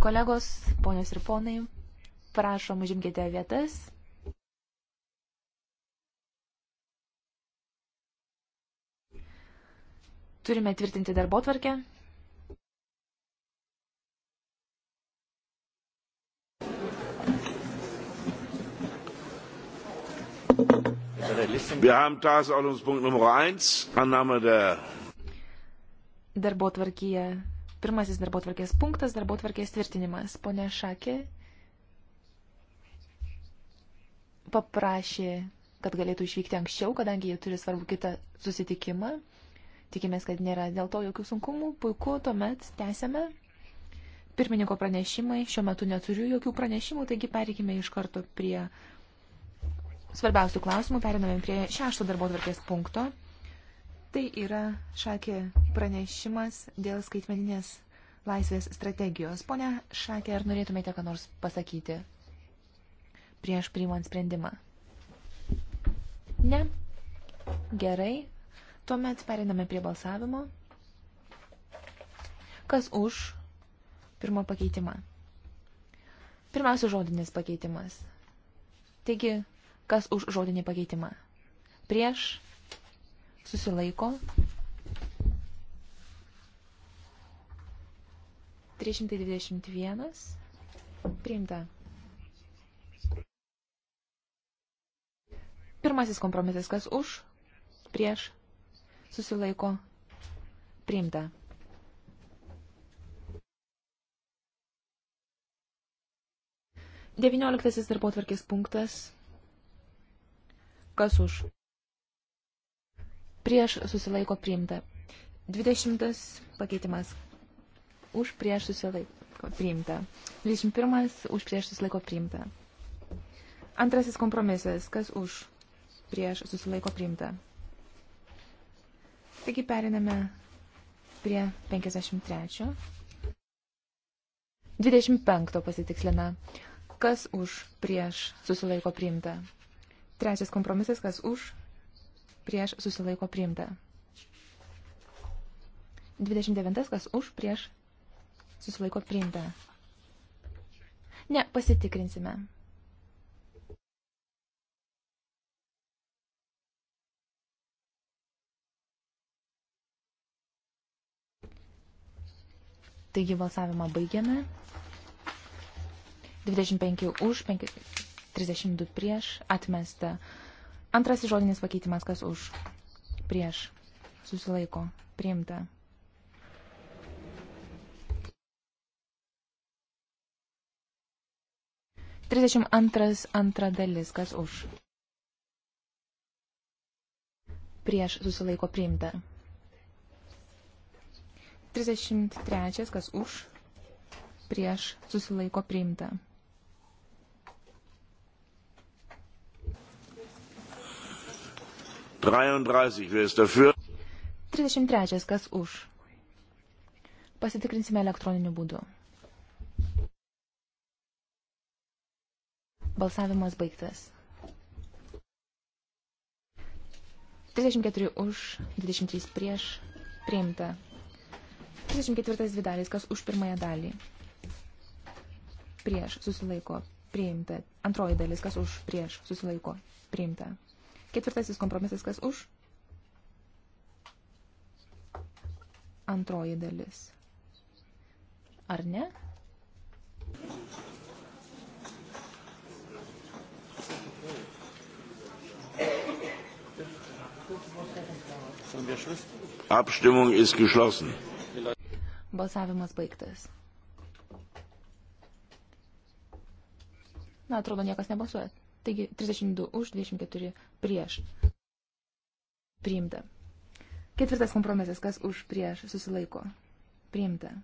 Kolegos, ponios ir ponai, prašom užimkite vietas. Turime tvirtinti darbo tvarkę. Wir haben Tagesordnungspunkt Nummer 1, Annahme der darbo tvarkyje. Pirmasis darbo tvarkės punktas - darbo tvarkės tvirtinimas. Pone Šakė paprašė, kad galėtų išvykti anksčiau, kadangi jie turi svarbu kitą susitikimą. Tikimės, kad nėra dėl to jokių sunkumų. Puiku, tuomet tęsėme. Pirmininko pranešimai. Šiuo metu neturiu jokių pranešimų, taigi pereikime iš karto prie svarbiausių klausimų. Periname prie šešto darbo tvarkės punkto. Tai yra šakė pranešimas dėl skaitmeninės laisvės strategijos. Pone Šakė, ar norėtumėte ką nors pasakyti prieš priimant sprendimą? Ne? Gerai. Tuomet periname prie balsavimo. Kas už pirmo pakeitimą? Pirmiausia, žodinis pakeitimas. Taigi, kas už žodinį pakeitimą? Prieš susilaiko. 321 priimta. Pirmasis kompromisas, kas už, prieš, susilaiko, priimta. Devynioliktasis darbo tvarkės punktas. Kas už? prieš susilaiko priimta. 20 pakeitimas už prieš susilaiko priimta. 21 už prieš susilaiko priimta. Antrasis kompromisas, kas už prieš susilaiko priimta. Taigi periname prie 53. 25 pasitikslina. Kas už prieš susilaiko priimta? Trečias kompromisas, kas už prieš susilaiko priimta. 29. Kas už prieš susilaiko priimta. Ne, pasitikrinsime. Taigi balsavimą baigiame. 25 už, 5, 32 prieš, atmesta Antrasis žodinis pakeitimas, kas už, prieš, susilaiko, priimta. Trisdešimt antras antra dalis, kas už. Prieš susilaiko priimta. Trisdešimt trečias, kas už. Prieš susilaiko priimta. 33, wer ist dafür? 33, kas už? Pasitikrinsime elektroniniu būdu. Balsavimas baigtas. 34 už, 23 prieš, priimta. 34 dvi dalys, kas už pirmąją dalį. Prieš, susilaiko, priimta. Antroji dalis, kas už, prieš, susilaiko, priimta. Ketvirtasis kompromisas, kas už? Antroji dalis. Ar ne? Abstimmung ist geschlossen. Balsavimas baigtas. Na, atrodo, niekas nebalsuoja. Taigi 32 už, 24 prieš. Priimta. Ketvirtas kompromisas, kas už prieš susilaiko. Priimta.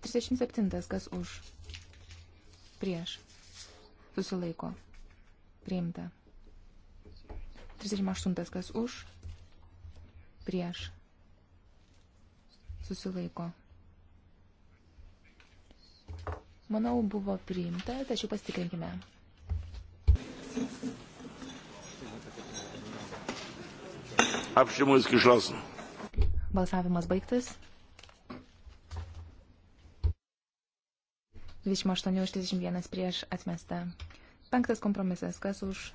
37, kas už prieš susilaiko. Priimta. 38, kas už prieš susilaiko manau, buvo priimta, tačiau pasitikrinkime. Apšimus išlosim. Balsavimas baigtas. 28 už 31 prieš atmesta. Penktas kompromisas. Kas už?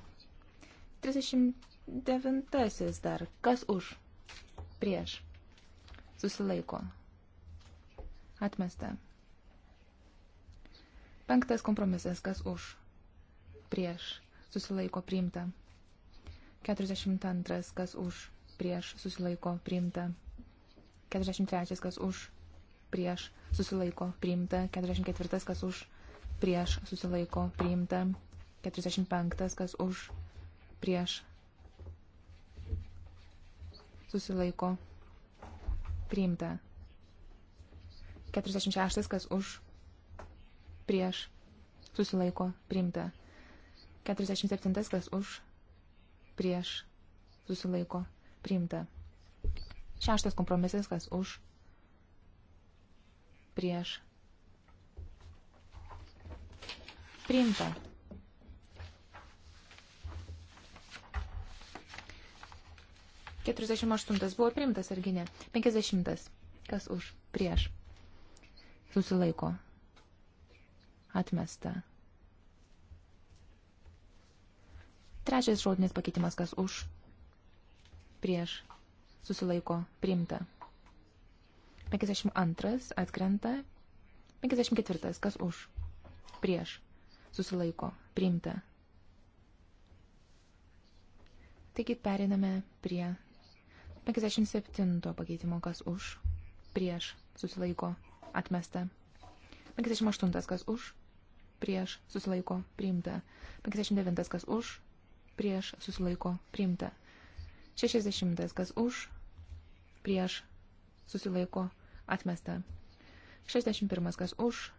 39 dar. Kas už? Prieš. Susilaiko. Atmesta. Penktas kompromisas, kas už, prieš, susilaiko priimta. 42, kas už, prieš, susilaiko priimta. 43, kas už, prieš, susilaiko priimta. 44, kas už, prieš, susilaiko priimta. 45, kas už, prieš, susilaiko priimta. 46, kas už, prieš, susilaiko, priimta. 47 kas už, prieš, susilaiko, priimta. Šeštas kompromisas kas už, prieš, priimta. Keturiasdešimt aštuntas buvo priimtas argi ne? Penkiasdešimtas. Kas už? Prieš. Susilaiko. Atmesta. Trečias žodinis pakeitimas, kas už, prieš, susilaiko, priimta. 52 atkrenta. 54 kas už, prieš, susilaiko, priimta. Taigi periname prie 57 pakeitimo, kas už, prieš, susilaiko, atmesta. 58 kas už, prieš susilaiko priimta. 59 kas už, prieš susilaiko priimta. 60 kas už, prieš susilaiko atmesta. 61 kas už,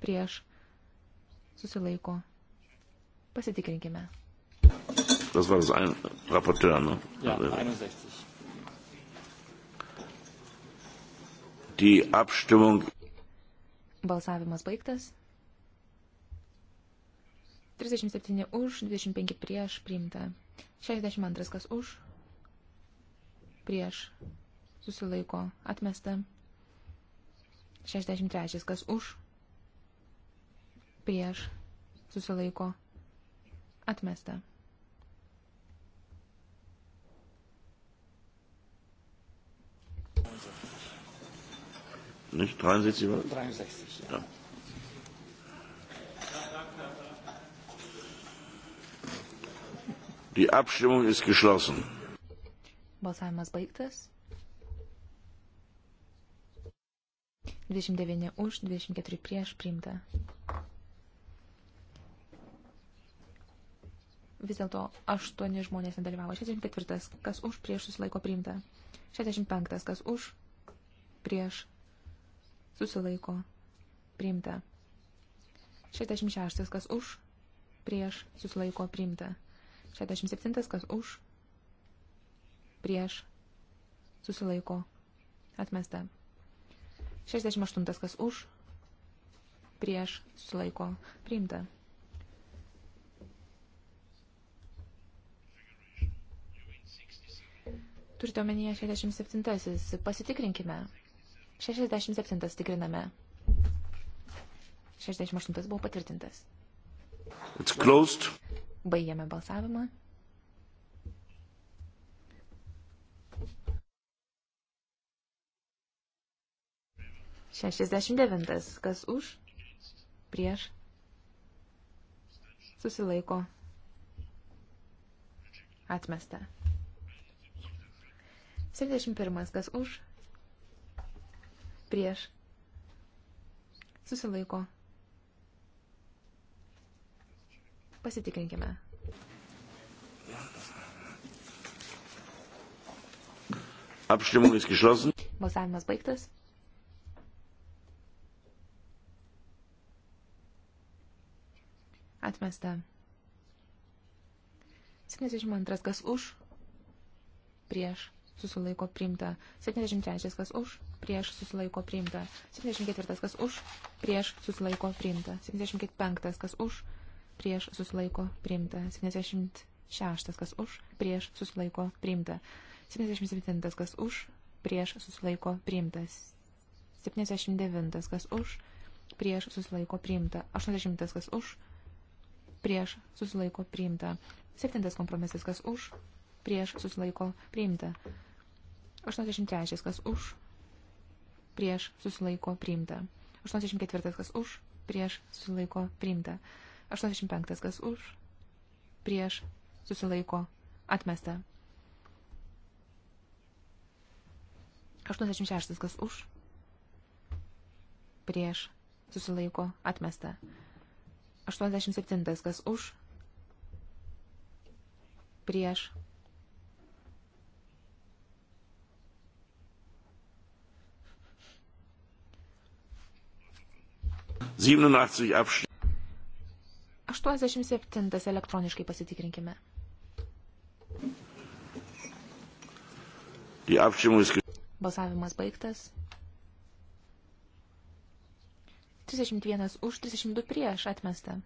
prieš susilaiko. Pasitikrinkime. Das war das ein Rapporteur, ne? Ja, 61. Äh, Die Abstimmung. Balsavimas baigtas. 37 už, 25 prieš priimta. 62 kas už, prieš susilaiko atmesta. 63 kas už, prieš susilaiko atmesta. Nicht 63 war? 63, ja. ja. Die Abstimmung ist geschlossen. Balsavimas baigtas. 29 už, 24 prieš priimta. Vis dėlto 8 žmonės nedalyvavo. 64. Kas už prieš susilaiko priimta. 65. Kas už prieš susilaiko priimta. 66. Kas už prieš susilaiko priimta. 67. Kas už? Prieš. Susilaiko. Atmesta. 68. Kas už? Prieš. Susilaiko. Priimta. Turite omenyje 67. Pasitikrinkime. 67 tikriname. 68 buvo patvirtintas. It's closed. Baigiame balsavimą. Šešiasdešimt devintas. Kas už? Prieš? Susilaiko. Atmesta. 71. Kas už? Prieš? Susilaiko. Pasitikrinkime. Abstimmung ist geschlossen. Balsavimas baigtas. Atmesta. 72. Kas už? Prieš. Susilaiko priimta. 73. Kas už? Prieš. Susilaiko priimta. 74. Kas už? Prieš. Susilaiko priimta. 75. Kas už? prieš susilaiko priimta. 76, kas už, prieš susilaiko priimta. 77, kas už, prieš susilaiko priimtas. 79, kas už, prieš susilaiko priimta. 80, kas už, prieš susilaiko priimta. 7 kompromisas, kas už, prieš susilaiko priimta. 83, kas už, prieš susilaiko priimta. 84, kas už, prieš susilaiko priimta. 85. Kas už? Prieš. Susilaiko. Atmesta. 86. Kas už? Prieš. Susilaiko. Atmesta. 87. Kas už? Prieš. siebenundachtzig abstimmen. 87 elektroniškai pasitikrinkime. Balsavimas baigtas. 31 už, 32 prieš atmesta.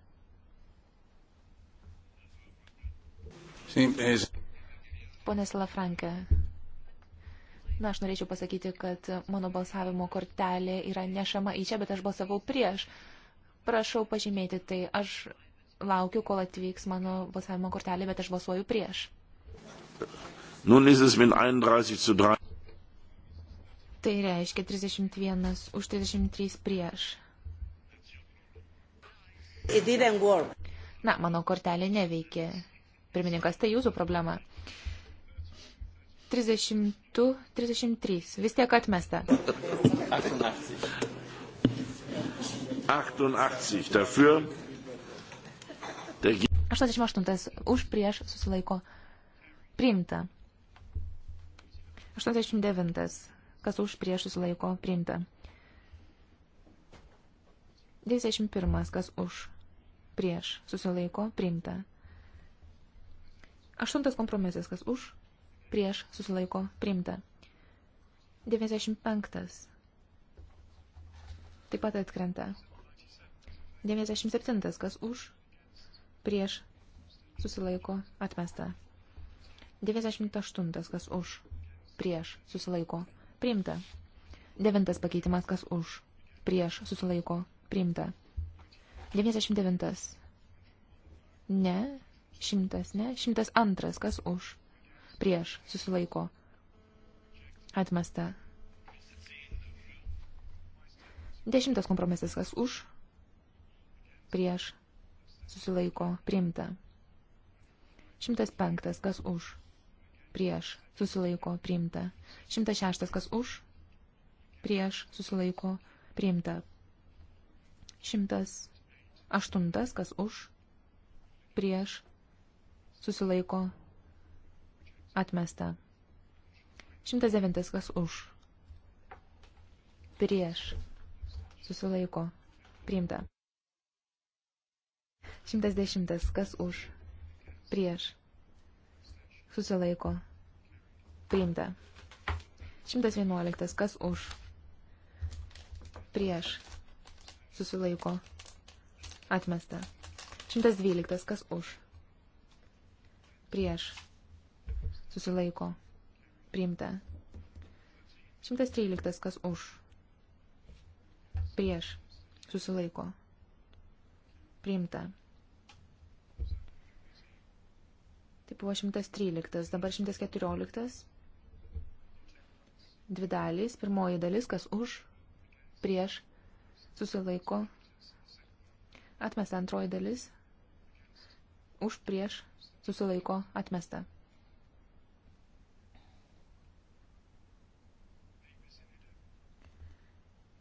Pone Salafrankė, na, aš norėčiau pasakyti, kad mano balsavimo kortelė yra nešama į čia, bet aš balsavau prieš. Prašau pažymėti tai. Aš laukiu, kol atvyks mano balsavimo kortelė, bet aš balsuoju prieš. Nun ist es mit 31 zu 3. Tai reiškia 31 už 33 prieš. Na, mano kortelė neveikė. Pirmininkas, tai jūsų problema. 32, 33. Vis tiek atmesta. 88. 88 dafür. 88 už prieš susilaiko priimta. 89 kas už prieš susilaiko priimta. 91 kas už prieš susilaiko priimta. 8 kompromisas kas už prieš susilaiko priimta. 95 taip pat atkrenta. 97 kas už prieš susilaiko atmesta. 98. Kas už prieš susilaiko priimta. 9. Pakeitimas kas už prieš susilaiko priimta. 99. Ne. 100. Ne. 102. Kas už prieš susilaiko atmesta. 10. Kompromisas kas už prieš susilaiko priimta. 105. Kas už? Prieš susilaiko priimta. 106. Kas už? Prieš susilaiko priimta. 108. Kas už? Prieš susilaiko atmesta. 109. Kas už? Prieš susilaiko priimta. 110. Kas už? Prieš. Susilaiko. Priimta. 111. Kas už? Prieš. Susilaiko. Atmesta. 112. Kas už? Prieš. Susilaiko. Priimta. 113. Kas už? Prieš. Susilaiko. Priimta. Tai buvo 113, dabar 114. Dvi dalys. Pirmoji dalis, kas už, prieš, susilaiko. Atmesta antroji dalis. Už, prieš, susilaiko, atmesta.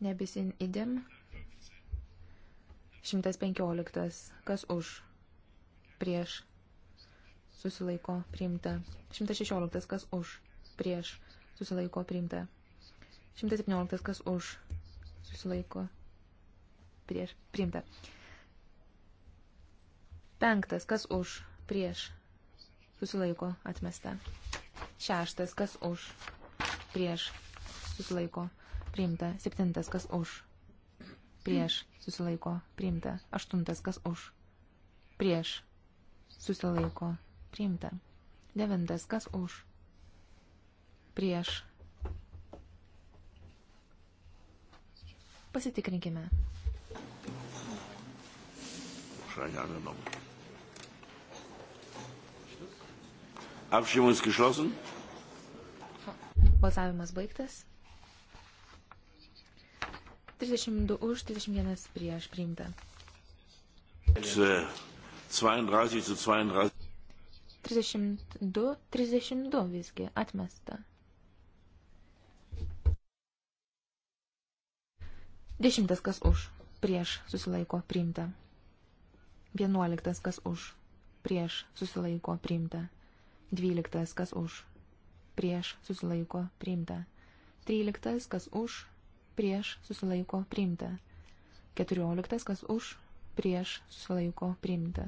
Nebisin idem. 115. Kas už? Prieš susilaiko priimta. 116 kas už, prieš susilaiko priimta. 117 kas už, susilaiko prieš priimta. Penktas kas už, prieš susilaiko atmesta. Šeštas kas už, prieš susilaiko priimta. Septintas kas už, prieš susilaiko priimta. Aštuntas kas už, prieš susilaiko priimta. Devintas, kas už, prieš. Pasitikrinkime. Abstimmung ist geschlossen. Balsavimas baigtas. 32 už, 31 prieš priimta. 32 su 32. 32, 32 visgi atmesta. Dešimtas kas už, prieš susilaiko priimta. Vienuoliktas kas už, prieš susilaiko priimta. Dvyliktas kas už, prieš susilaiko priimta. Tryliktas kas už, prieš susilaiko priimta. Keturioliktas kas už, prieš susilaiko priimta.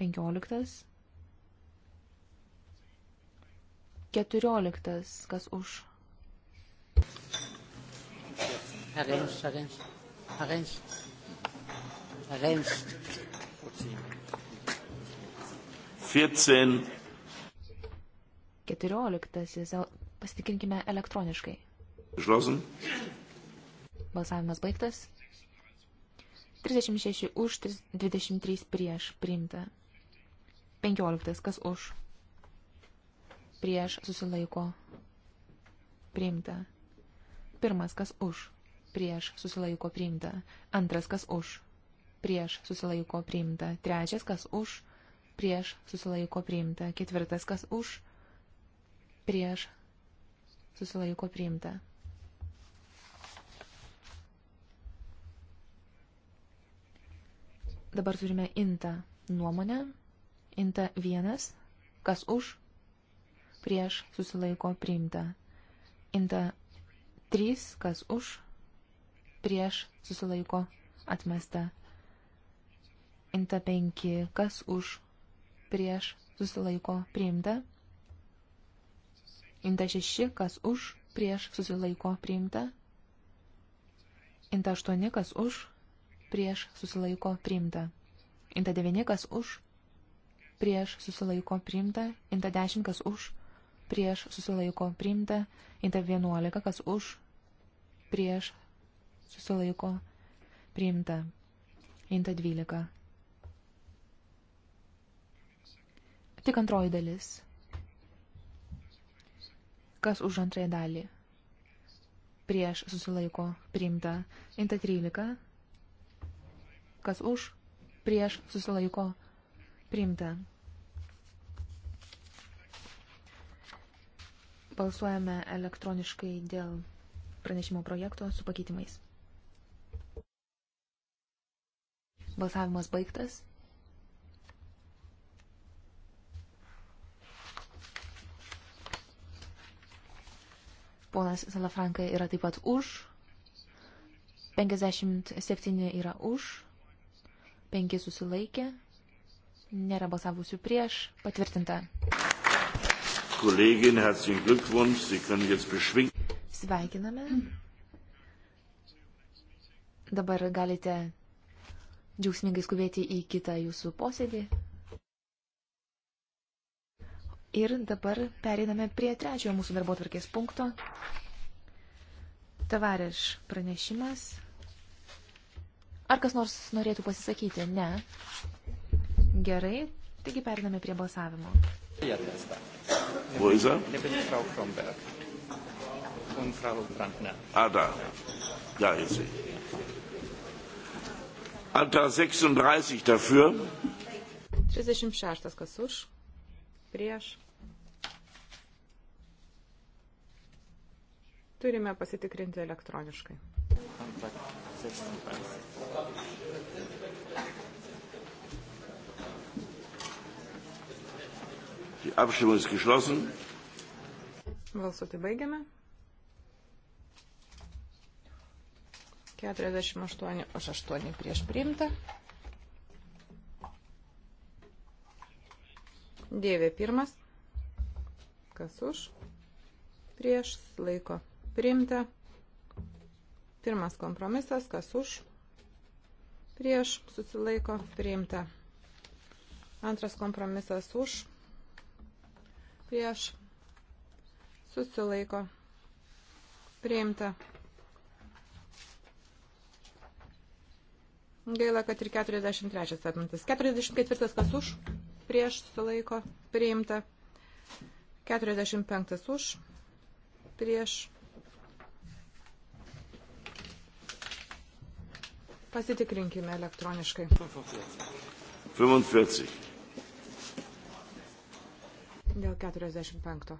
Penkioliktas Keturioliktas, kas už. Arens, arens, arens, arens. 14. Keturioliktasis, pasitikrinkime elektroniškai. Žlosim. Balsavimas baigtas. 36 už, 23 prieš priimta. 15. Kas už? prieš susilaiko priimta. Pirmas, kas už, prieš susilaiko priimta. Antras, kas už, prieš susilaiko priimta. Trečias, kas už, prieš susilaiko priimta. Ketvirtas, kas už, prieš susilaiko priimta. Dabar turime intą nuomonę. Inta vienas, kas už, prieš susilaiko priimta. Inta 3, kas už, prieš susilaiko atmesta. Inta 5, kas už, prieš susilaiko priimta. Inta 6, kas už, prieš susilaiko priimta. Inta 8, kas už, prieš susilaiko priimta. Inta 9, kas už, prieš susilaiko priimta. Inta 10, kas už, prieš susilaiko priimta prieš susilaiko priimta, inta 11, kas už, prieš susilaiko priimta, inta 12. Tik antroji dalis. Kas už antrąją dalį? Prieš susilaiko priimta, inta 13. Kas už, prieš susilaiko priimta. Balsuojame elektroniškai dėl pranešimo projekto su pakeitimais. Balsavimas baigtas. Ponas Salafranka yra taip pat už. 57 yra už. 5 susilaikė. Nėra balsavusių prieš. Patvirtinta. Kollegin, herzlichen Glückwunsch. Sie können jetzt beschwingt. Sveikiname. Dabar galite džiaugsmingai skubėti į kitą jūsų posėdį. Ir dabar pereiname prie trečiojo mūsų darbo tvarkės punkto. Tavarėš pranešimas. Ar kas nors norėtų pasisakyti? Ne. Gerai, taigi periname prie balsavimo. Jie testa. Wo ist er? Neben Frau Kronberg und Frau Brandner. Ah, da. Da ist sie. Antrag 36 dafür. 36 kas už, prieš. Turime pasitikrinti elektroniškai. Antrag 36. Die Abstimmung ist geschlossen. Balsuoti baigiame. 48 už 8 prieš priimta. 9 pirmas. Kas už? Prieš laiko priimta. Pirmas kompromisas. Kas už? Prieš susilaiko priimta. Antras kompromisas už prieš susilaiko priimta. Gaila, kad ir 43 atmintas. 44 kas už, prieš susilaiko priimta. 45 už, prieš. Pasitikrinkime elektroniškai. 45 dėl 45.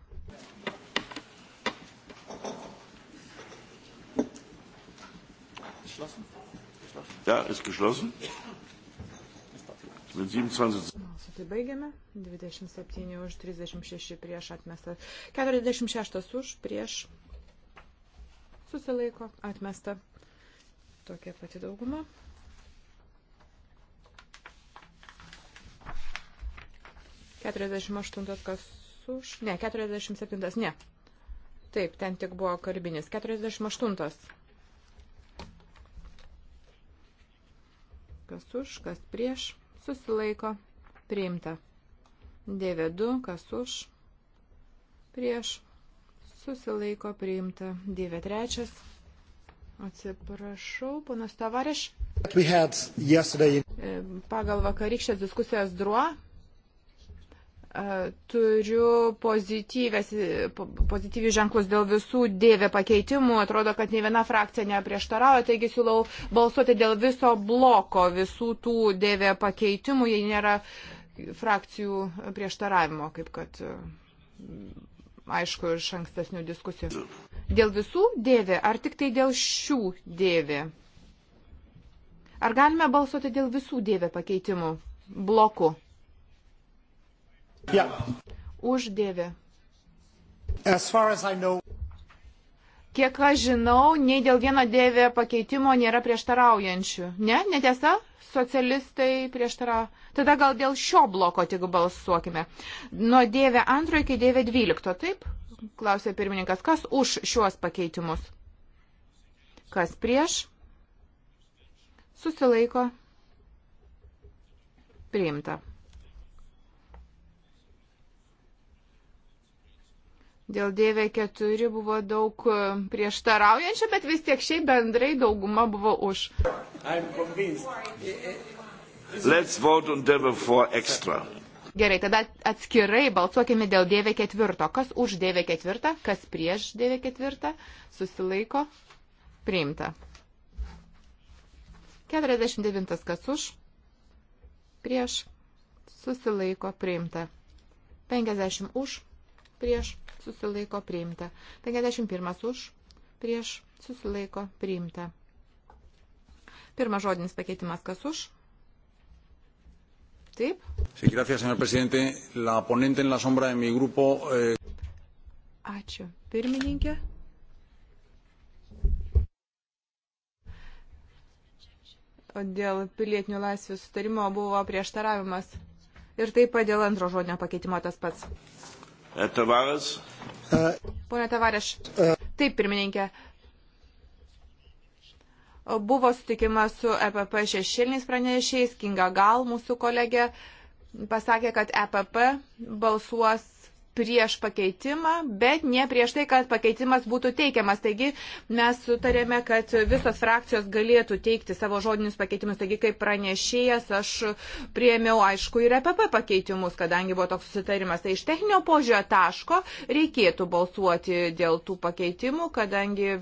Ja, ist geschlossen. Mit 27. Tai baigiame. 27 už 36 prieš atmestą. 46 už prieš susilaiko atmestą. Tokia pati dauguma. 48 kas už. Ne, 47. Ne. Taip, ten tik buvo karbinis. 48. Kas už, kas prieš. Susilaiko. Priimta. 92. Kas už. Prieš. Susilaiko. Priimta. 93. Atsiprašau, ponas Tavariš. E, pagal vakarykštės diskusijas druo Turiu pozityvius ženklus dėl visų dėvė pakeitimų. Atrodo, kad ne viena frakcija neprieštarauja, taigi siūlau balsuoti dėl viso bloko, visų tų dėvė pakeitimų, jei nėra frakcijų prieštaravimo, kaip kad aišku iš ankstesnių diskusijų. Dėl visų dėvė, ar tik tai dėl šių dėvė? Ar galime balsuoti dėl visų dėvė pakeitimų blokų? Yeah. Už Dievę. As as know... Kiek aš žinau, nei dėl vieno Dievė pakeitimo nėra prieštaraujančių. Ne, netiesa? Socialistai prieštarauja. Tada gal dėl šio bloko tik balsuokime. Nuo Dievė antro iki Dievė dvylikto, taip? Klausė pirmininkas, kas už šiuos pakeitimus? Kas prieš? Susilaiko. Priimta. Dėl DV4 buvo daug e, prieštaraujančių, bet vis tiek šiaip bendrai dauguma buvo už. Gerai, tada atskirai balsuokime dėl DV4. Kas už DV4, kas prieš DV4 susilaiko priimta. 49 kas už, prieš susilaiko priimta. 50 už, prieš susilaiko priimta. 51 už, prieš, susilaiko priimta. Pirmas žodinis pakeitimas, kas už? Taip. Sí, gracias, señor presidente. La ponente en la sombra de mi grupo. Eh... Ačiū. Pirmininkė. O dėl pilietinių laisvių sutarimo buvo prieštaravimas. Ir taip pat dėl antro žodinio pakeitimo tas pats. Tavares. Pone Tavareš. Taip, pirmininkė. Buvo sutikimas su EPP šešiliniais pranešėjais, Kinga Gal, mūsų kolegė, pasakė, kad EPP balsuos prieš pakeitimą, bet ne prieš tai, kad pakeitimas būtų teikiamas. Taigi mes sutarėme, kad visos frakcijos galėtų teikti savo žodinius pakeitimus. Taigi kaip pranešėjas aš prieimiau, aišku, ir EPP pakeitimus, kadangi buvo toks susitarimas. Tai iš techninio požiūrio taško reikėtų balsuoti dėl tų pakeitimų, kadangi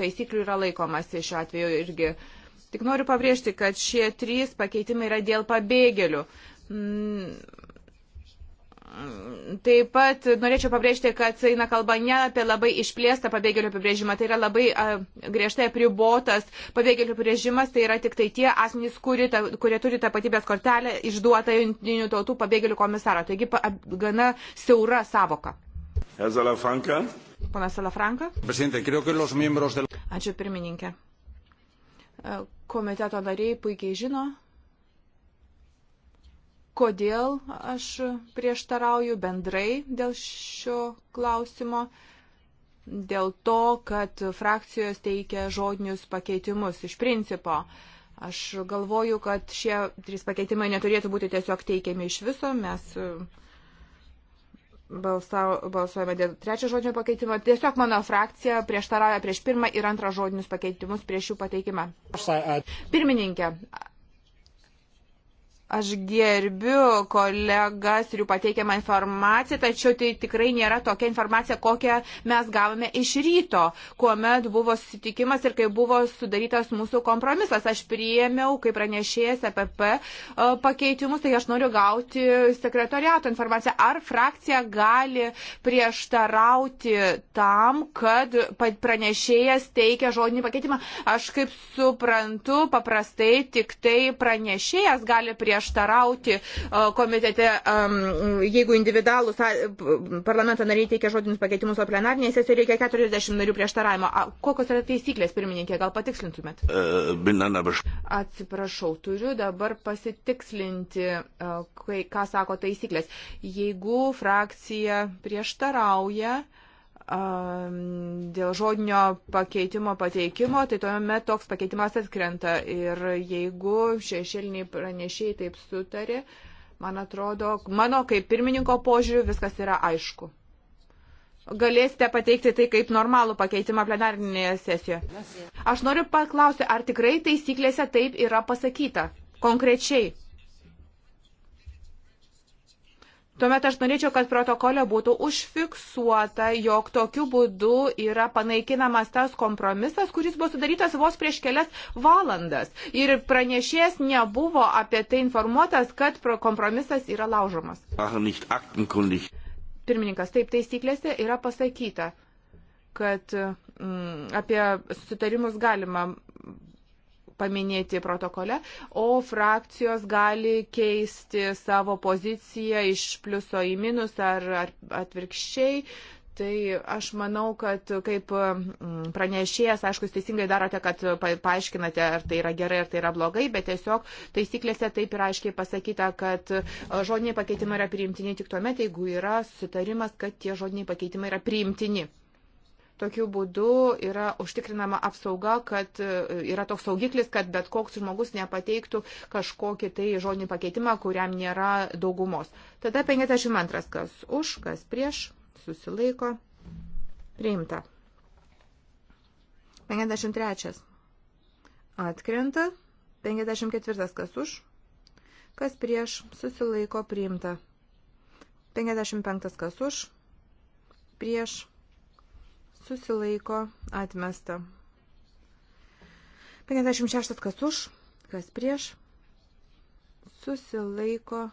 taisyklių yra laikomasi šiuo atveju irgi. Tik noriu pabrėžti, kad šie trys pakeitimai yra dėl pabėgėlių. Mm, Taip pat norėčiau pabrėžti, kad eina kalba ne apie labai išplėstą pabėgėlių apibrėžimą, tai yra labai a, griežtai apribotas pabėgėlių apibrėžimas, tai yra tik tai tie asmenys, kurie, ta, kurie turi tapatybės kortelę išduotą jungtinių tautų pabėgėlių komisaro. Taigi pa, a, gana siaura savoka. Salafranka. Pana Salafranka. Ačiū pirmininkė. Komiteto nariai puikiai žino, kodėl aš prieštarauju bendrai dėl šio klausimo. Dėl to, kad frakcijos teikia žodinius pakeitimus iš principo. Aš galvoju, kad šie trys pakeitimai neturėtų būti tiesiog teikiami iš viso. Mes uh, balsuojame dėl trečio žodinio pakeitimo. Tiesiog mano frakcija prieštarauja prieš pirmą ir antrą žodinius pakeitimus prieš jų pateikimą. Pirmininkė, Aš gerbiu kolegas ir jų pateikiamą informaciją, tačiau tai tikrai nėra tokia informacija, kokią mes gavome iš ryto, kuomet buvo susitikimas ir kai buvo sudarytas mūsų kompromisas. Aš priėmiau, kaip pranešėjęs APP e e, pakeitimus, tai aš noriu gauti sekretoriato informaciją. Ar frakcija gali prieštarauti tam, kad pranešėjas teikia žodinį pakeitimą? Aš kaip suprantu, paprastai tik tai pranešėjas gali prieštarauti paprieštarauti komitete, jeigu individualus parlamento nariai teikia žodinius pakeitimus, o plenarnėje sesijoje reikia 40 narių prieštaravimo. Kokios yra taisyklės, pirmininkė, gal patikslintumėt? E, Atsiprašau, turiu dabar pasitikslinti, kai, ką sako taisyklės. Jeigu frakcija prieštarauja, dėl žodinio pakeitimo pateikimo, tai tuomet toks pakeitimas atkrenta. Ir jeigu šešėliniai pranešėjai taip sutarė, man atrodo, mano kaip pirmininko požiūriu viskas yra aišku. Galėsite pateikti tai kaip normalų pakeitimą plenarinėje sesijoje. Aš noriu paklausti, ar tikrai taisyklėse taip yra pasakyta konkrečiai? Tuomet aš norėčiau, kad protokole būtų užfiksuota, jog tokiu būdu yra panaikinamas tas kompromisas, kuris buvo sudarytas vos prieš kelias valandas. Ir pranešėjas nebuvo apie tai informuotas, kad kompromisas yra laužomas. Pirmininkas, taip taisyklėse yra pasakyta, kad m, mm, apie susitarimus galima paminėti protokole, o frakcijos gali keisti savo poziciją iš pliuso į minus ar, ar atvirkščiai. Tai aš manau, kad kaip mm, pranešėjas, aišku, jūs teisingai darote, kad paaiškinate, ar tai yra gerai, ar tai yra blogai, bet tiesiog taisyklėse taip yra aiškiai pasakyta, kad e, žodiniai pakeitimai yra priimtini tik tuomet, jeigu yra sutarimas, kad tie žodiniai pakeitimai yra priimtini. Tokiu būdu yra užtikrinama apsauga, kad e, yra toks saugiklis, kad bet koks žmogus nepateiktų kažkokį tai žodinį pakeitimą, kuriam nėra daugumos. Tada 52. Kas už, kas prieš, susilaiko, priimta. 53. Atkrenta. 54. Kas už, kas prieš, susilaiko, priimta. 55. Kas už, prieš, susilaiko atmesta. 56 kas už, kas prieš, susilaiko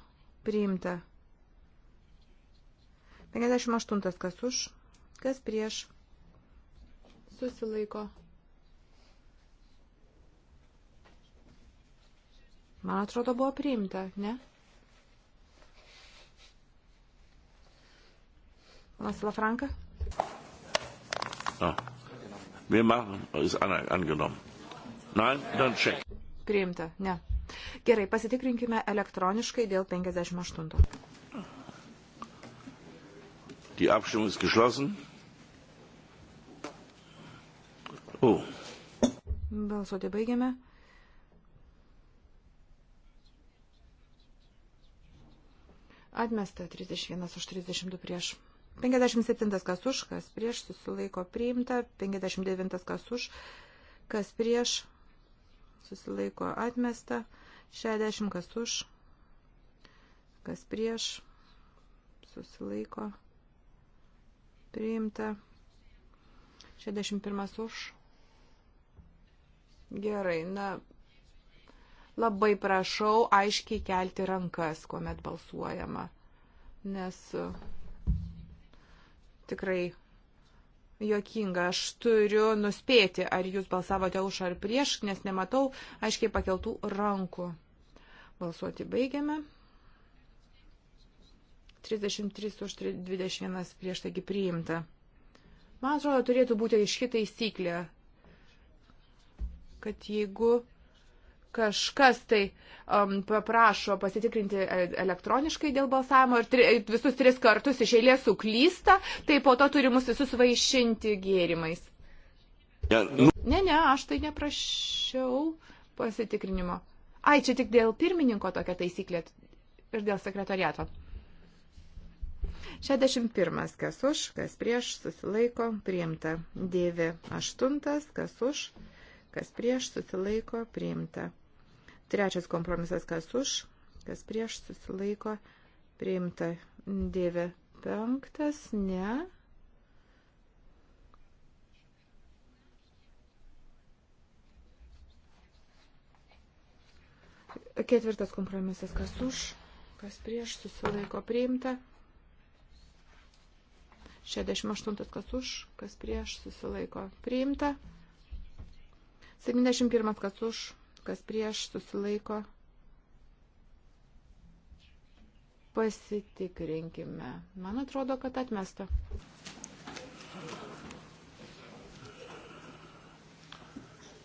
priimta. 58 kas už, kas prieš, susilaiko. Man atrodo, buvo priimta, ne? Ponas Lafranka? Ja. Wir machen, ist angenommen. Nein, dann check. Priimta, ne. Gerai, pasitikrinkime elektroniškai dėl 58. Die Abstimmung ist geschlossen. Oh. Balsuoti baigiame. Atmesta 31 už 32 prieš. 57 kas už, kas prieš susilaiko priimta, 59 kas už, kas prieš susilaiko atmesta, 60 kas už, kas prieš susilaiko priimta, 61 už. Gerai, na, labai prašau aiškiai kelti rankas, kuomet balsuojama, nes tikrai Jokinga, aš turiu nuspėti, ar jūs balsavote už ar prieš, nes nematau aiškiai pakeltų rankų. Balsuoti baigiame. 33 už 21 prieš taigi priimta. Man atrodo, turėtų būti aiški taisyklė, kad jeigu kažkas tai um, paprašo pasitikrinti e, elektroniškai dėl balsavimo ir tri, visus tris kartus iš eilės suklysta, tai po to turi mus visus vaišinti gėrimais. Nu- ne, ne, aš tai neprašiau pasitikrinimo. Ai, čia tik dėl pirmininko tokia taisyklė ir dėl sekretariato. 61. Kas už, kas prieš, susilaiko, priimta. 9. 8. Kas už, kas prieš, susilaiko, priimta. Trečias kompromisas, kas už, kas prieš, susilaiko, priimta. Dėvė penktas, ne. Ketvirtas kompromisas, kas už, kas prieš, susilaiko, priimta. 68 kas už, kas prieš, susilaiko, priimta. 71 kas už, kas prieš susilaiko. Pasitikrinkime. Man atrodo, kad atmesta.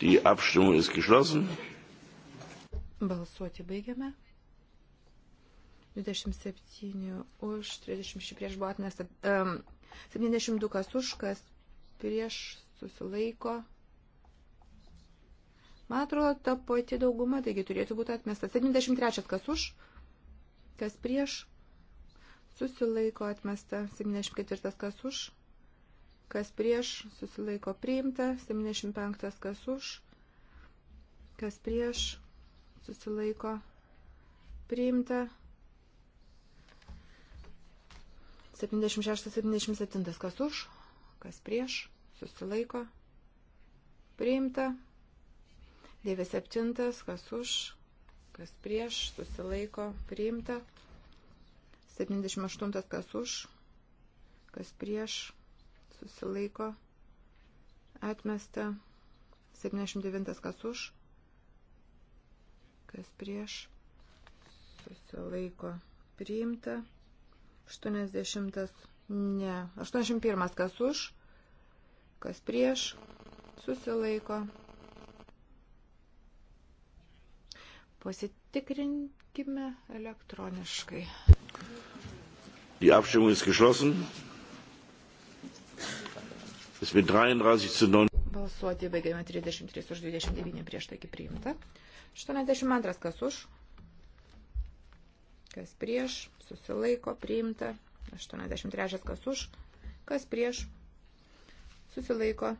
Die Abstimmung ist geschlossen. Balsuoti baigiame. 27 už, 36 prieš buvo atmesta. Um, 72 kas už, kas prieš susilaiko. Man atrodo, ta pati dauguma, taigi turėtų būti atmestas. 73. Kas už? Kas prieš? Susilaiko atmesta. 74. Kas už? Kas prieš? Susilaiko priimta. 75. Kas už? Kas prieš? Susilaiko priimta. 76-77. Kas už? Kas prieš? Susilaiko priimta. 97, kas už, kas prieš, susilaiko, priimta. 78, kas už, kas prieš, susilaiko, atmesta. 79, kas už, kas prieš, susilaiko, priimta. 80, ne, 81, kas už, kas prieš, susilaiko, priimta Pasitikrinkime elektroniškai. Die Abstimmung ist geschlossen. Es wird 33 zu 9. Balsuoti baigėme 33 už 29 prieš taigi priimta. 82 kas už, kas prieš, susilaiko priimta. 83 kas už, kas prieš, susilaiko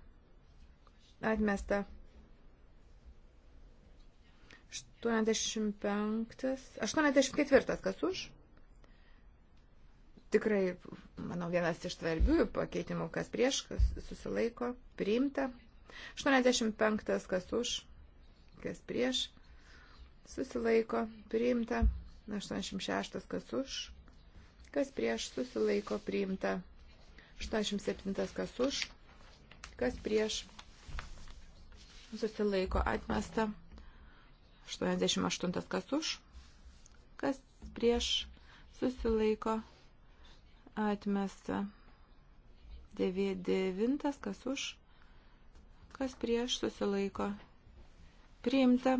atmesta. 85, 84, kas už? Tikrai, manau, vienas iš svarbių pakeitimų, kas prieš, kas susilaiko, priimta. 85, kas už, kas prieš, susilaiko, priimta. 86, kas už, kas prieš, susilaiko, priimta. 87, kas už, kas prieš, susilaiko, atmesta. 88 kas už, kas prieš susilaiko atmesta. 99 kas už, kas prieš susilaiko priimta.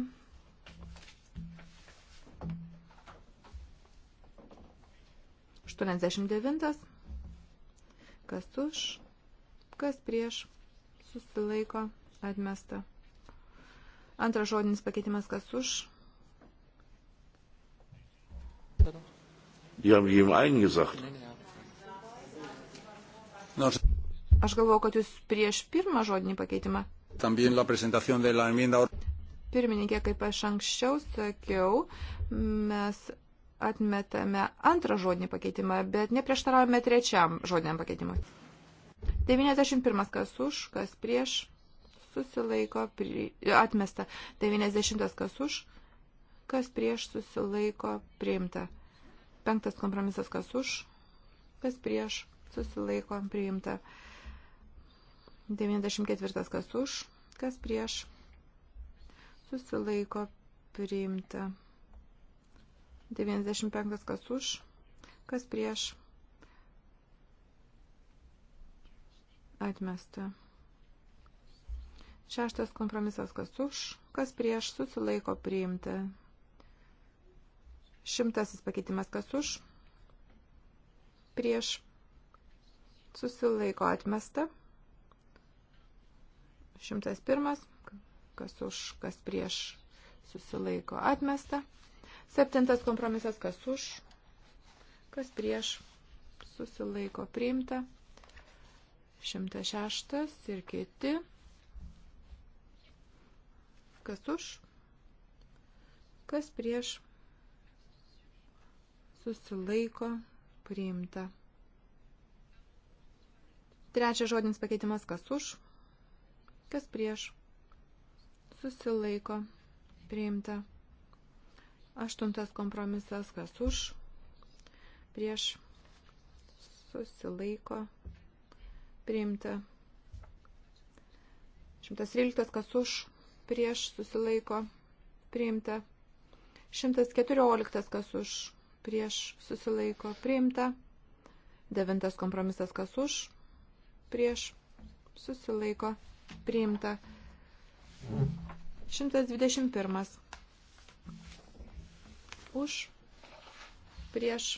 Aštuoniasdešimt devintas, kas už, kas prieš, susilaiko, atmesta. Antras žodinis pakeitimas, kas už. Aš galvoju, kad jūs prieš pirmą žodinį pakeitimą. Pirmininkė, kaip aš anksčiau sakiau, mes atmetame antrą žodinį pakeitimą, bet neprieštaravome trečiam žodiniam pakeitimui. 91 kas už, kas prieš susilaiko, pri... atmesta. 90 kas už, kas prieš susilaiko, priimta. Penktas kompromisas kas už, kas prieš susilaiko, priimta. 94 kas už, kas prieš susilaiko, priimta. 95 kas už, kas prieš atmesta. Šeštas kompromisas, kas už, kas prieš, susilaiko priimti. Šimtasis pakeitimas, kas už, prieš, susilaiko atmesta. Šimtas pirmas, kas už, kas prieš, susilaiko atmesta. Septintas kompromisas, kas už, kas prieš, susilaiko priimta. Šimtas šeštas ir kiti kas už, kas prieš, susilaiko, priimta. Trečias žodinis pakeitimas, kas už, kas prieš, susilaiko, priimta. Aštuntas kompromisas, kas už, prieš, susilaiko, priimta. 113 kas už, prieš susilaiko priimta. 114 kas už prieš susilaiko priimta. 9 kompromisas kas už prieš susilaiko priimta. 121 už prieš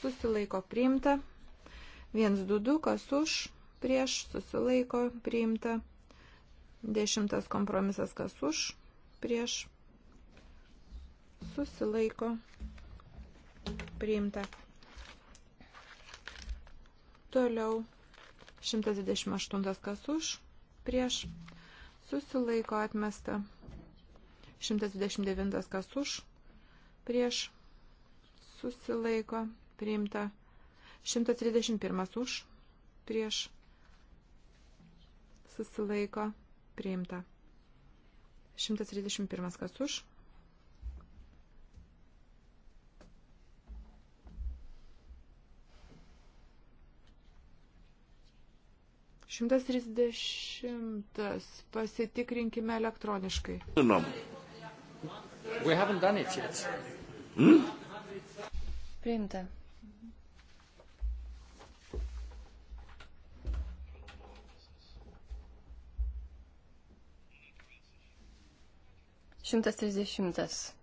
susilaiko priimta. 122 kas už prieš susilaiko priimta. Dešimtas kompromisas kas už, prieš, susilaiko, priimta. Toliau 128 kas už, prieš, susilaiko, atmesta. 129 kas už, prieš, susilaiko, priimta. 131 už, prieš, susilaiko, priimta Priimta. 131 kas už. Šimtas trisdešimtas. Pasitikrinkime elektroniškai. Žinom. We haven't done it yet. Hmm? Priimta. 130.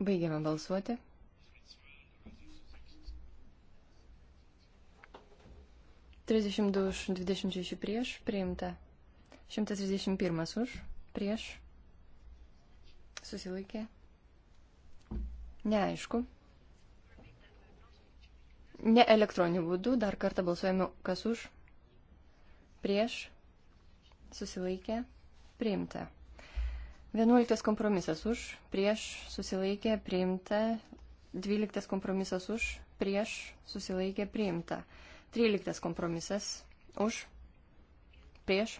Baigiame balsuoti. Trisdešimt du už, dvidešimt šeši prieš, priimta. Šimtas trisdešimt pirmas už, prieš, susilaikė. Neaišku. Ne elektroniniu būdu. Dar kartą balsuojame, kas už. Prieš. Susilaikė. Priimta. Vienuoliktas kompromisas už. Prieš. Susilaikė. Priimta. Dvyliktas kompromisas už. Prieš. Susilaikė. Priimta. Tryliktas kompromisas už. Prieš.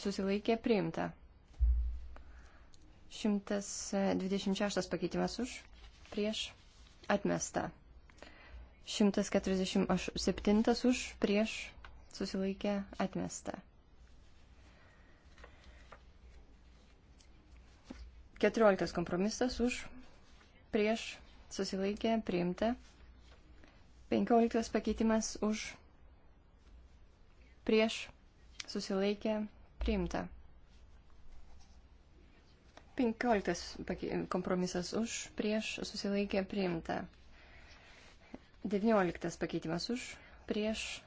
Susilaikė. Priimta. 126 pakeitimas už prieš atmesta. 147 už prieš susilaikė atmesta. 14 kompromisas už prieš susilaikė priimta. 15 pakeitimas už prieš susilaikė priimta. 15 kompromisas už, prieš, susilaikė, priimta. 19 pakeitimas už, prieš.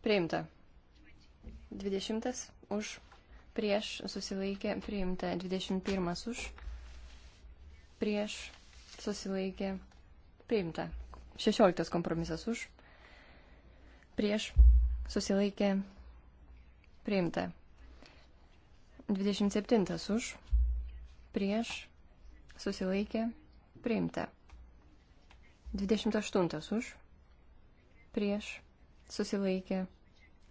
Priimta. 20 už, prieš, susilaikė, priimta. 21 už, prieš, susilaikė, priimta. 16 kompromisas už, prieš, susilaikė priimta. 27 už, prieš, susilaikė, priimta. 28 už, prieš, susilaikė,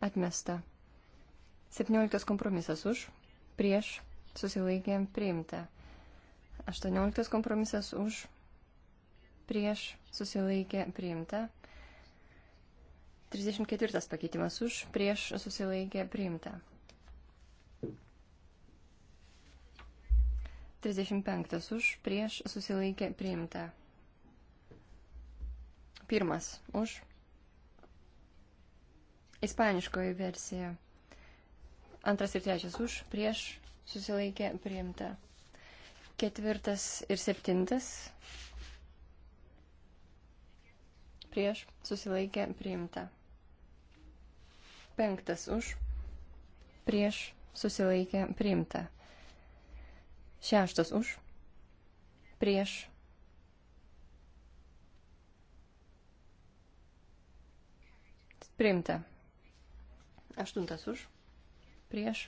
atmesta. 17 kompromisas už, prieš, susilaikė, priimta. 18 kompromisas už, prieš, susilaikė, priimta. 34 pakeitimas už, prieš susilaikė priimta. 35 už, prieš susilaikė priimta. Pirmas už. Ispaniškoji versija. Antras ir trečias už, prieš susilaikė priimta. Ketvirtas ir septintas prieš susilaikė priimta. Penktas už, prieš, susilaikė, priimta. Šeštas už, prieš. Priimta. Aštuntas už, prieš,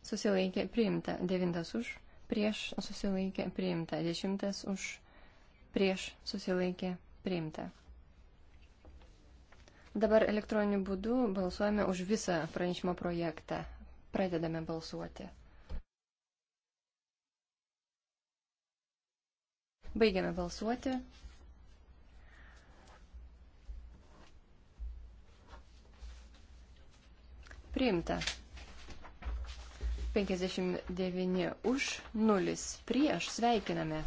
susilaikė, priimta. Devintas už, prieš, susilaikė, priimta. Dešimtas už, prieš, susilaikė, priimta. Dabar elektroniniu būdu balsuojame už visą pranešimo projektą. Pradedame balsuoti. Baigiame balsuoti. Priimta. 59 už, 0 prieš. Sveikiname.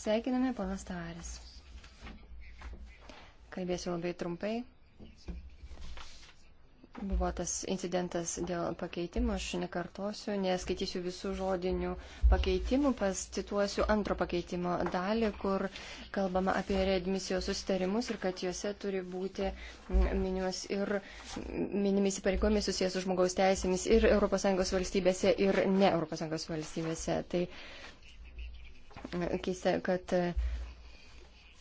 Sveikiname, ponas Tavaris. Kalbėsiu labai trumpai. Buvo tas incidentas dėl pakeitimo, aš nekartosiu, neskaitysiu visų žodinių pakeitimų, pasituosiu antro pakeitimo dalį, kur kalbama apie readmisijos susitarimus ir kad juose turi būti minimas ir minimi įsipareigojimai susijęs su žmogaus teisėmis ir ES valstybėse ir ne ES valstybėse. Tai keista, kad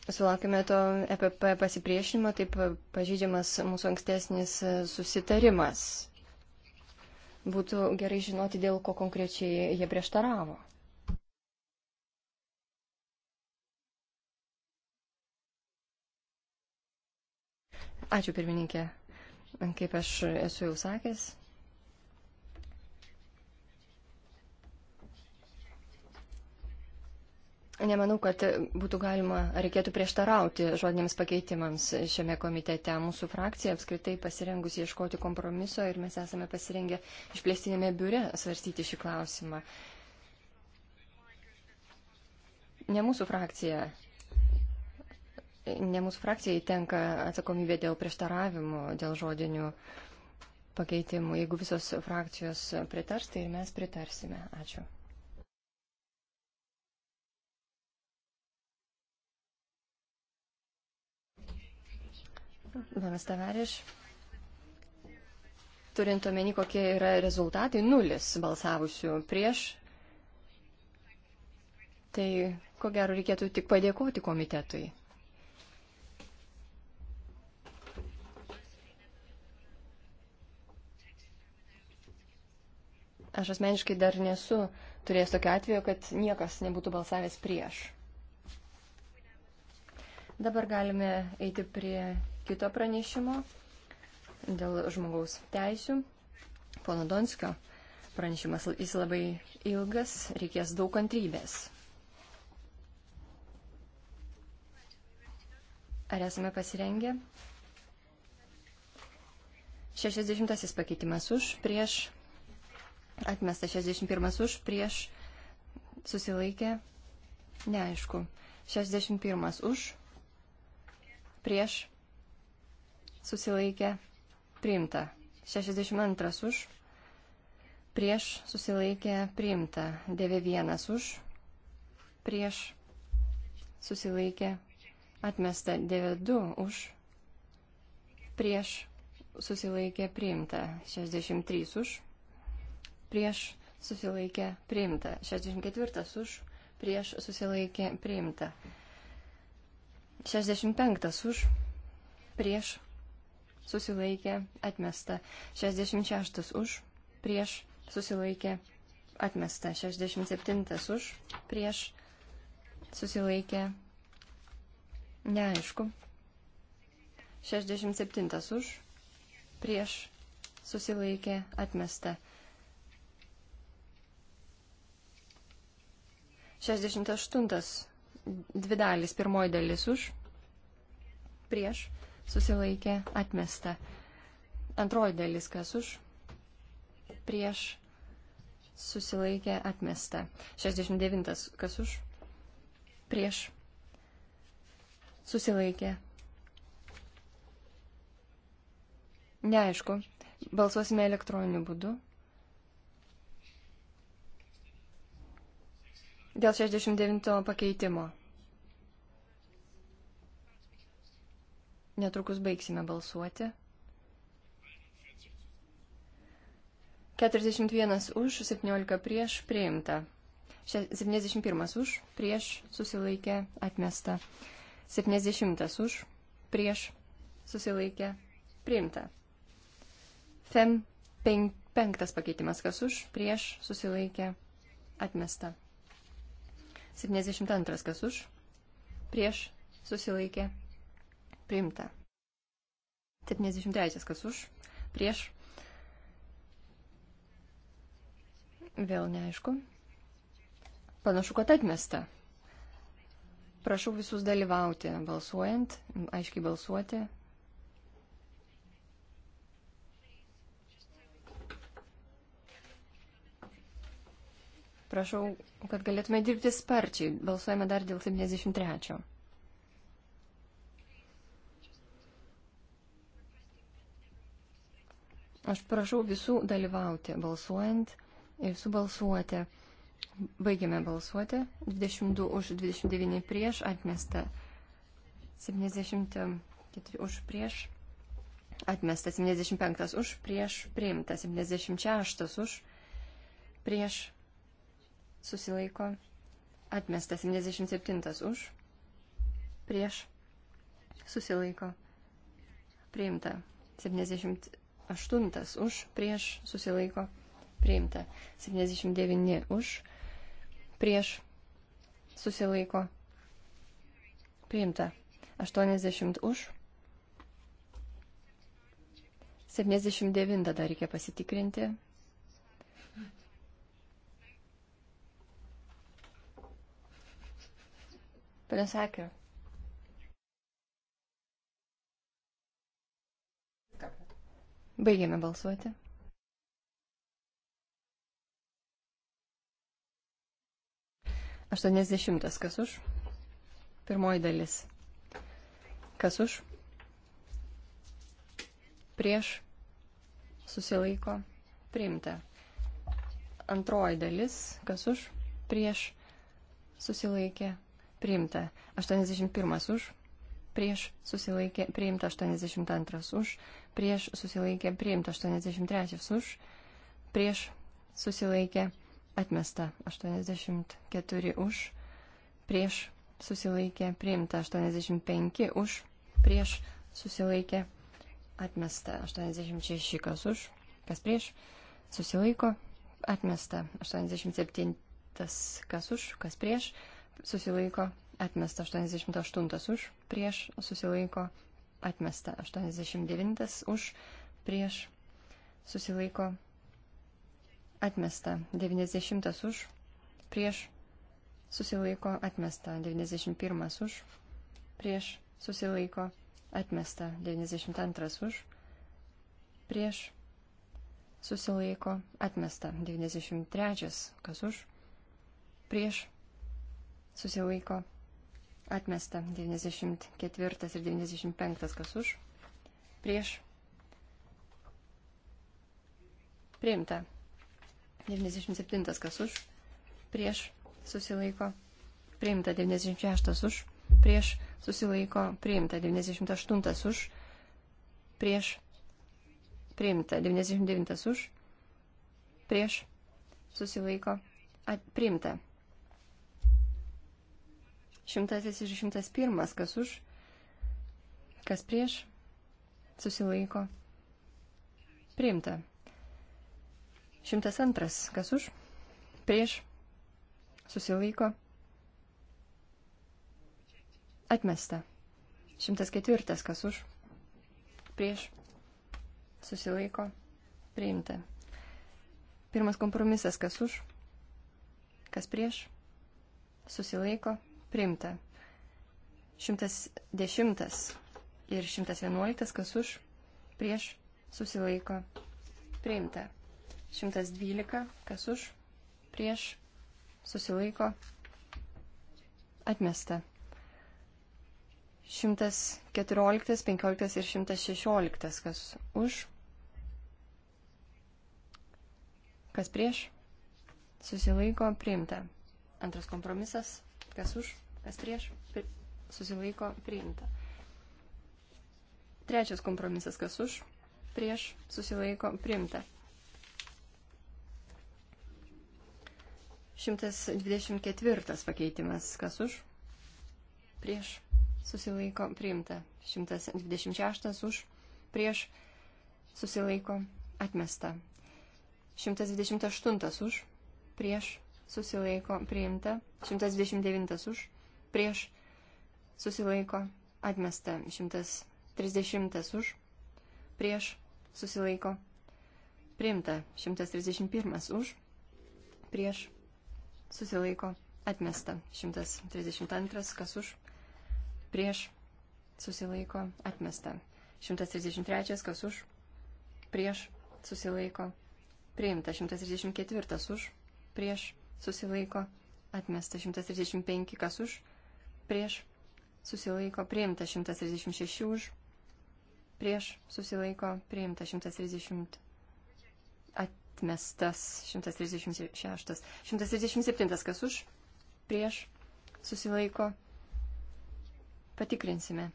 Pasilaukime to EPP pasipriešinimo, taip pažydžiamas mūsų ankstesnis e, susitarimas. Būtų gerai žinoti, dėl ko konkrečiai jie prieštaravo. Ačiū pirmininkė. Kaip aš esu jau sakęs, Nemanau, kad būtų galima, reikėtų prieštarauti žodiniams pakeitimams šiame komitete. Mūsų frakcija apskritai pasirengusi ieškoti kompromiso ir mes esame pasirengę išplėstinėme biure svarstyti šį klausimą. Ne mūsų frakcija. Ne mūsų frakcijai tenka atsakomybė dėl prieštaravimų, dėl žodinių pakeitimų. Jeigu visos frakcijos pritars, tai ir mes pritarsime. Ačiū. Panas Tavariš, turint omeny, kokie yra rezultatai, nulis balsavusių prieš, tai ko gero reikėtų tik padėkoti komitetui. Aš asmeniškai dar nesu turėjęs tokio atveju, kad niekas nebūtų balsavęs prieš. Dabar galime eiti prie kito pranešimo dėl žmogaus teisių, pono Donskio pranešimas. Jis labai ilgas, reikės daug kantrybės. Ar esame pasirengę? 60 pakeitimas už, prieš, atmesta 61 už, prieš, susilaikė, neaišku, 61 už, prieš, susilaikė priimta. 62 už, prieš susilaikė priimta. 91 už, prieš susilaikė atmesta. 92 už, prieš susilaikė priimta. 63 už, prieš susilaikė priimta. 64 už, prieš susilaikė priimta. 65 už, prieš susilaikė, atmesta. 66 už, prieš, susilaikė, atmesta. 67 už, prieš, susilaikė, neaišku. 67 už, prieš, susilaikė, atmesta. 68 dvi dalys, pirmoji dalis už, prieš, susilaikė atmesta. Antroji dalis, kas už, prieš, susilaikė atmesta. 69, kas už, prieš, susilaikė. Neaišku, balsuosime elektroniniu būdu. Dėl 69 pakeitimo. Netrukus baigsime balsuoti. 41 už, 17 prieš, priimta. 71 už, prieš, susilaikė, atmesta. 70 už, prieš, susilaikė, priimta. Fem penk, penktas pakeitimas, kas už, prieš, susilaikė, atmesta. 72 kas už, prieš, susilaikė, Priimta. 73. Kas už? Prieš. Vėl neaišku. Panašu, kad atmesta. Prašau visus dalyvauti balsuojant, aiškiai balsuoti. Prašau, kad galėtume dirbti sparčiai. Balsuojame dar dėl 73. Aš prašau visų dalyvauti balsuojant ir subalsuoti. Baigėme balsuoti. 22 už 29 prieš atmesta. 74 už prieš atmesta. 75 už prieš priimta. 76 už prieš susilaiko. Atmesta. 77 už prieš susilaiko. Priimta. 78 už, prieš susilaiko priimta. 79 už, prieš susilaiko priimta. 80 už. 79 dar reikia pasitikrinti. Pane sakė. Baigėme balsuoti. Aštuoniasdešimtas kas už? Pirmoji dalis. Kas už? Prieš susilaiko priimta. Antroji dalis. Kas už? Prieš susilaikė priimta. Aštuoniasdešimt pirmas už? prieš susilaikė priimta 82 už, prieš susilaikė priimta 83 už, prieš susilaikė atmesta 84 už, prieš susilaikė priimta 85 už, prieš susilaikė atmesta 86 kas už, kas prieš susilaiko atmesta 87 kas už, kas prieš susilaiko atmesta 88 už, prieš susilaiko, atmesta 89 už, prieš susilaiko, atmesta 90 už, prieš susilaiko, atmesta 91 už, prieš susilaiko, atmesta 92 už, prieš susilaiko, atmesta 93 kas už, prieš susilaiko, atmesta Atmesta 94 ir 95 kas už. Prieš. Priimta. 97 kas už. Prieš. Susilaiko. Priimta 96 už. Prieš. Susilaiko. Priimta 98 už. Prieš. Priimta 99 už. Prieš. Susilaiko. At, priimta Šimtasis ir šimtas pirmas, kas už, kas prieš, susilaiko. Priimta. Šimtas antras, kas už, prieš, susilaiko. Atmesta. Šimtas ketvirtas, kas už, prieš, susilaiko. Priimta. Pirmas kompromisas, kas už, kas prieš, susilaiko Primta. 110 ir 111, kas už, prieš, susilaiko. Priimta. 112, kas už, prieš, susilaiko. Atmesta. 114, 15 ir 116, kas už, kas prieš, susilaiko, priimta. Antras kompromisas kas už, kas prieš, susilaiko priimta. Trečias kompromisas, kas už, prieš, susilaiko priimta. 124 pakeitimas, kas už, prieš, susilaiko priimta. 126 už, prieš, susilaiko atmesta. 128 už, prieš, susilaiko priimta, 129 už, prieš susilaiko atmesta, 130 už, prieš susilaiko priimta, 131 už, prieš susilaiko atmesta, 132 kas už, prieš susilaiko atmesta, 133 kas už, prieš susilaiko priimta, 134 už, prieš susilaiko, atmesta 135, kas už, prieš, susilaiko, priimta 136 už, prieš, susilaiko, priimta 130, atmestas 136, 137, kas už, prieš, susilaiko, patikrinsime.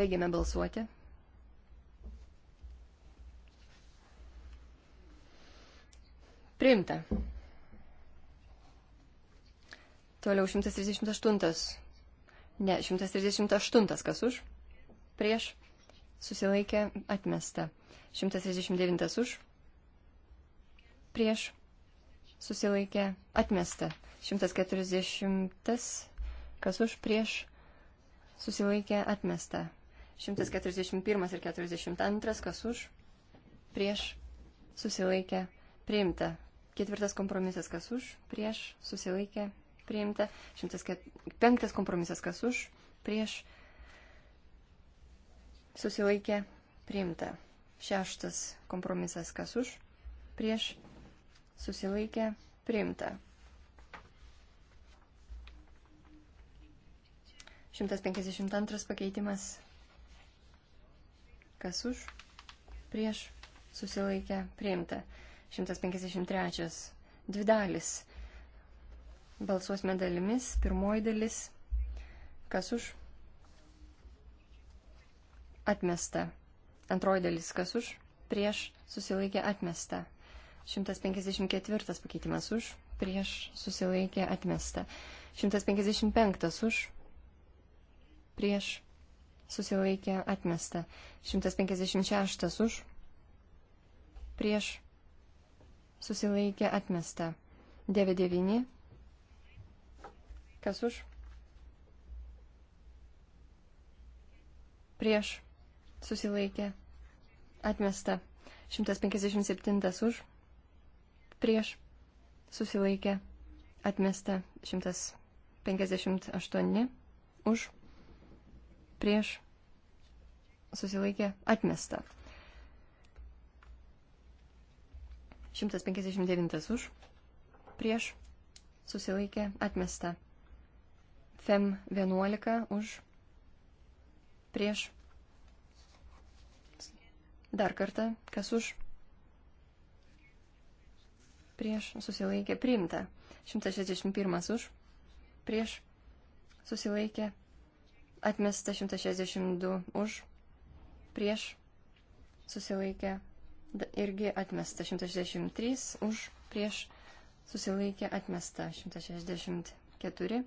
Baigėme balsuoti. Priimta. Toliau 138. Ne, 138. Kas už? Prieš. Susilaikė atmesta. 139 už. Prieš. Susilaikė atmesta. 140. Kas už prieš. Susilaikė atmesta. 141 ir 42, kas už, prieš, susilaikė, priimta. Ketvirtas kompromisas, kas už, prieš, susilaikė, priimta. 105 kompromisas, kas už, prieš, susilaikė, priimta. Šeštas kompromisas, kas už, prieš, susilaikė, priimta. 152 pakeitimas Kas už? Prieš susilaikę priimta. 153. Dvi dalis. Balsuosime dalimis. Pirmoji dalis. Kas už? Atmesta. Antroji dalis. Kas už? Prieš susilaikę atmesta. 154 pakeitimas už, prieš susilaikė atmesta. 155 už, prieš susilaikė atmesta. 156 už, prieš, susilaikė atmesta. 99, kas už, prieš, susilaikė atmesta. 157 už, prieš, susilaikė atmesta. 158 už prieš susilaikė atmesta. 159 už, prieš susilaikė atmesta. FEM 11 už, prieš. Dar kartą, kas už, prieš susilaikė priimta. 161 už, prieš susilaikė Atmesta 162 už, prieš, susilaikė, irgi atmesta 163 už, prieš, susilaikė, atmesta 164,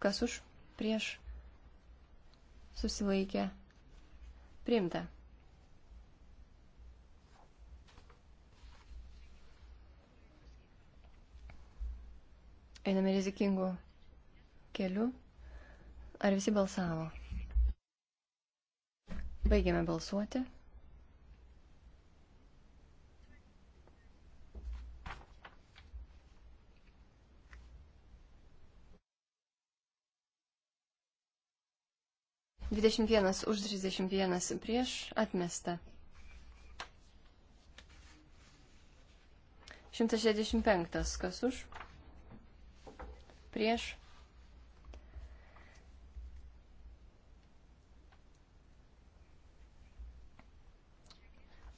kas už, prieš, susilaikė, priimta. Einame rizikingų kelių. Ar visi balsavo? Baigiame balsuoti. Dvidešimt vienas už trisdešimt vienas prieš atmesta. Šimtas šešiasdešimt penktas kas už? Prieš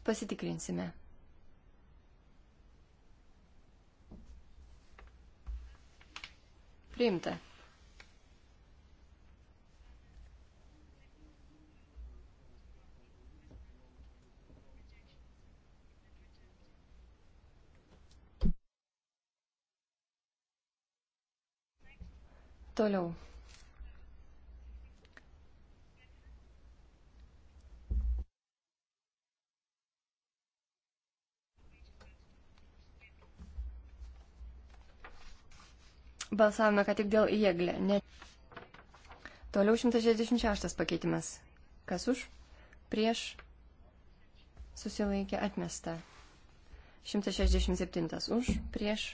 Pasitikrinsime. Priimta. Toliau. Balsavome, kad tik dėl jėglė. Ne. Toliau 166 pakeitimas. Kas už? Prieš. Susilaikė atmesta. 167 už. Prieš.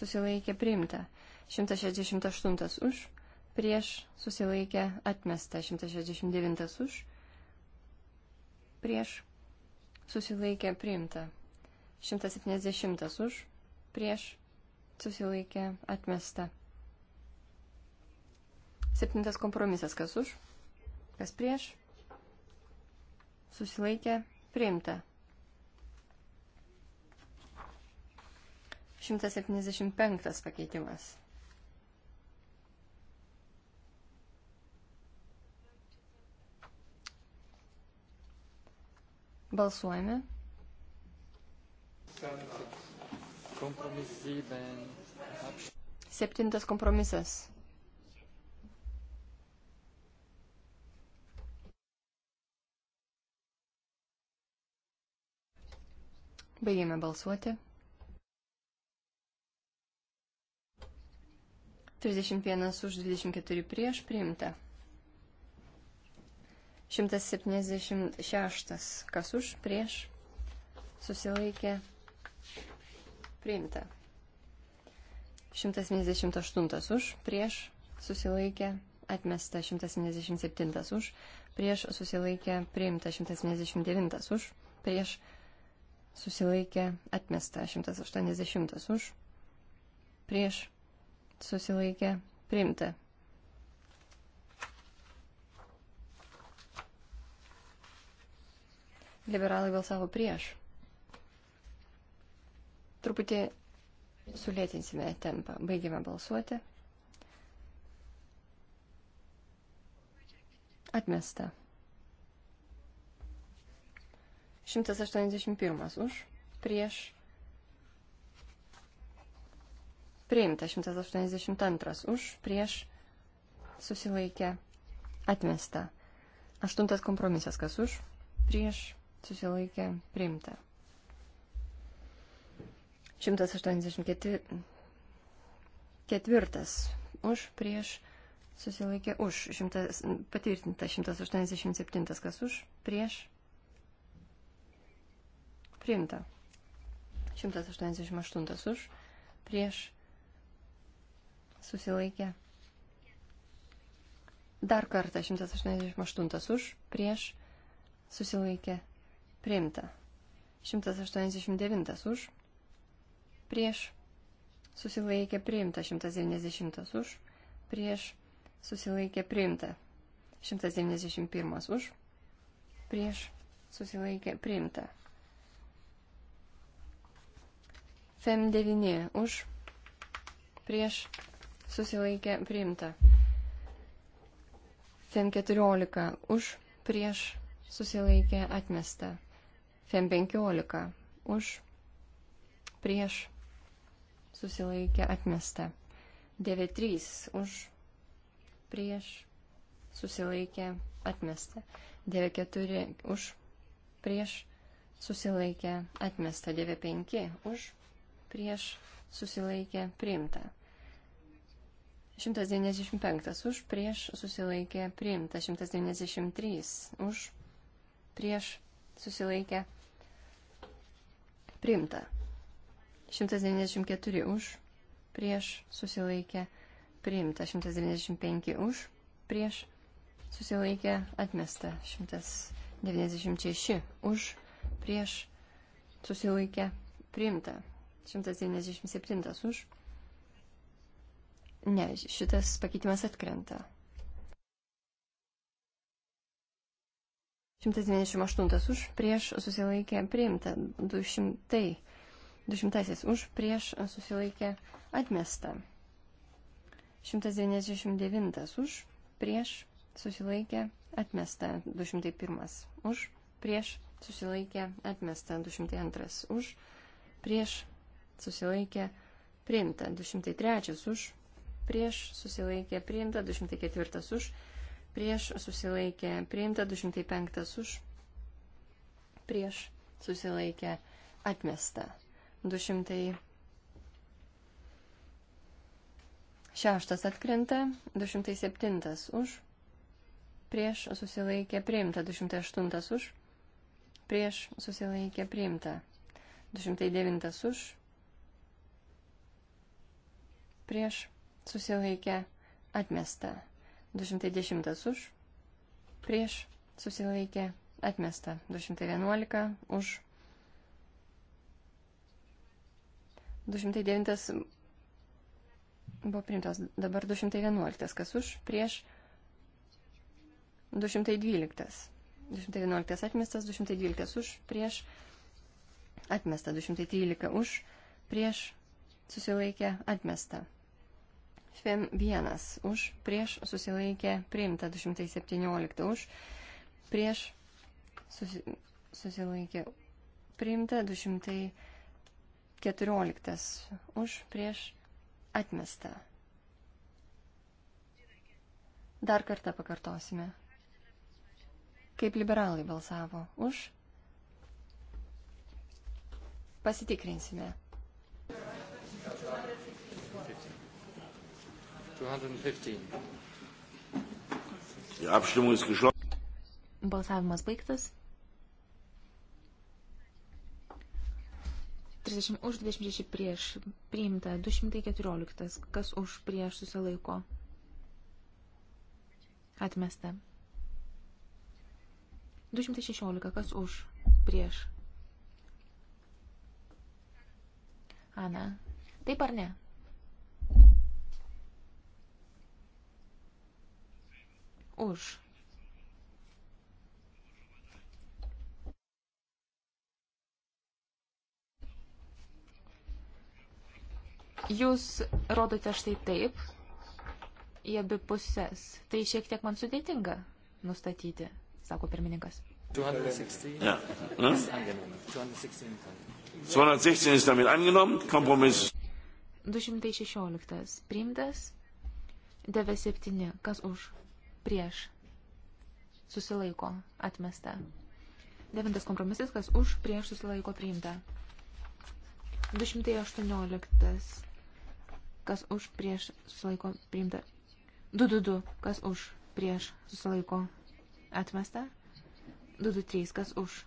Susilaikė priimta. 168 už. Prieš. Susilaikė atmesta. 169 už. Prieš. Susilaikė priimta. 170 už. Prieš susilaikė atmesta. Septintas kompromisas, kas už, kas prieš, susilaikė priimta. 175 pakeitimas. Balsuojame. 7. Kompromiss 7. Septintas kompromisas. Baigėme balsuoti. 31 už 24 prieš priimta. 176 kas už prieš susilaikė priimta. 178 už, prieš susilaikė, atmesta 177 už, prieš susilaikė, priimta 179 už, prieš susilaikė, atmesta 180 už, prieš susilaikė, priimta. Liberalai balsavo prieš. Truputį sulėtinsime tempą. Baigime balsuoti. Atmesta. 181 už, prieš. Priimta 182 už, prieš. Susilaikė. Atmesta. Aštuntas kompromisas kas už, prieš. Susilaikė. Priimta. 184 už prieš susilaikė už. Šimtas, patvirtinta 187 kas už prieš. Priimta. 188 už prieš susilaikė. Dar kartą 188 už, prieš, susilaikė, priimta. 189 už, prieš susilaikė priimta 190 už, prieš susilaikė priimta 191 už, prieš susilaikė priimta. Fem 9 už, prieš susilaikė priimta. Fem 14 už, prieš susilaikė atmesta. Fem 15 už, prieš susilaikė atmesta. 9-3 už, prieš, susilaikė atmesta. 9-4 už, prieš, susilaikė atmesta. 9-5 už, prieš, susilaikė priimta. 195 už, prieš, susilaikė priimta. 193 už, prieš, susilaikė priimta. 194 už, prieš susilaikė priimta, 195 už, prieš susilaikė atmesta, 196 už, prieš susilaikė priimta, 197 už. Ne, šitas pakeitimas atkrenta. 198 už, prieš susilaikė priimta, 200 Dešimtasis už prieš susilaikė atmesta. 199 už prieš susilaikė atmesta. 201 už prieš susilaikė atmesta. 202 už prieš susilaikė priimta. 203 už prieš susilaikė priimta. 204 už prieš susilaikė priimta. 205 už prieš susilaikė atmesta. 206 atkrenta, 207 už, prieš susilaikė priimta, 208 už, prieš susilaikė priimta, 209 už, prieš susilaikė atmesta, 210 už, prieš susilaikė atmesta, 211 už 209 buvo priimtas, dabar 211, kas už, prieš 212. 211 atmestas, 212 už, prieš atmestą, 213 už, prieš susilaikė atmestą. Fem 1 už, prieš susilaikė priimta, 217 už, prieš susi, susilaikė priimta, 200. 14 už prieš atmestą. Dar kartą pakartosime. Kaip liberalai balsavo už? Pasitikrinsime. 215. Balsavimas baigtas. 30 už, 26 prieš. Priimta 214. Kas už prieš susilaiko? Atmesta. 216. Kas už prieš? Ana. Taip ar ne? Už. Jūs rodote štai taip į abi pusės. Tai šiek tiek man sudėtinga nustatyti, sako pirmininkas. 216. Ja. Ne? 216 hm? ist damit angenommen. Kompromiss. 216. Priimtas. 97. Kas už? Prieš. Susilaiko. Atmesta. 9. Kompromisas. Kas už? Prieš. Susilaiko. Priimta. 218 kas už prieš susilaiko priimta. 222, kas už prieš susilaiko atmesta. 223, kas už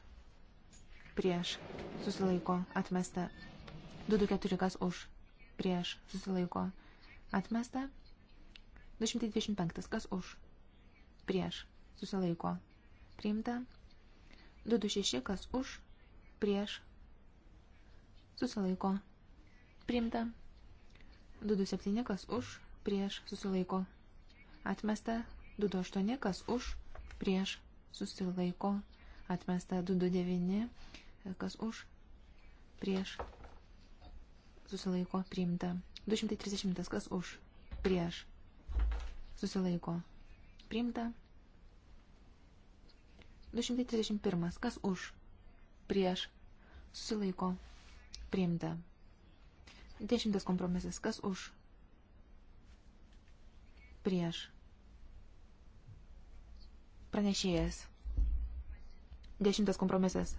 prieš susilaiko atmesta. 224, kas už prieš susilaiko atmesta. 225, kas už prieš susilaiko priimta. 226, kas už prieš susilaiko priimta. 227 kas už, prieš susilaiko atmesta, 228 kas už, prieš susilaiko atmesta, 229 kas už, prieš susilaiko priimta, 230 kas už, prieš susilaiko priimta, 231 kas už, prieš susilaiko priimta. Dešimtas kompromisas. Kas už? Prieš. Pranešėjas. Dešimtas kompromisas.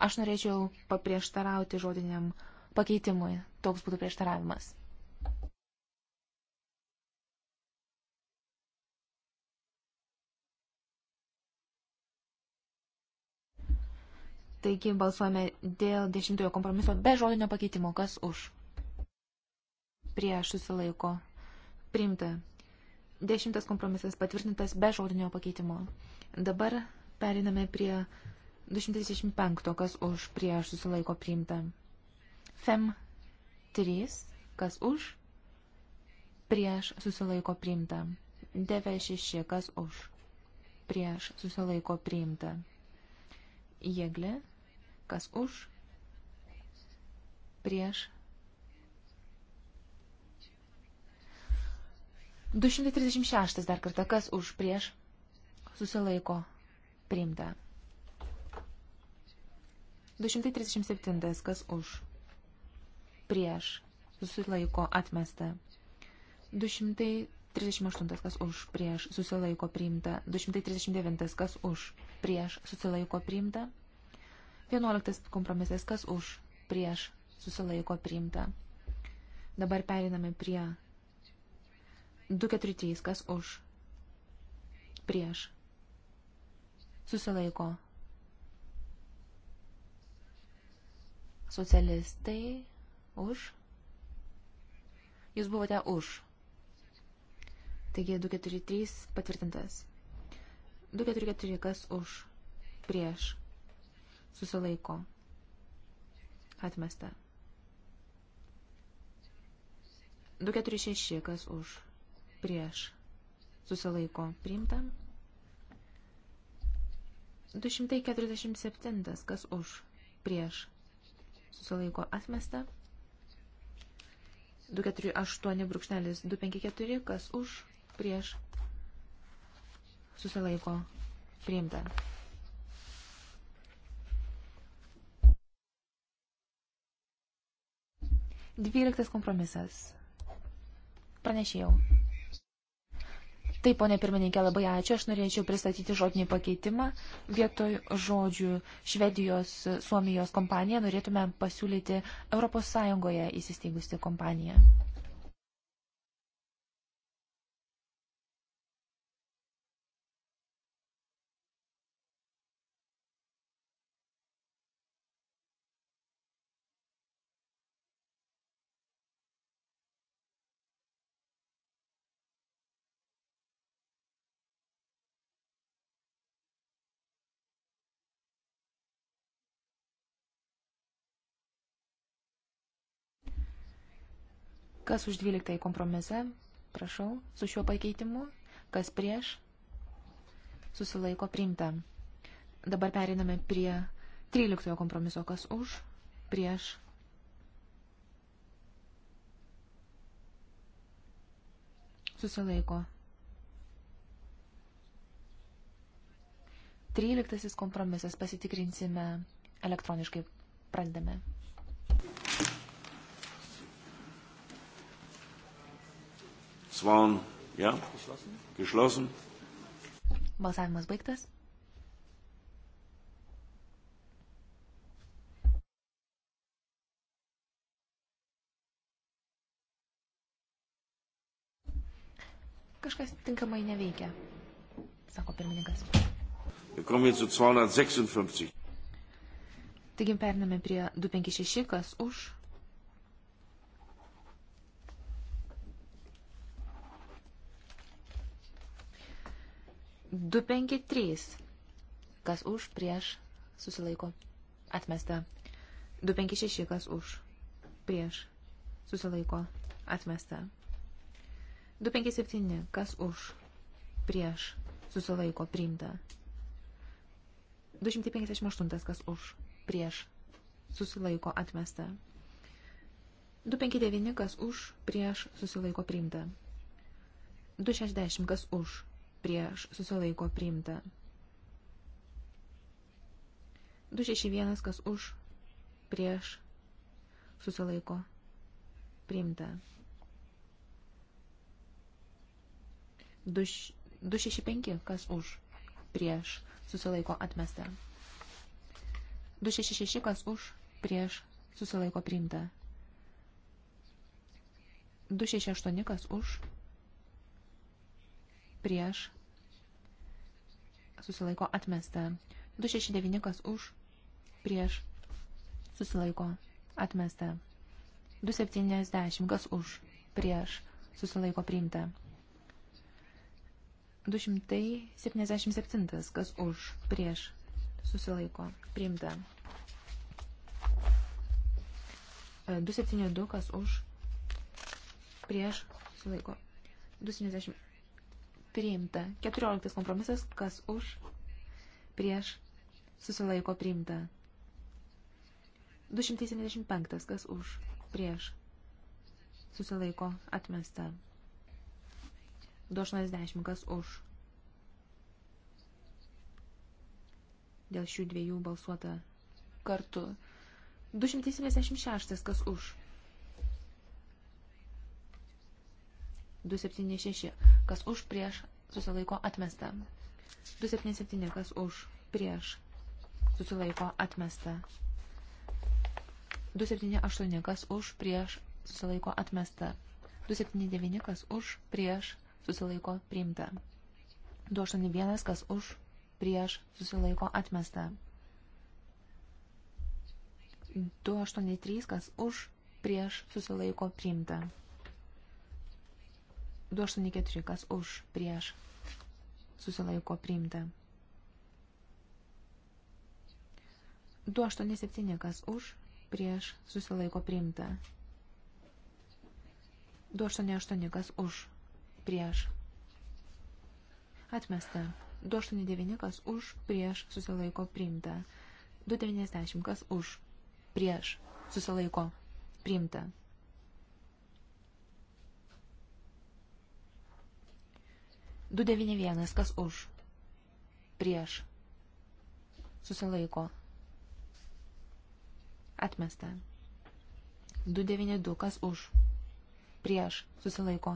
Aš norėčiau paprieštarauti žodiniam pakeitimui. Toks būtų prieštaravimas. Taigi balsuojame dėl dešimtojo kompromiso be žodinio pakeitimo. Kas už? Prieš susilaiko. Priimta. Dešimtas kompromisas patvirtintas be žodinio pakeitimo. Dabar periname prie 225, kas už prieš susilaiko priimta. Fem 3, kas už prieš susilaiko priimta. 96, kas už prieš susilaiko priimta. Jėglė Kas už? Prieš. 236 dar kartą. Kas už? Prieš. Susilaiko. Priimta. 237. Kas už? Prieš. Susilaiko. Atmesta. 238. Kas už? Prieš. Susilaiko. Priimta. 239. Kas už? Prieš. Susilaiko. Priimta. 11 kompromisas, kas už, prieš, susilaiko priimta. Dabar periname prie 243, kas už, prieš, susilaiko. Socialistai už. Jūs buvote už. Taigi 243 patvirtintas. 244 kas už, prieš, susilaiko, atmesta. 246, kas už, prieš, susilaiko, priimta. 247, kas už, prieš, susilaiko, atmesta. 248.254, kas už, prieš, susilaiko, priimta. 12 kompromisas. Pranešėjau. Taip, ponė pirmininkė, labai ačiū. Aš norėčiau pristatyti žodinį pakeitimą. Vietoj žodžių Švedijos, Suomijos kompanija norėtume pasiūlyti ES įsisteigusi kompaniją. Kas už 12 kompromise? Prašau, su šiuo pakeitimu. Kas prieš? Susilaiko priimta. Dabar periname prie 13 kompromiso. Kas už? Prieš? Susilaiko. 13 kompromisas pasitikrinsime elektroniškai. Pradedame. Es waren, ja, geschlossen. Balsavimas baigtas. Kažkas tinkamai neveikia, sako pirmininkas. Taigi periname prie 256, kas už 253. Kas už, prieš, susilaiko. Atmesta. 256. Kas už, prieš, susilaiko. Atmesta. 257. Kas už, prieš, susilaiko. Priimta. 258. Kas už, prieš, susilaiko. Atmesta. 259. Kas už, prieš, susilaiko. Priimta. 260. Kas už, prieš susilaiko priimta. 261 kas už prieš susilaiko priimta. 265 kas už prieš susilaiko atmesta. 266 kas už prieš susilaiko priimta. 268 kas už prieš susilaiko atmesta. 269 kas už, prieš susilaiko atmesta. 270 kas už, prieš susilaiko priimta. 277 kas už, prieš susilaiko priimta. 272 e, kas už, prieš susilaiko. 270 priimta. 14 kompromisas, kas už, prieš, susilaiko priimta. 275, kas už, prieš, susilaiko atmesta. 280, kas už. Dėl šių dviejų balsuota kartu. 276, kas už 276, kas už prieš susilaiko atmesta. 277, kas už prieš susilaiko atmesta. 278, kas už prieš susilaiko atmesta. 279, kas už prieš susilaiko priimta. 281, kas už prieš susilaiko atmesta. 283, kas už prieš susilaiko priimta. 284, kas už, prieš, susilaiko priimta. 287, kas už, prieš, susilaiko priimta. 288, kas už, prieš. Atmesta. 289, kas už, prieš, susilaiko priimta. 290, kas už, prieš, susilaiko priimta. 291, kas už? Prieš. Susilaiko. Atmesta. 292, kas už? Prieš. Susilaiko.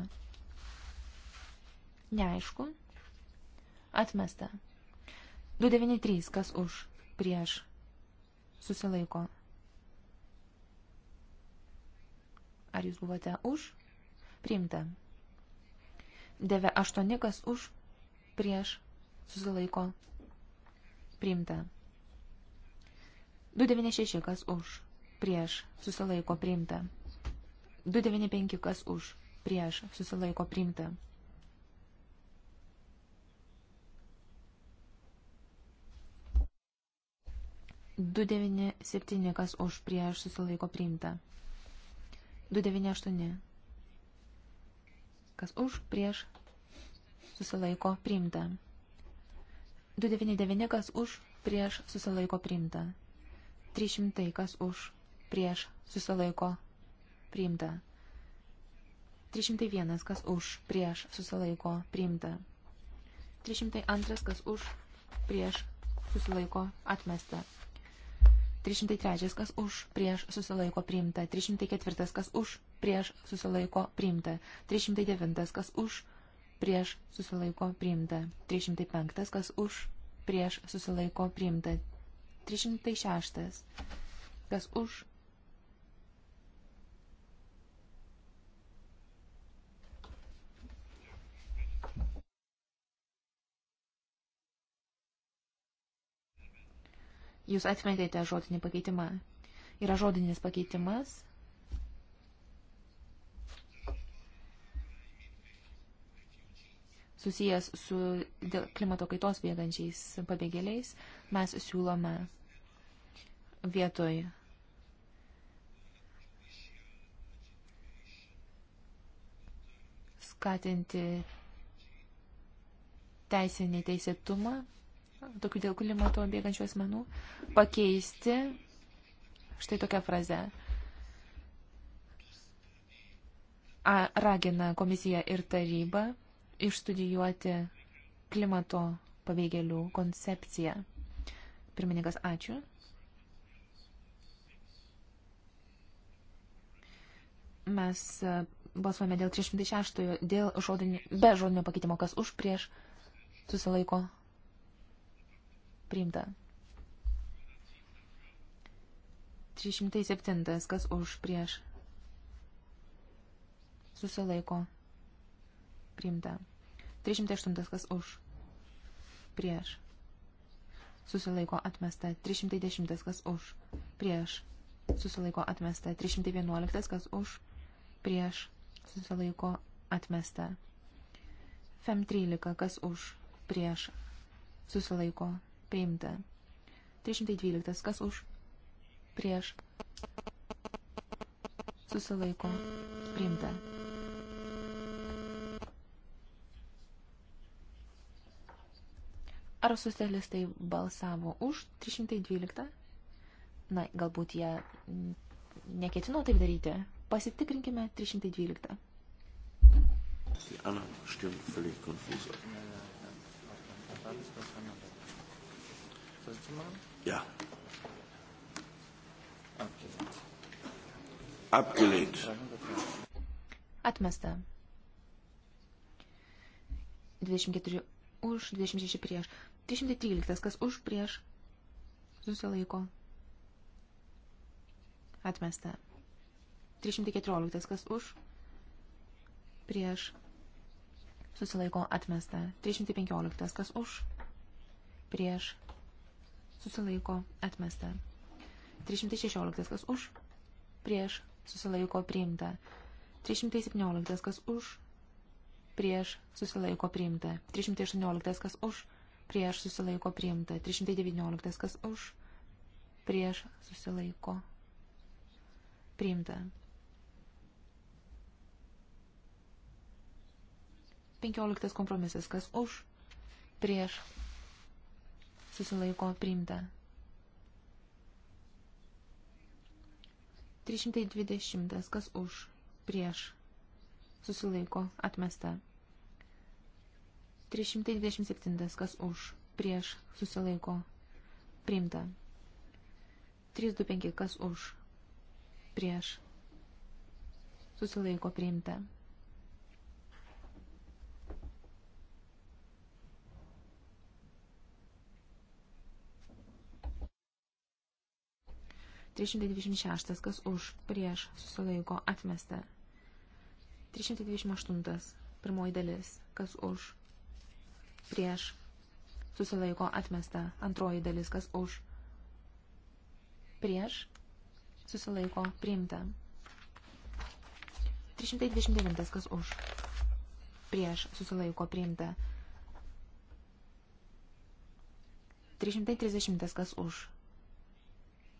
Neaišku. Atmesta. 293, kas už? Prieš. Susilaiko. Ar jūs buvote už? Priimta. Deve 8, kas už, prieš, susilaiko, priimta. 296, kas už, prieš, susilaiko, priimta. 295, kas už, prieš, susilaiko, priimta. Du devini septyni, kas už prieš susilaiko priimta. Du devini aštuoni, Kas už, prieš, susilaiko priimta. 299, kas už, prieš, susilaiko priimta. 300, kas už, prieš, susilaiko priimta. 301, kas už, prieš, susilaiko priimta. 302, kas už, prieš, susilaiko atmesta. 303, kas už, prieš, susilaiko priimta. 304, kas už, prieš susilaiko priimta. 309 kas už, prieš susilaiko priimta. 305 kas už, prieš susilaiko priimta. 306 kas už. Jūs atmetėte žodinį pakeitimą. Yra žodinis pakeitimas susijęs su dėl klimato kaitos bėgančiais pabėgėliais, mes siūlome vietoj skatinti teisinį teisėtumą tokių dėl klimato bėgančių asmenų, pakeisti štai tokią frazę. A, ragina komisija ir taryba išstudijuoti klimato pabėgėlių koncepciją. Pirmininkas, ačiū. Mes e, balsuojame dėl 306, dėl žodinio, be žodinio pakeitimo, kas už prieš susilaiko priimta. 307, kas už prieš susilaiko priimta priimta. 308 kas už, prieš, susilaiko atmesta. 310 kas už, prieš, susilaiko atmesta. 311 kas už, prieš, susilaiko atmesta. Fem 13 kas už, prieš, susilaiko priimta. 312 kas už, prieš, susilaiko priimta. Ar socialistai balsavo už 312? Na, galbūt jie mm, neketino taip daryti. Pasitikrinkime 312. Die anderen stimmen völlig konfus. Ja. Abgelehnt. Atmesta. 24 už, 26 prieš. 313. Kas už prieš susilaiko. Atmesta. 314. Kas už prieš susilaiko. Atmesta. 315. Kas už prieš susilaiko. Atmesta. 316. Kas už prieš susilaiko. Priimta. 317. Kas už prieš susilaiko. Priimta. 318. Kas už prieš prieš susilaiko priimta. 319 kas už, prieš susilaiko priimta. 15 kompromisas kas už, prieš susilaiko priimta. 320 kas už, prieš susilaiko atmesta. 327. Kas už? Prieš. Susilaiko. Priimta. 325. Kas už? Prieš. Susilaiko. Priimta. Trys šimtai dvidešimt šeštas, kas už, prieš, susilaiko, atmesta. 328. Pirmoji dalis. Kas už, prieš, susilaiko atmesta. Antroji dalis, kas už, prieš, susilaiko priimta. 329, kas už, prieš, susilaiko priimta. 330, kas už,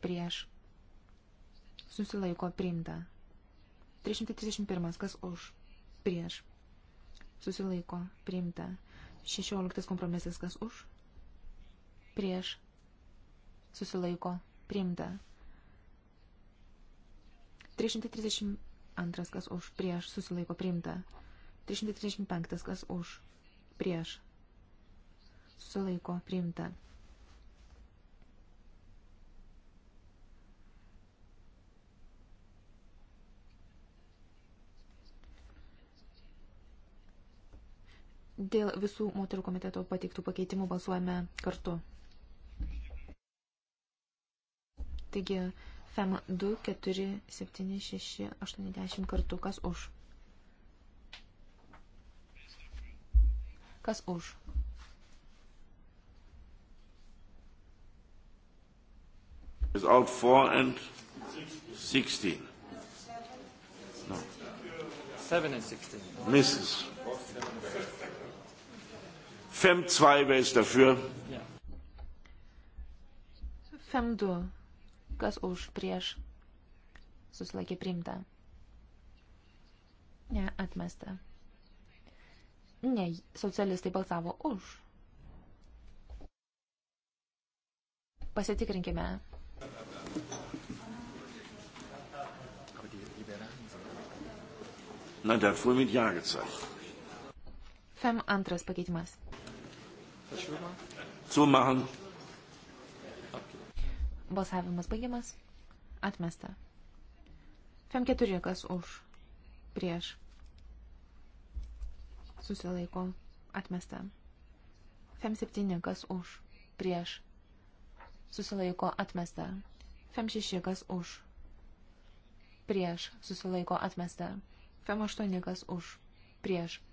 prieš, susilaiko priimta. 331, kas už, prieš, susilaiko priimta. 16 kompromisas kas už, prieš, susilaiko, priimta. 332 kas už, prieš, susilaiko, priimta. 335 kas už, prieš, susilaiko, priimta. Dėl visų moterų komiteto pateiktų pakeitimų balsuojame kartu. Taigi, FEM 2, 4, 7, 6, 80 kartų. Kas už? Kas už? is out 4 and 16. No. 7 and 16. Mrs. 5-2, wer ist dafür? 5-2. Kas už, prieš? Susilaikė priimta. Ne, atmesta. Ne, socialistai balsavo už. Pasitikrinkime. Na, dar fuhr mit Ja gezeigt. Fem antras pakeitimas. Zumachen. Balsavimas baigiamas. Atmesta. FM4 kas už. Prieš. Susilaiko. Atmesta. FM7 kas už. Prieš. Susilaiko. Atmesta. FM6 kas už. Prieš. Susilaiko. Atmesta. FM8 kas už. Prieš.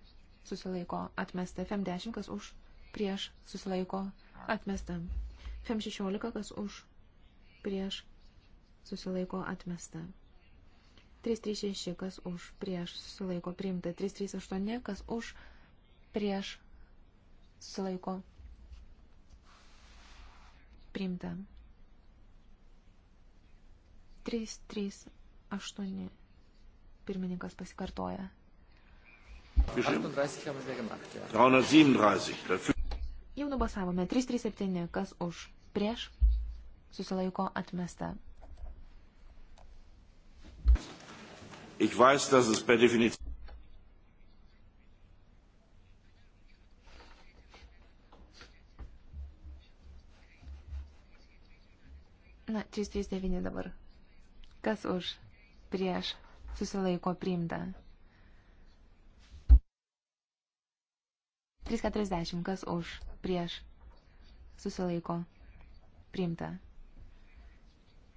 Susilaiko. Atmesta. FM10 kas už prieš susilaiko atmesta. Fem 16, kas už prieš susilaiko atmesta. 336, kas už prieš susilaiko priimta. 338, kas už prieš susilaiko priimta. 338 pirmininkas pasikartoja. 38 haben wir gemacht. Ja. 337. Dafür. Jau nubalsavome. 337. Kas už? Prieš? Susilaiko atmesta. Ich weiß, dass es per Definition. Na, 339 dabar. Kas už? Prieš? Susilaiko priimta. 340, kas už, prieš, susilaiko, priimta.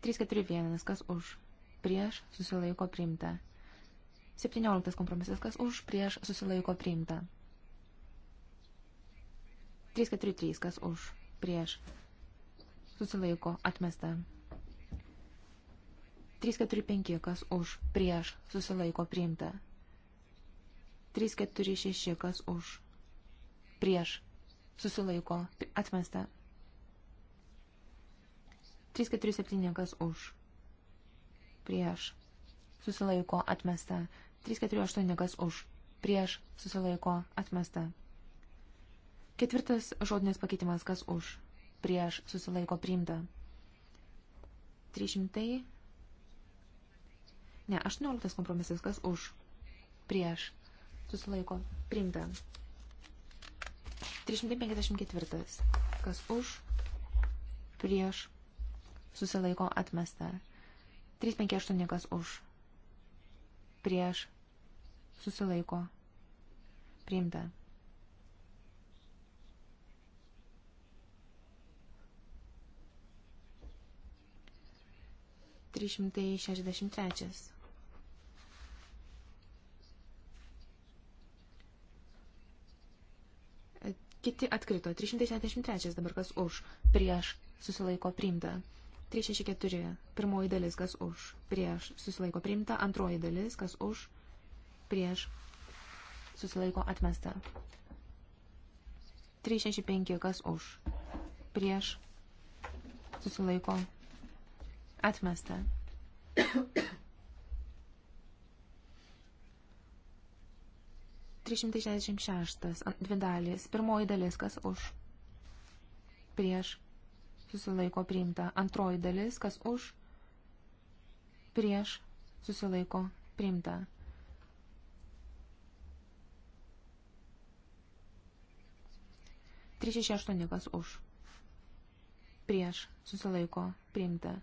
341, kas už, prieš, susilaiko, priimta. 17 kompromisas, kas už, prieš, susilaiko, priimta. 343, kas už, prieš, susilaiko, atmesta. 345, kas už, prieš, susilaiko, priimta. 346, kas už, prieš, susilaiko, atmesta. 347 kas už, prieš, susilaiko, atmesta. 348 kas už, prieš, susilaiko, atmesta. Ketvirtas žodinės pakeitimas kas už, prieš, susilaiko, priimta. 300. Ne, 18 kompromisas kas už, prieš, susilaiko, priimta. 354. Kas už, prieš, susilaiko atmesta. 358. Kas už, prieš, susilaiko, priimta. Trys šimtai šešiasdešimt trečias. Kiti atkrito. 373 dabar kas už. Prieš susilaiko priimta. 364. Pirmoji dalis kas už. Prieš susilaiko priimta. Antroji dalis kas už. Prieš susilaiko atmesta. 365 kas už. Prieš susilaiko atmesta. 366. Dvi dalys. Pirmoji dalis, kas už. Prieš. Susilaiko priimta. Antroji dalis, kas už. Prieš. Susilaiko priimta. Trys šeši aštuoni, kas už. Prieš. Susilaiko priimta.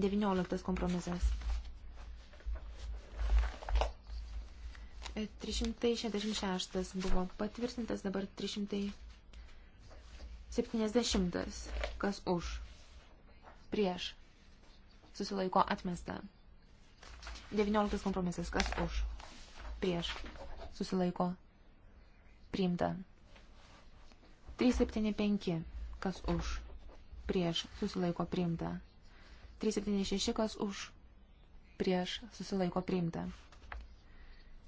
19 kompromisas. 366 buvo patvirtintas, dabar 370. Kas už? Prieš. Susilaiko atmesta. 19 kompromisas. Kas už? Prieš. Susilaiko. Priimta. 375. Kas už? Prieš. Susilaiko. Priimta. 376 kas už prieš susilaiko priimta.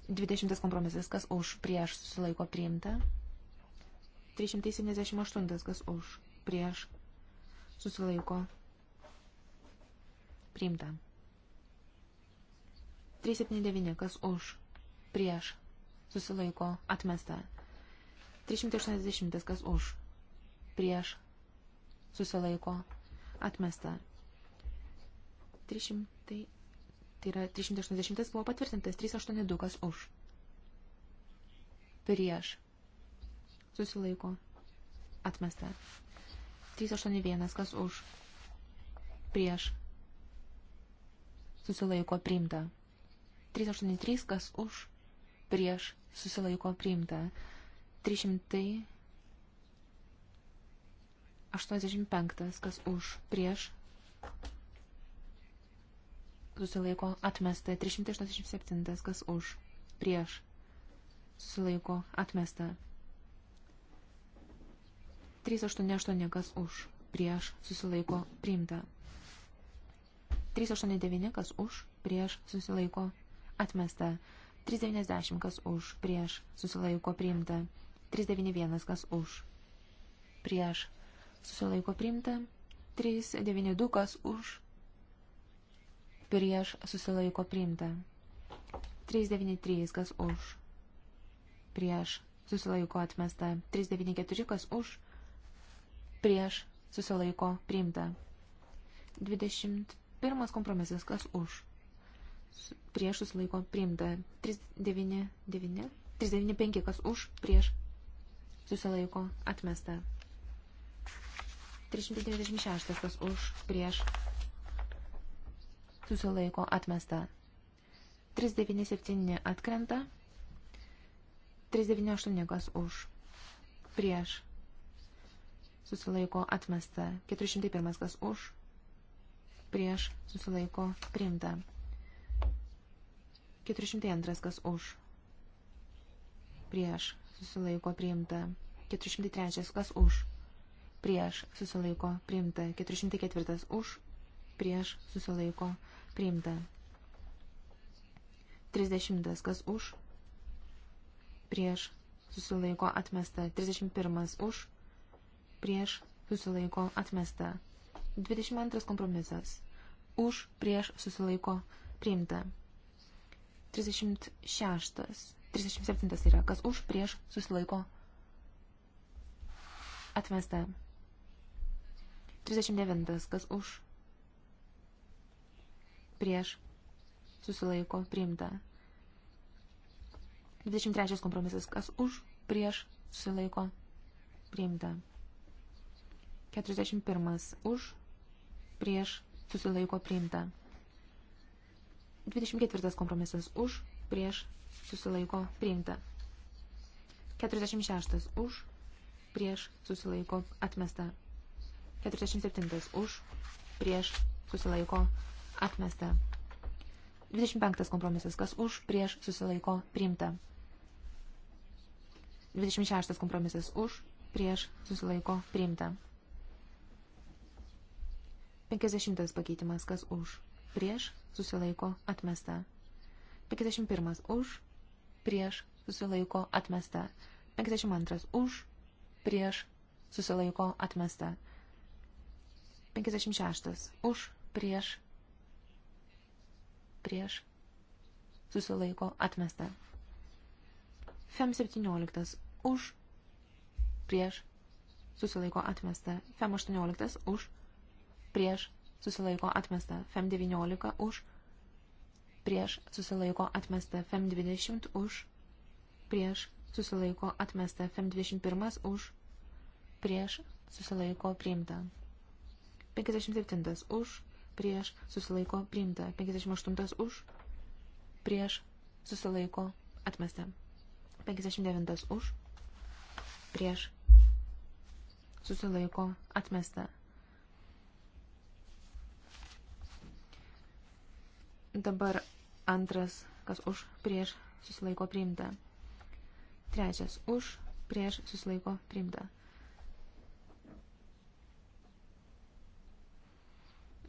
20 kompromisas kas už prieš susilaiko priimta. 378 kas už prieš susilaiko priimta. 379 kas už prieš susilaiko atmesta. 380 kas už prieš susilaiko atmesta. 300, tai yra 380 buvo patvirtintas, 382 kas už. Prieš. Susilaiko. Atmesta. 381 kas už. Prieš. Susilaiko priimta. 383 kas už. Prieš. Susilaiko priimta. 300. 85, kas už, prieš, susilaiko atmesta. 387, kas už, prieš, susilaiko atmesta. 388, kas už, prieš, susilaiko priimta. 389, kas už, prieš, susilaiko atmesta. 390, kas už, prieš, susilaiko priimta. 391, kas už, prieš, susilaiko priimta. 392, kas už, prieš susilaiko priimta. 393, kas už, prieš susilaiko atmesta. 394, kas už, prieš susilaiko priimta. 21 kompromisas, kas už, prieš susilaiko priimta. 399, 395, kas už, prieš susilaiko atmesta. 396, kas už, prieš susilaiko atmesta. 397 atkrenta. 398 kas už. Prieš. Susilaiko atmesta. 401 kas už. Prieš. Susilaiko priimta. 402 kas už. Prieš. Susilaiko priimta. 403 kas už. Prieš. Susilaiko priimta. 404 už prieš susilaiko priimta. 30. Kas už? Prieš susilaiko atmesta. 31. Už? Prieš susilaiko atmesta. 22. Kompromisas. Už prieš susilaiko priimta. 36. 37. yra. Kas už prieš susilaiko atmesta. 39. Kas už prieš susilaiko priimta. 23 kompromisas kas už prieš susilaiko priimta. 41 už prieš susilaiko priimta. 24 kompromisas už prieš susilaiko priimta. 46 už prieš susilaiko atmesta. 47 už prieš susilaiko Atmesta. 25 kompromisas. Kas už, prieš, susilaiko, priimta. 26 kompromisas. Už, prieš, susilaiko, priimta. 50 pakeitimas. Kas už, prieš, susilaiko, atmesta. 51 už, prieš, susilaiko, atmesta. 52 už, prieš, susilaiko, atmesta. 56 už, prieš, prieš susilaiko atmesta. FEM 17 už prieš susilaiko atmesta. FEM 18 už prieš susilaiko atmesta. FEM 19 už prieš susilaiko atmesta. FEM 20 už prieš susilaiko atmesta. FEM 21 už prieš susilaiko priimta. 57 už prieš susilaiko priimta. 58 už, prieš susilaiko atmesta. 59 už, prieš susilaiko atmesta. Dabar antras, kas už, prieš susilaiko priimta. Trečias už, prieš susilaiko priimta.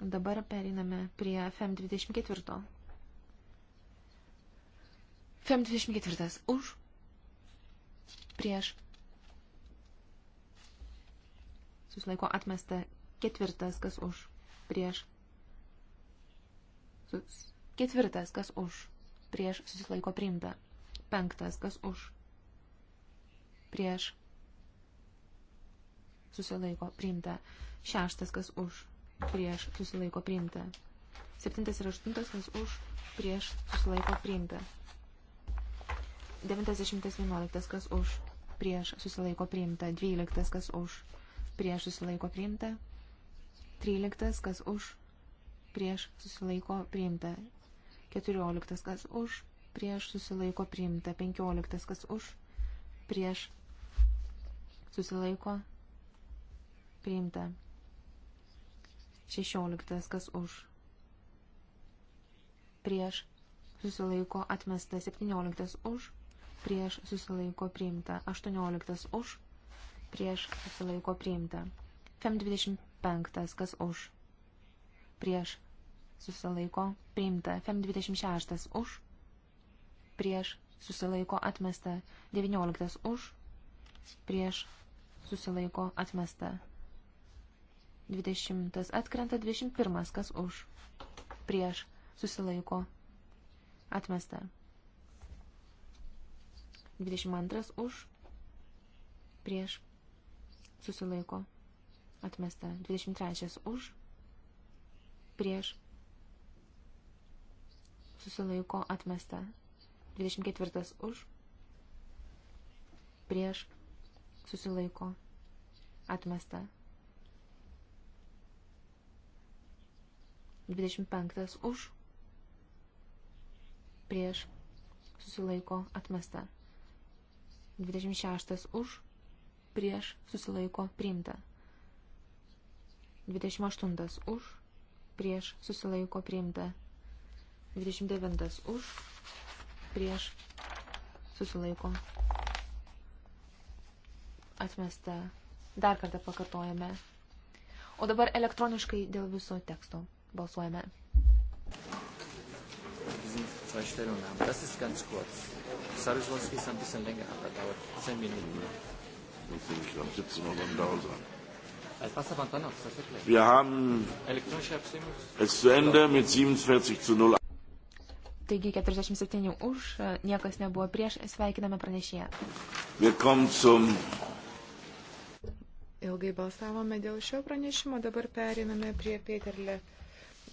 Dabar periname prie FM24. FM24 už, prieš, susilaiko atmesta ketvirtas, kas už, prieš, sus, ketvirtas, kas už, prieš, susilaiko priimta, penktas, kas už, prieš, susilaiko priimta, šeštas, kas už, prieš susilaiko priimta. 7 ir 8 kas už prieš susilaiko priimta. 90 11 kas už prieš susilaiko priimta. 12 kas už prieš susilaiko priimta. 13 kas už prieš susilaiko priimta. 14 kas už prieš susilaiko priimta. 15 kas už prieš susilaiko priimta. 16. Kas už? Prieš susilaiko atmesta. 17. Už? Prieš susilaiko priimta. 18. Už? Prieš susilaiko priimta. 525. Kas už? Prieš susilaiko priimta. 526. Už? Prieš susilaiko atmesta. 19. Už? Prieš susilaiko atmesta. 20 atkrenta, 21 kas už, prieš, susilaiko, atmesta. 22 už, prieš, susilaiko, atmesta. 23 už, prieš, susilaiko, atmesta. 24 už, prieš, susilaiko, atmesta. 25 už, prieš, susilaiko, atmesta. 26 už, prieš, susilaiko, priimta. 28 už, prieš, susilaiko, priimta. 29 už, prieš, susilaiko, atmesta. Dar kartą pakartojame. O dabar elektroniškai dėl viso teksto. Balsuojame. Zwei Stellungnahmen. Äh, das ist ganz kurz. Sarysolski ist ein bisschen länger, aber dauert zehn Minuten. Das denke ich, am 17 Uhr dann dauert es Wir haben es zu Ende mit 47 zu 0. Taigi 47 už, niekas nebuvo prieš, sveikiname pranešėją. Ilgai balsavome dėl šio pranešimo, dabar periname prie Peterle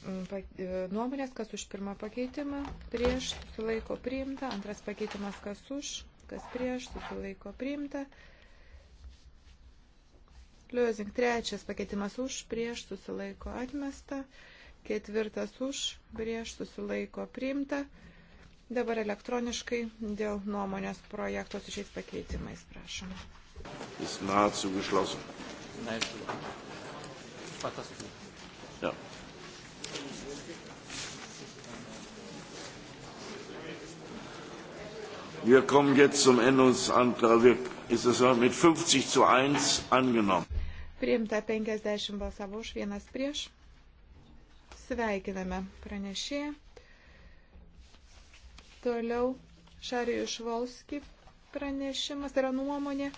E, nuomonės, kas už pirmą pakeitimą, prieš susilaiko priimta, antras pakeitimas, kas už, kas prieš susilaiko priimta. Liuzing trečias pakeitimas už, prieš susilaiko atmesta, ketvirtas už, prieš susilaiko priimta. Dabar elektroniškai dėl nuomonės projekto su šiais pakeitimais, prašom. Jis nacijų išlausim. Neaišku. Patas. Ja. Wir kommen jetzt zum Änderungsantrag. Wir, ist es mit 50 zu 1 angenommen. Priimta 50 balsavo už vienas prieš. Sveikiname pranešėją. Toliau Šarijų Švolski pranešimas tai yra nuomonė.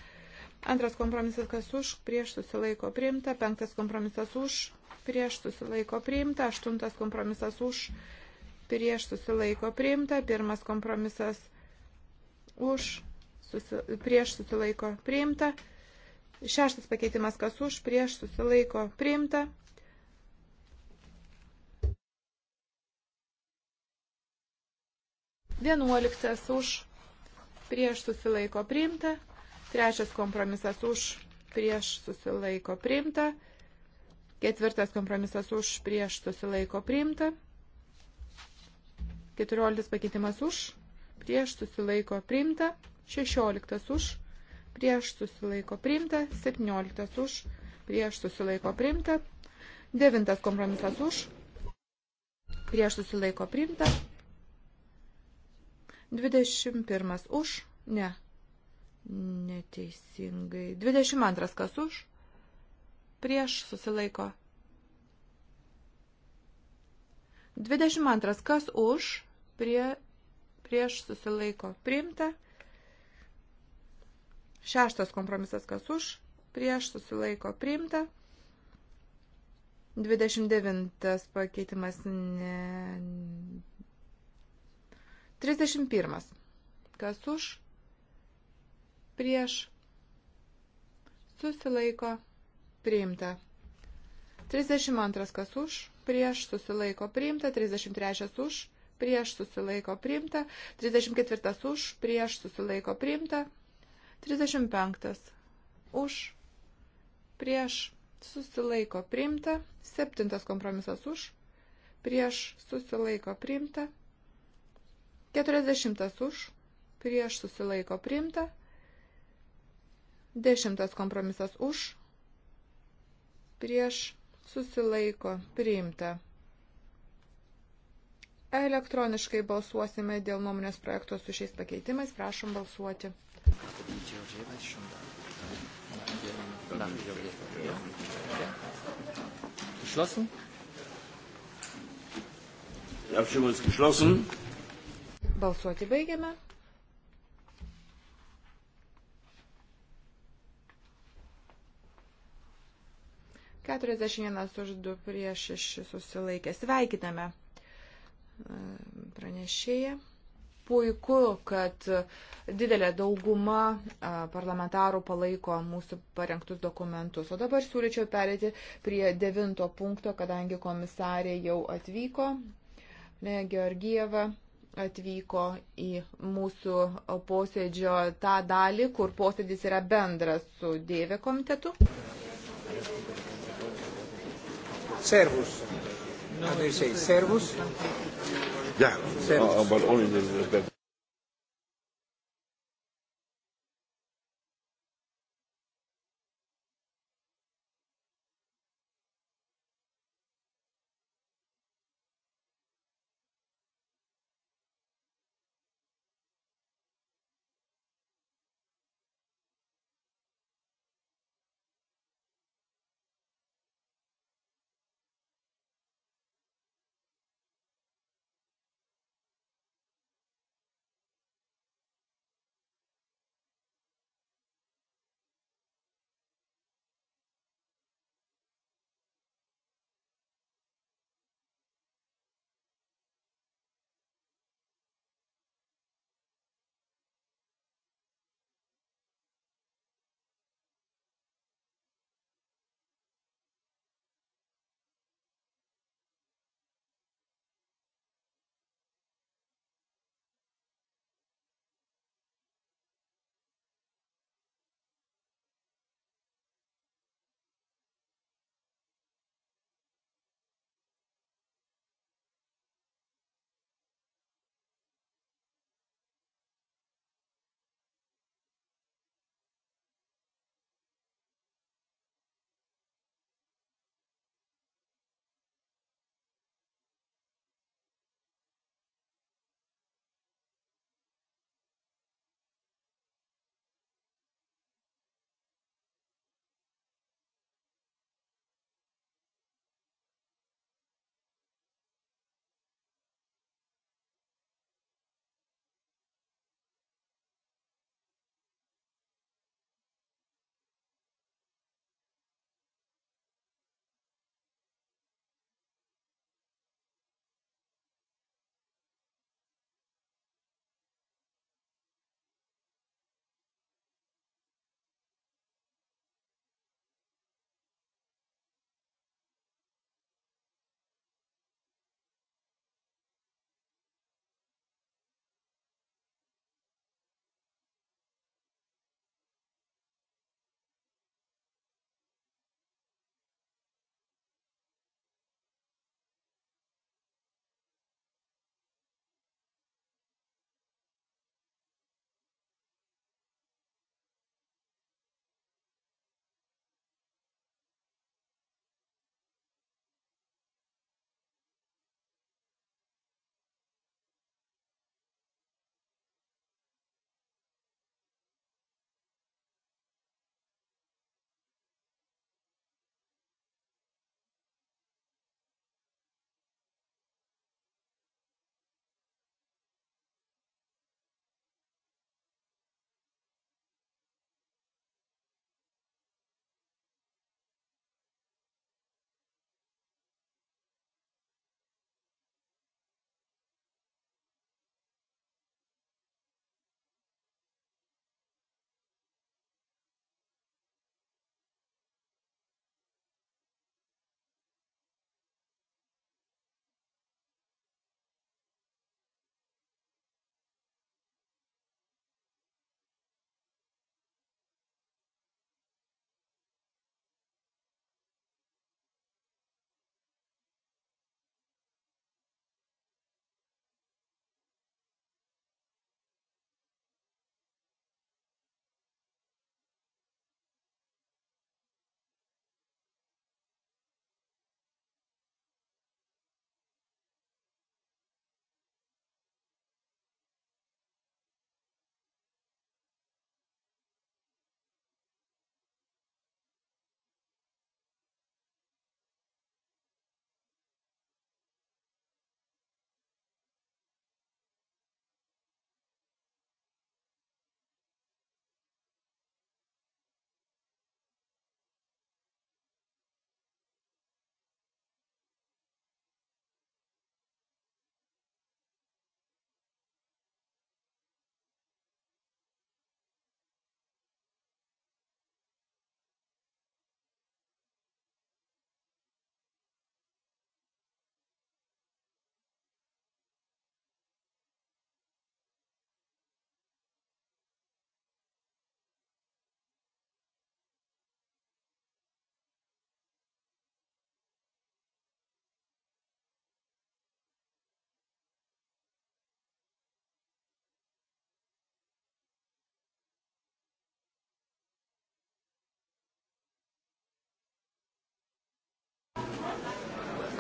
Antras kompromisas, kas už, prieš susilaiko priimta. Penktas kompromisas už, prieš susilaiko priimta. Aštuntas kompromisas už, prieš susilaiko priimta. Pirmas kompromisas už už, susi, prieš susilaiko priimta. Šeštas pakeitimas, kas už, prieš susilaiko priimta. Vienuoliktas už, prieš susilaiko priimta. Trečias kompromisas už, prieš susilaiko priimta. Ketvirtas kompromisas už, prieš susilaiko priimta. Keturioliktas pakeitimas už, prieš susilaiko priimta, 16 už, prieš susilaiko priimta, 17 už, prieš susilaiko priimta, 9 kompromisas už, prieš susilaiko priimta, 21 už, ne, neteisingai, 22 kas už, prieš susilaiko. 22 kas už, prie prieš susilaiko priimta. Šeštas kompromisas kas už, prieš susilaiko priimta. 29 pakeitimas ne... 31. Kas už, prieš susilaiko priimta. 32 kas už, prieš susilaiko priimta, 33 už, prieš susilaiko priimta, 34 už, prieš susilaiko priimta, 35 už, prieš susilaiko priimta, 7 kompromisas už, prieš susilaiko priimta, 40 už, prieš susilaiko priimta, 10 kompromisas už, prieš susilaiko priimta. Elektroniškai balsuosime dėl nuomonės projekto su šiais pakeitimais. Prašom balsuoti. Balsuoti baigiame. Keturiasdešimt vienas už du prieš šešis susilaikė. Sveikiname pranešėja. Puiku, kad didelė dauguma parlamentarų palaiko mūsų parengtus dokumentus. O dabar siūlyčiau perėti prie devinto punkto, kadangi komisarė jau atvyko, ne, Georgieva atvyko į mūsų posėdžio tą dalį, kur posėdis yra bendras su Dėvė komitetu. Servus. How do you say? Servus? Yeah, Servus. Uh, but only the, the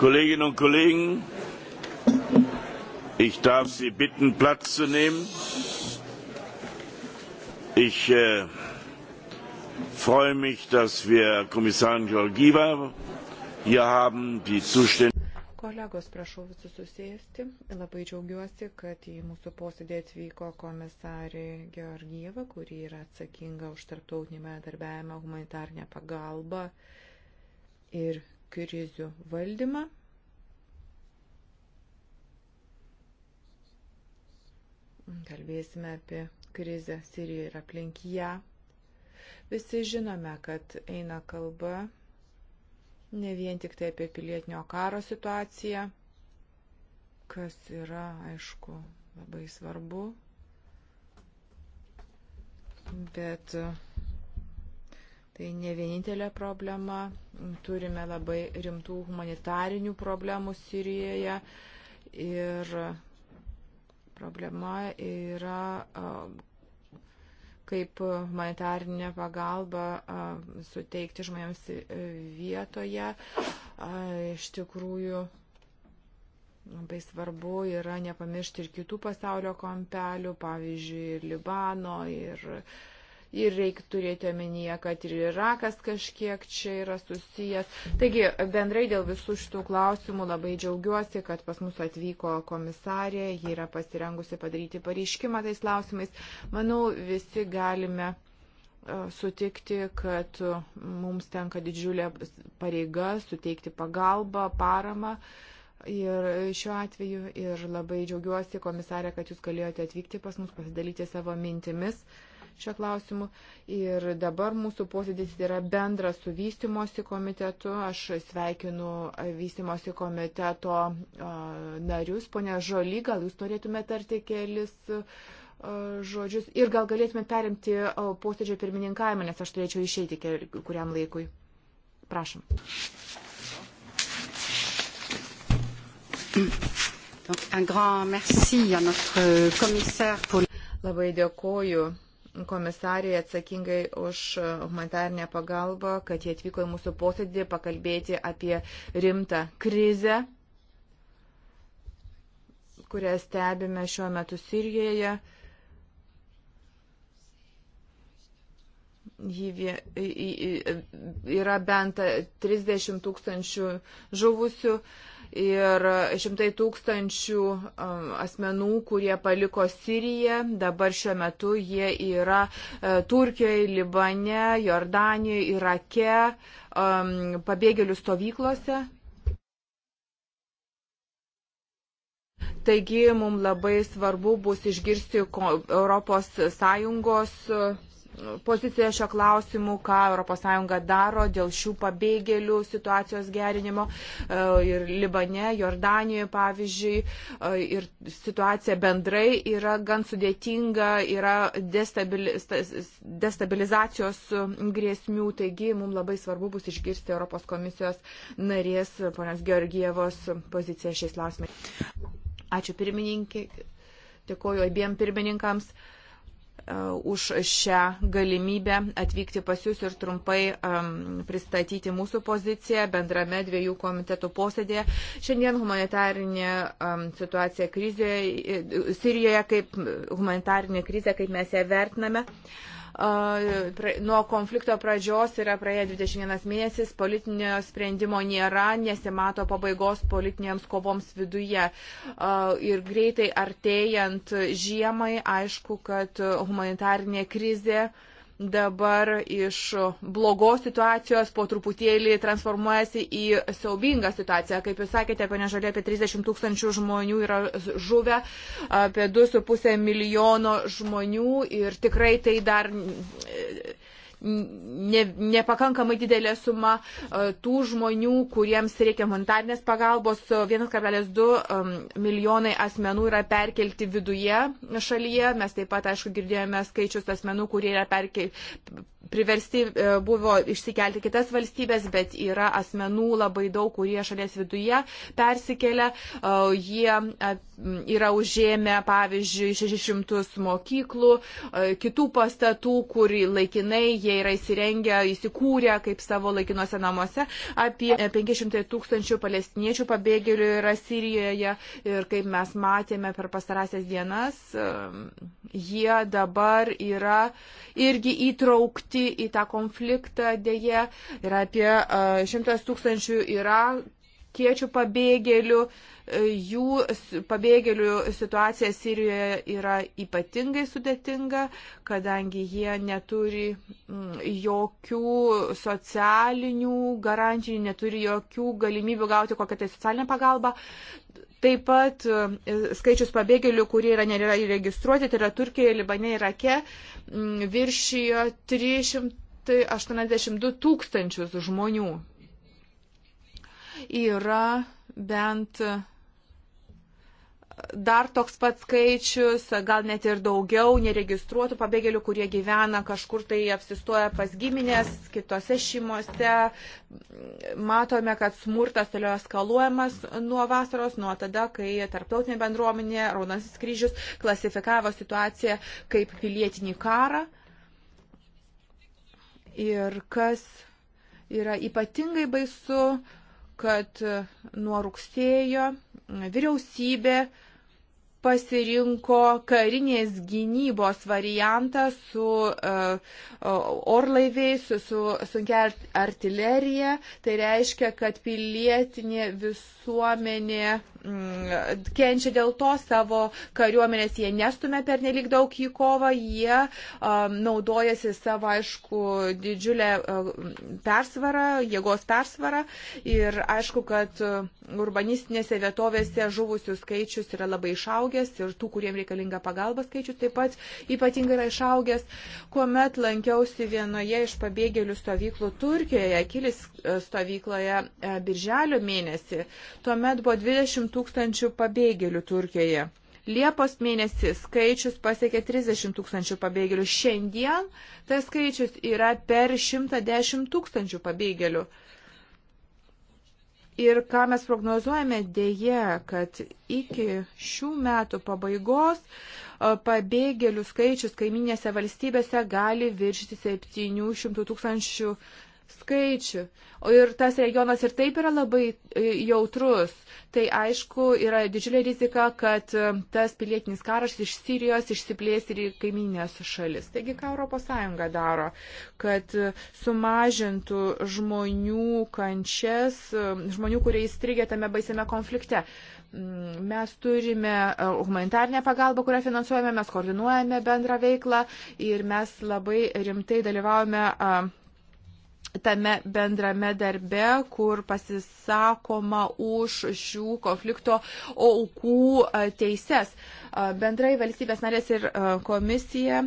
Kolleginnen und Kollegen, ich darf Sie bitten, Platz zu nehmen. Ich äh, freue mich, dass wir Kommissarin Georgieva hier haben, die zuständig Kolegos, prašau visus susėsti. Labai džiaugiuosi, kad į mūsų posėdį atvyko komisarė Georgieva, kuri yra atsakinga už tarptautinį bendarbiavimą, humanitarnę pagalbą ir krizių valdymą. Kalbėsime apie krizę Sirijoje ir aplink ją. Visi žinome, kad eina kalba ne vien tik tai apie pilietinio karo situaciją, kas yra, aišku, labai svarbu, bet uh, Tai ne vienintelė problema. Turime labai rimtų humanitarinių problemų Sirijoje. Ir problema yra, kaip humanitarinė pagalba suteikti žmonėms e, vietoje. Iš tikrųjų, Labai svarbu yra nepamiršti ir kitų pasaulio kampelių, pavyzdžiui, ir Libano, ir ir reikia turėti omenyje, kad ir Irakas kažkiek čia yra susijęs. Taigi, bendrai dėl visų šitų klausimų labai džiaugiuosi, kad pas mus atvyko komisarė, ji yra pasirengusi padaryti pareiškimą tais klausimais. Manau, visi galime e, sutikti, kad e, mums tenka didžiulė pareiga suteikti pagalbą, paramą. Ir šiuo atveju ir labai džiaugiuosi, komisarė, kad jūs galėjote atvykti pas mus, pasidalyti savo mintimis šio klausimu. Ir dabar mūsų posėdis yra bendras su vystimosi komitetu. Aš sveikinu vystimosi komiteto narius. Pone Žoly, gal jūs norėtumėte tarti kelis žodžius ir gal galėtumėte perimti posėdžio pirmininkavimą, nes aš turėčiau išeiti kuriam laikui. Prašom. Donc, un grand merci à notre commissaire pour... Labai dėkoju komisariai atsakingai už humanitarnę pagalbą, kad jie atvyko į mūsų posėdį pakalbėti apie rimtą krizę, kurią stebime šiuo metu Sirijoje. Jį yra bent 30 tūkstančių žuvusių ir šimtai tūkstančių um, asmenų, kurie paliko Siriją, dabar šiuo metu jie yra e, Turkijoje, Libane, Jordanijoje, Irake, um, pabėgėlių stovyklose. Taigi mums labai svarbu bus išgirsti Europos Sąjungos poziciją šio klausimu, ką ES daro dėl šių pabėgėlių situacijos gerinimo e, ir Libane, Jordanijoje pavyzdžiui. E, ir situacija bendrai yra gan sudėtinga, yra destabilizacijos grėsmių, taigi mums labai svarbu bus išgirsti Europos komisijos narės ponios Georgievos poziciją šiais klausimais. Ačiū pirmininkė, dėkoju abiem pirmininkams. E, už šią galimybę atvykti pas Jūs ir trumpai um, pristatyti mūsų poziciją bendrame dviejų komitetų posėdėje. Šiandien humanitarinė um, situacija krizėje, Sirijoje, kaip humanitarinė krizė, kaip mes ją vertiname. Uh, Nuo konflikto pradžios yra praėję 21 mėnesis, politinio sprendimo nėra, nesimato pabaigos politinėms kovoms viduje. Ir greitai artėjant žiemai, aišku, kad humanitarinė krizė. Uh, dabar iš blogos situacijos po truputėlį transformuojasi į siaubingą situaciją. Kaip jūs sakėte, ponia Žalė, apie 30 tūkstančių žmonių yra žuvę, apie 2,5 milijono žmonių ir tikrai tai dar ne, nepakankamai didelė suma e, tų žmonių, kuriems reikia humanitarnės pagalbos. 1,2 e, milijonai asmenų yra perkelti viduje šalyje. Mes taip pat, aišku, girdėjome skaičius asmenų, kurie yra perkelti priversti e, buvo išsikelti kitas valstybės, bet yra asmenų labai daug, kurie šalies viduje persikelia. E, jie e, yra užėmę, pavyzdžiui, 600 mokyklų, kitų pastatų, kur laikinai jie yra įsirengę, įsikūrę kaip savo laikinuose namuose. Apie 500 tūkstančių palestiniečių pabėgėlių yra Sirijoje ir kaip mes matėme per pastarąsias dienas, jie dabar yra irgi įtraukti įtraukti į tą konfliktą dėje. Yra apie šimtas tūkstančių irakiečių pabėgėlių. E, jų pabėgėlių situacija Sirijoje yra ypatingai sudėtinga, kadangi jie neturi jokių socialinių garantijų, neturi jokių galimybių gauti kokią tai socialinę pagalbą. Taip pat e, skaičius pabėgėlių, kurie yra nėra įregistruoti, tai yra Turkijoje, Libane, Irake, viršijo 382 tūkstančius žmonių. Yra bent dar toks pat skaičius, gal net ir daugiau neregistruotų pabėgėlių, kurie gyvena kažkur tai apsistoja pas giminės, kitose šeimose. Matome, kad smurtas toliau eskaluojamas nuo vasaros, nuo tada, kai tarptautinė bendruomenė, Raudonasis kryžius, klasifikavo situaciją kaip pilietinį karą. Ir kas yra ypatingai baisu, kad nuo rugsėjo vyriausybė pasirinko karinės gynybos variantą su uh, orlaiviais, su, su sunkia artilerija. Tai reiškia, kad pilietinė visuomenė Mm, kenčia dėl to savo kariuomenės, jie nestumia per nelik daug į kovą, jie um, naudojasi savo, aišku, didžiulę uh, persvarą, jėgos persvarą ir aišku, kad uh, urbanistinėse vietovėse žuvusių skaičius yra labai išaugęs ir tų, kuriems reikalinga pagalba skaičius taip pat ypatingai yra išaugęs. Kuomet lankiausi vienoje iš pabėgėlių stovyklų Turkijoje, Kilis uh, stovykloje birželio mėnesį, tuomet buvo 20 tūkstančių pabėgėlių Turkijoje. Liepos mėnesį skaičius pasiekė 30 tūkstančių pabėgėlių. Šiandien tas skaičius yra per 110 tūkstančių pabėgėlių. Ir ką mes prognozuojame dėje, kad iki šių metų pabaigos pabėgėlių skaičius kaiminėse valstybėse gali viršyti 700 tūkstančių skaičių. O ir tas regionas ir taip yra labai e, jautrus. Tai aišku, yra didžiulė rizika, kad e, tas pilietinis karas iš Sirijos išsiplės ir į kaiminės šalis. Taigi, ką ES daro, kad e, sumažintų žmonių kančias, žmonių, kurie įstrigė tame baisiame konflikte mm, mes turime humanitarnę pagalbą, kurią finansuojame, mes koordinuojame bendrą veiklą ir mes labai rimtai dalyvaujame tame bendrame darbe, kur pasisakoma už šių konflikto aukų e, teises. E, bendrai valstybės narės ir e, komisija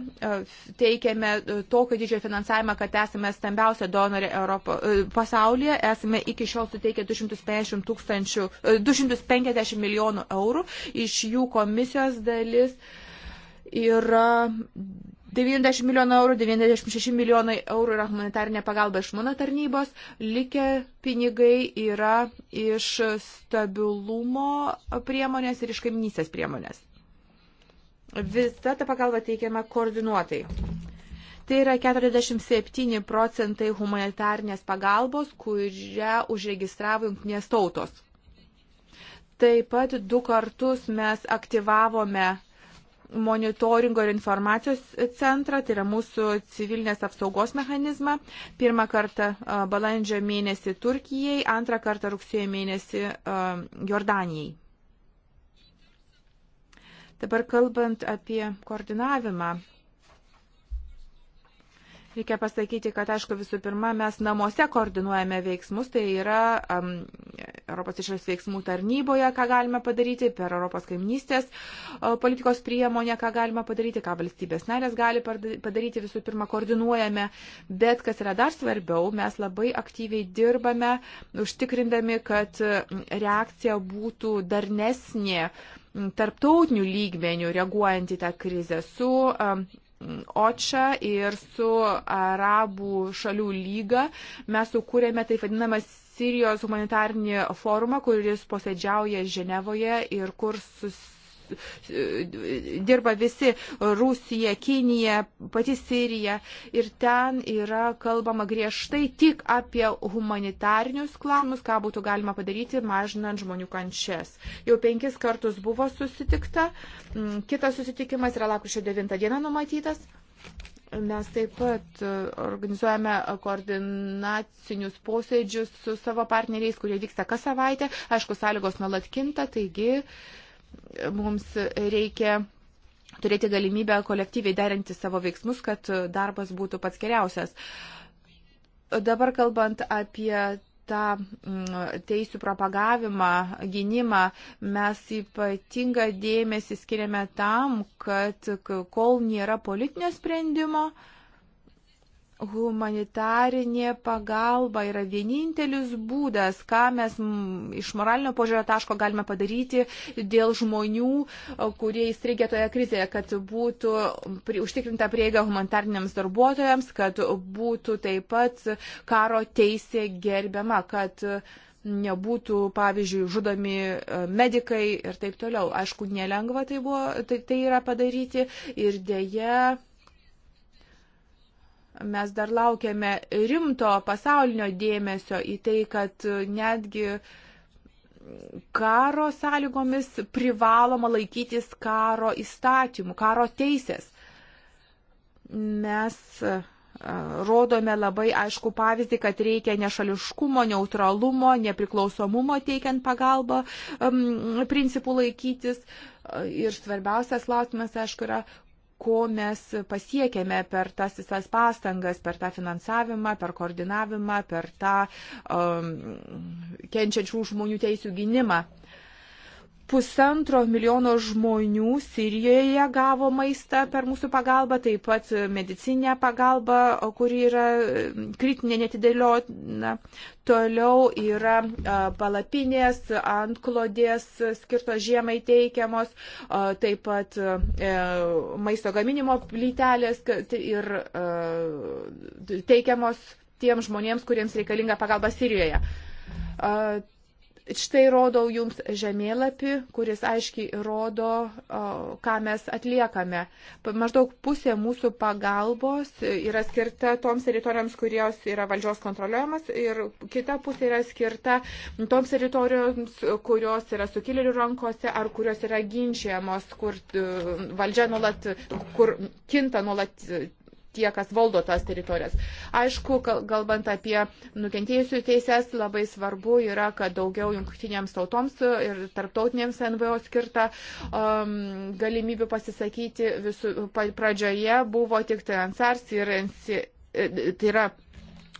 teikėme tokio didžio finansavimą, kad esame stambiausia donorė Europo, pasaulyje, esame iki šiol suteikę 250, tūkstančių, 250 milijonų eurų, iš jų komisijos dalis yra 90 milijonų eurų, 96 milijonai eurų yra humanitarinė pagalba iš mano tarnybos, likę pinigai yra iš stabilumo priemonės ir iš kaiminysės priemonės. Visa ta pagalba teikiama koordinuotai. Tai yra 47 procentai humanitarnės pagalbos, kurią užregistravo jungtinės tautos. Taip pat du kartus mes aktyvavome monitoringo ir informacijos centrą, tai yra mūsų civilinės apsaugos mechanizmą. Pirmą kartą balandžio mėnesį Turkijai, antrą kartą rugsėjo mėnesį Jordanijai. Dabar kalbant apie koordinavimą, Reikia pasakyti, kad aišku visų pirma, mes namuose koordinuojame veiksmus, tai yra um, Europos išorės veiksmų tarnyboje, ką galime padaryti, per Europos kaimnystės uh, politikos priemonę, ką galime padaryti, ką valstybės narės gali padaryti, visų pirma, koordinuojame. Bet kas yra dar svarbiau, mes labai aktyviai dirbame, užtikrindami, kad reakcija būtų darnesnė tarptautinių lygmenių reaguojant į tą krizę su um, OČA ir su Arabų šalių lyga mes sukūrėme taip vadinamą Sirijos humanitarnį forumą, kuris posėdžiauja Ženevoje ir kur sus dirba visi Rusija, Kinija, pati Sirija. Ir ten yra kalbama griežtai tik apie humanitarnius klausimus, ką būtų galima padaryti, mažinant žmonių kančias. Jau penkis kartus buvo susitikta. Mm, kitas susitikimas yra lakušio 9 dieną numatytas. Mes taip pat e, organizuojame koordinacinius posėdžius su savo partneriais, kurie vyksta kas savaitę. Aišku, sąlygos nuolat kinta, taigi uh, mums reikia turėti galimybę kolektyviai derinti savo veiksmus, kad darbas būtų pats geriausias. Dabar kalbant apie tą mm, teisų propagavimą, gynimą, mes ypatingą dėmesį skiriame tam, kad kol nėra politinio sprendimo, uh, humanitarinė pagalba yra vienintelis būdas, ką mes iš moralinio požiūrio taško galime padaryti dėl žmonių, kurie įstrigė toje krizėje, kad būtų užtikrinta prieiga humanitariniams darbuotojams, kad būtų taip pat karo teisė gerbiama, kad nebūtų, pavyzdžiui, žudomi e, medikai ir taip toliau. Aišku, nelengva tai, buvo, tai, tai yra padaryti ir dėje mes dar laukiame rimto pasaulinio dėmesio į tai, kad netgi karo sąlygomis privaloma laikytis karo įstatymų, karo teisės. Mes rodome labai aišku pavyzdį, kad reikia nešališkumo, neutralumo, nepriklausomumo teikiant pagalbą um, principų laikytis. Ir svarbiausias klausimas, aišku, yra, ko mes pasiekėme per tas visas pastangas, per tą finansavimą, per koordinavimą, per tą um, kenčiančių žmonių teisų gynimą pusantro milijono žmonių Sirijoje gavo maistą per mūsų pagalbą, taip pat medicinę pagalbą, kuri yra e, kritinė netidėliotina. Toliau yra e, palapinės, antklodės skirtos žiemai teikiamos, e, taip pat maisto gaminimo plytelės ir teikiamos tiem žmonėms, kuriems reikalinga pagalba Sirijoje. Štai rodau jums žemėlapį, kuris aiškiai rodo, ką mes atliekame. Maždaug pusė mūsų pagalbos yra skirta toms teritorijoms, kurios yra valdžios kontroliuojamas ir kita pusė yra skirta toms teritorijoms, kurios yra sukilėlių rankose ar kurios yra ginčiamos, kur e, valdžia nuolat, kur kinta nuolat tie, kas valdo tas teritorijas. Aišku, kalbant apie nukentėjusių teises, labai svarbu yra, kad daugiau jungtinėms tautoms ir tarptautinėms NVO skirta um, galimybių pasisakyti. Visų, pradžioje buvo tik tai Ansars ir NC, e, tai yra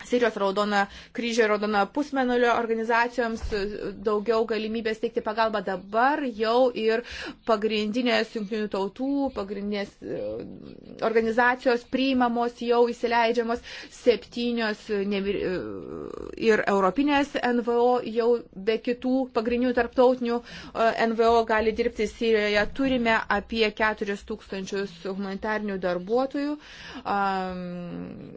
Sirijos raudona kryžio ir raudona pusmenulio organizacijoms daugiau galimybės teikti pagalbą dabar jau ir pagrindinės jungtinių tautų, pagrindinės e, organizacijos priimamos jau įsileidžiamos septynios e, ir europinės NVO jau be kitų pagrindinių tarptautinių e, NVO gali dirbti Sirijoje. Turime apie 4000 humanitarnių darbuotojų. Um,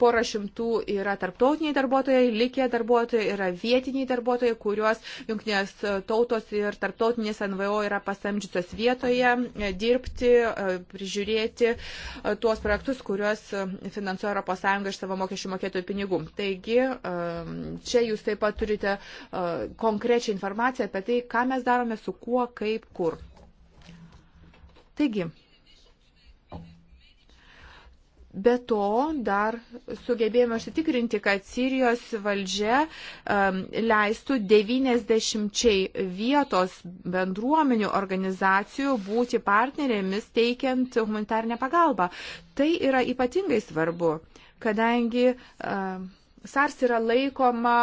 pora šimtų yra tarptautiniai darbuotojai, likę darbuotojai yra vietiniai darbuotojai, kuriuos jungtinės tautos ir tarptautinės NVO yra pasamdžiusios vietoje e, dirbti, e, prižiūrėti e, tuos projektus, kuriuos finansuoja ES iš savo mokesčių mokėtojų pinigų. Taigi, čia jūs taip pat turite konkrečią informaciją apie tai, ką mes darome, su kuo, kaip, kur. Taigi, Be to, dar sugebėjome užsitikrinti, kad Sirijos valdžia um, leistų 90 vietos bendruomenių organizacijų būti partnerėmis teikiant humanitarnę pagalbą. Tai yra ypatingai svarbu, kadangi um, SARS yra laikoma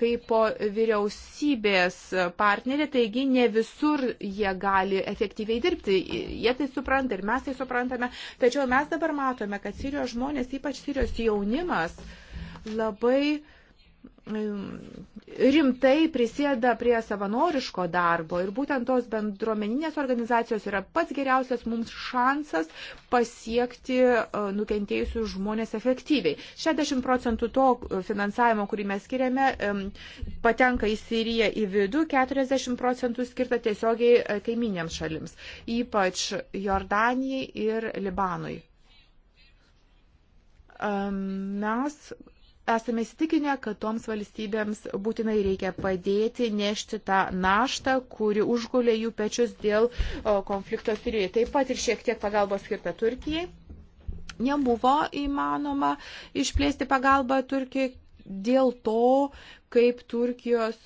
kaip vyriausybės partnerė, taigi ne visur jie gali efektyviai dirbti. Jie tai supranta ir mes tai suprantame. Tačiau mes dabar matome, kad Sirijos žmonės, ypač Sirijos jaunimas, labai uh, rimtai prisėda prie savanoriško darbo ir būtent tos bendruomeninės organizacijos yra pats geriausias mums šansas pasiekti e, nukentėjusius žmonės efektyviai. 60 procentų to finansavimo, kurį mes skiriame, patenka į Siriją į vidų, 40 procentų skirta tiesiogiai e, kaiminėms šalims, ypač Jordanijai ir Libanui. Mes esame įsitikinę, kad toms valstybėms būtinai reikia padėti nešti tą naštą, kuri užgulė jų pečius dėl konflikto Sirijoje. Taip pat ir šiek tiek pagalbos skirta Turkijai. Nebuvo įmanoma išplėsti pagalbą Turkijai dėl to, kaip Turkijos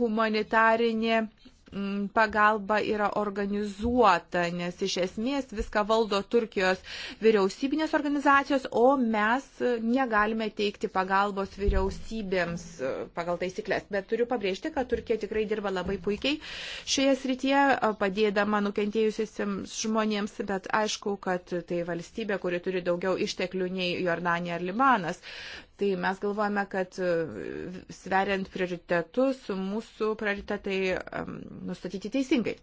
humanitarinė Mm, pagalba yra organizuota, nes iš esmės viską valdo Turkijos vyriausybinės organizacijos, o mes negalime teikti pagalbos vyriausybėms e, pagal taisyklės. Bet turiu pabrėžti, kad Turkija tikrai dirba labai puikiai šioje srityje, e, padėdama nukentėjusiems žmonėms, bet aišku, kad tai valstybė, kuri turi daugiau išteklių nei Jordanija ar Libanas. Tai mes galvojame, kad e, sveriant prioritetus, mūsų prioritetai nustatyti teisingai.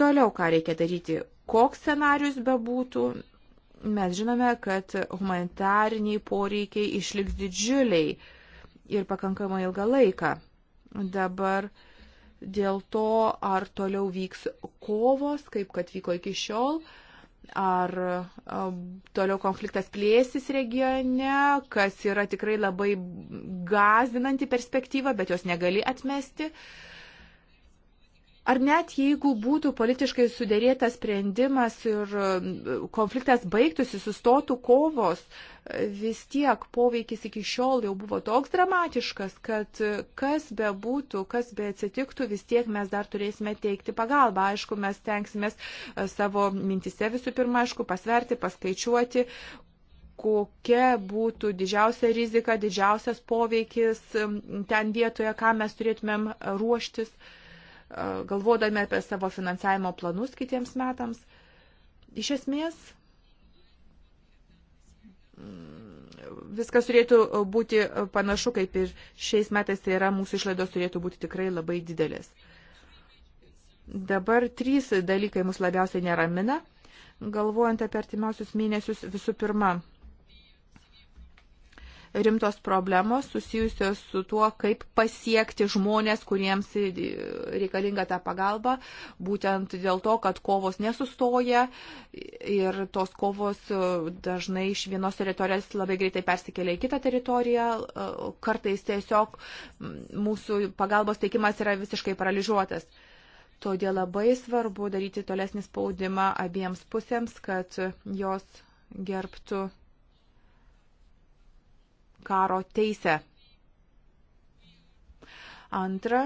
Toliau, ką reikia daryti, koks scenarius bebūtų, mes žinome, kad humanitariniai poreikiai išliks didžiuliai ir pakankamai ilgą laiką. Dabar dėl to, ar toliau vyks kovos, kaip kad vyko iki šiol, uh, ar toliau konfliktas plėsis regione, kas yra tikrai labai gazinanti perspektyva, bet jos negali atmesti. Uh, Ar net jeigu būtų politiškai sudėrėtas sprendimas ir e, konfliktas baigtųsi, sustotų kovos, e, vis tiek poveikis iki šiol jau buvo toks dramatiškas, kad e, kas be būtų, kas be atsitiktų, vis tiek mes dar turėsime teikti pagalbą. Aišku, mes tenksimės savo mintise visų pirma, aišku, pasverti, paskaičiuoti, kokia būtų didžiausia rizika, didžiausias poveikis ten vietoje, ką mes turėtumėm ruoštis. Uh, galvodami apie savo finansavimo planus kitiems metams. Iš esmės, mm, viskas turėtų būti panašu, kaip ir šiais metais, tai yra mūsų išlaidos turėtų būti tikrai labai didelės. Dabar trys dalykai mus labiausiai neramina, galvojant apie artimiausius mėnesius. Visų pirma, rimtos problemos susijusios su tuo, kaip pasiekti žmonės, kuriems reikalinga ta pagalba, būtent dėl to, kad kovos nesustoja ir tos kovos e, dažnai iš vienos teritorijos labai greitai persikelia į kitą teritoriją, e, kartais tiesiog mūsų pagalbos teikimas yra visiškai paralyžiuotas. Todėl labai svarbu daryti tolesnį spaudimą abiems pusėms, kad jos gerbtų karo teisę. Antra,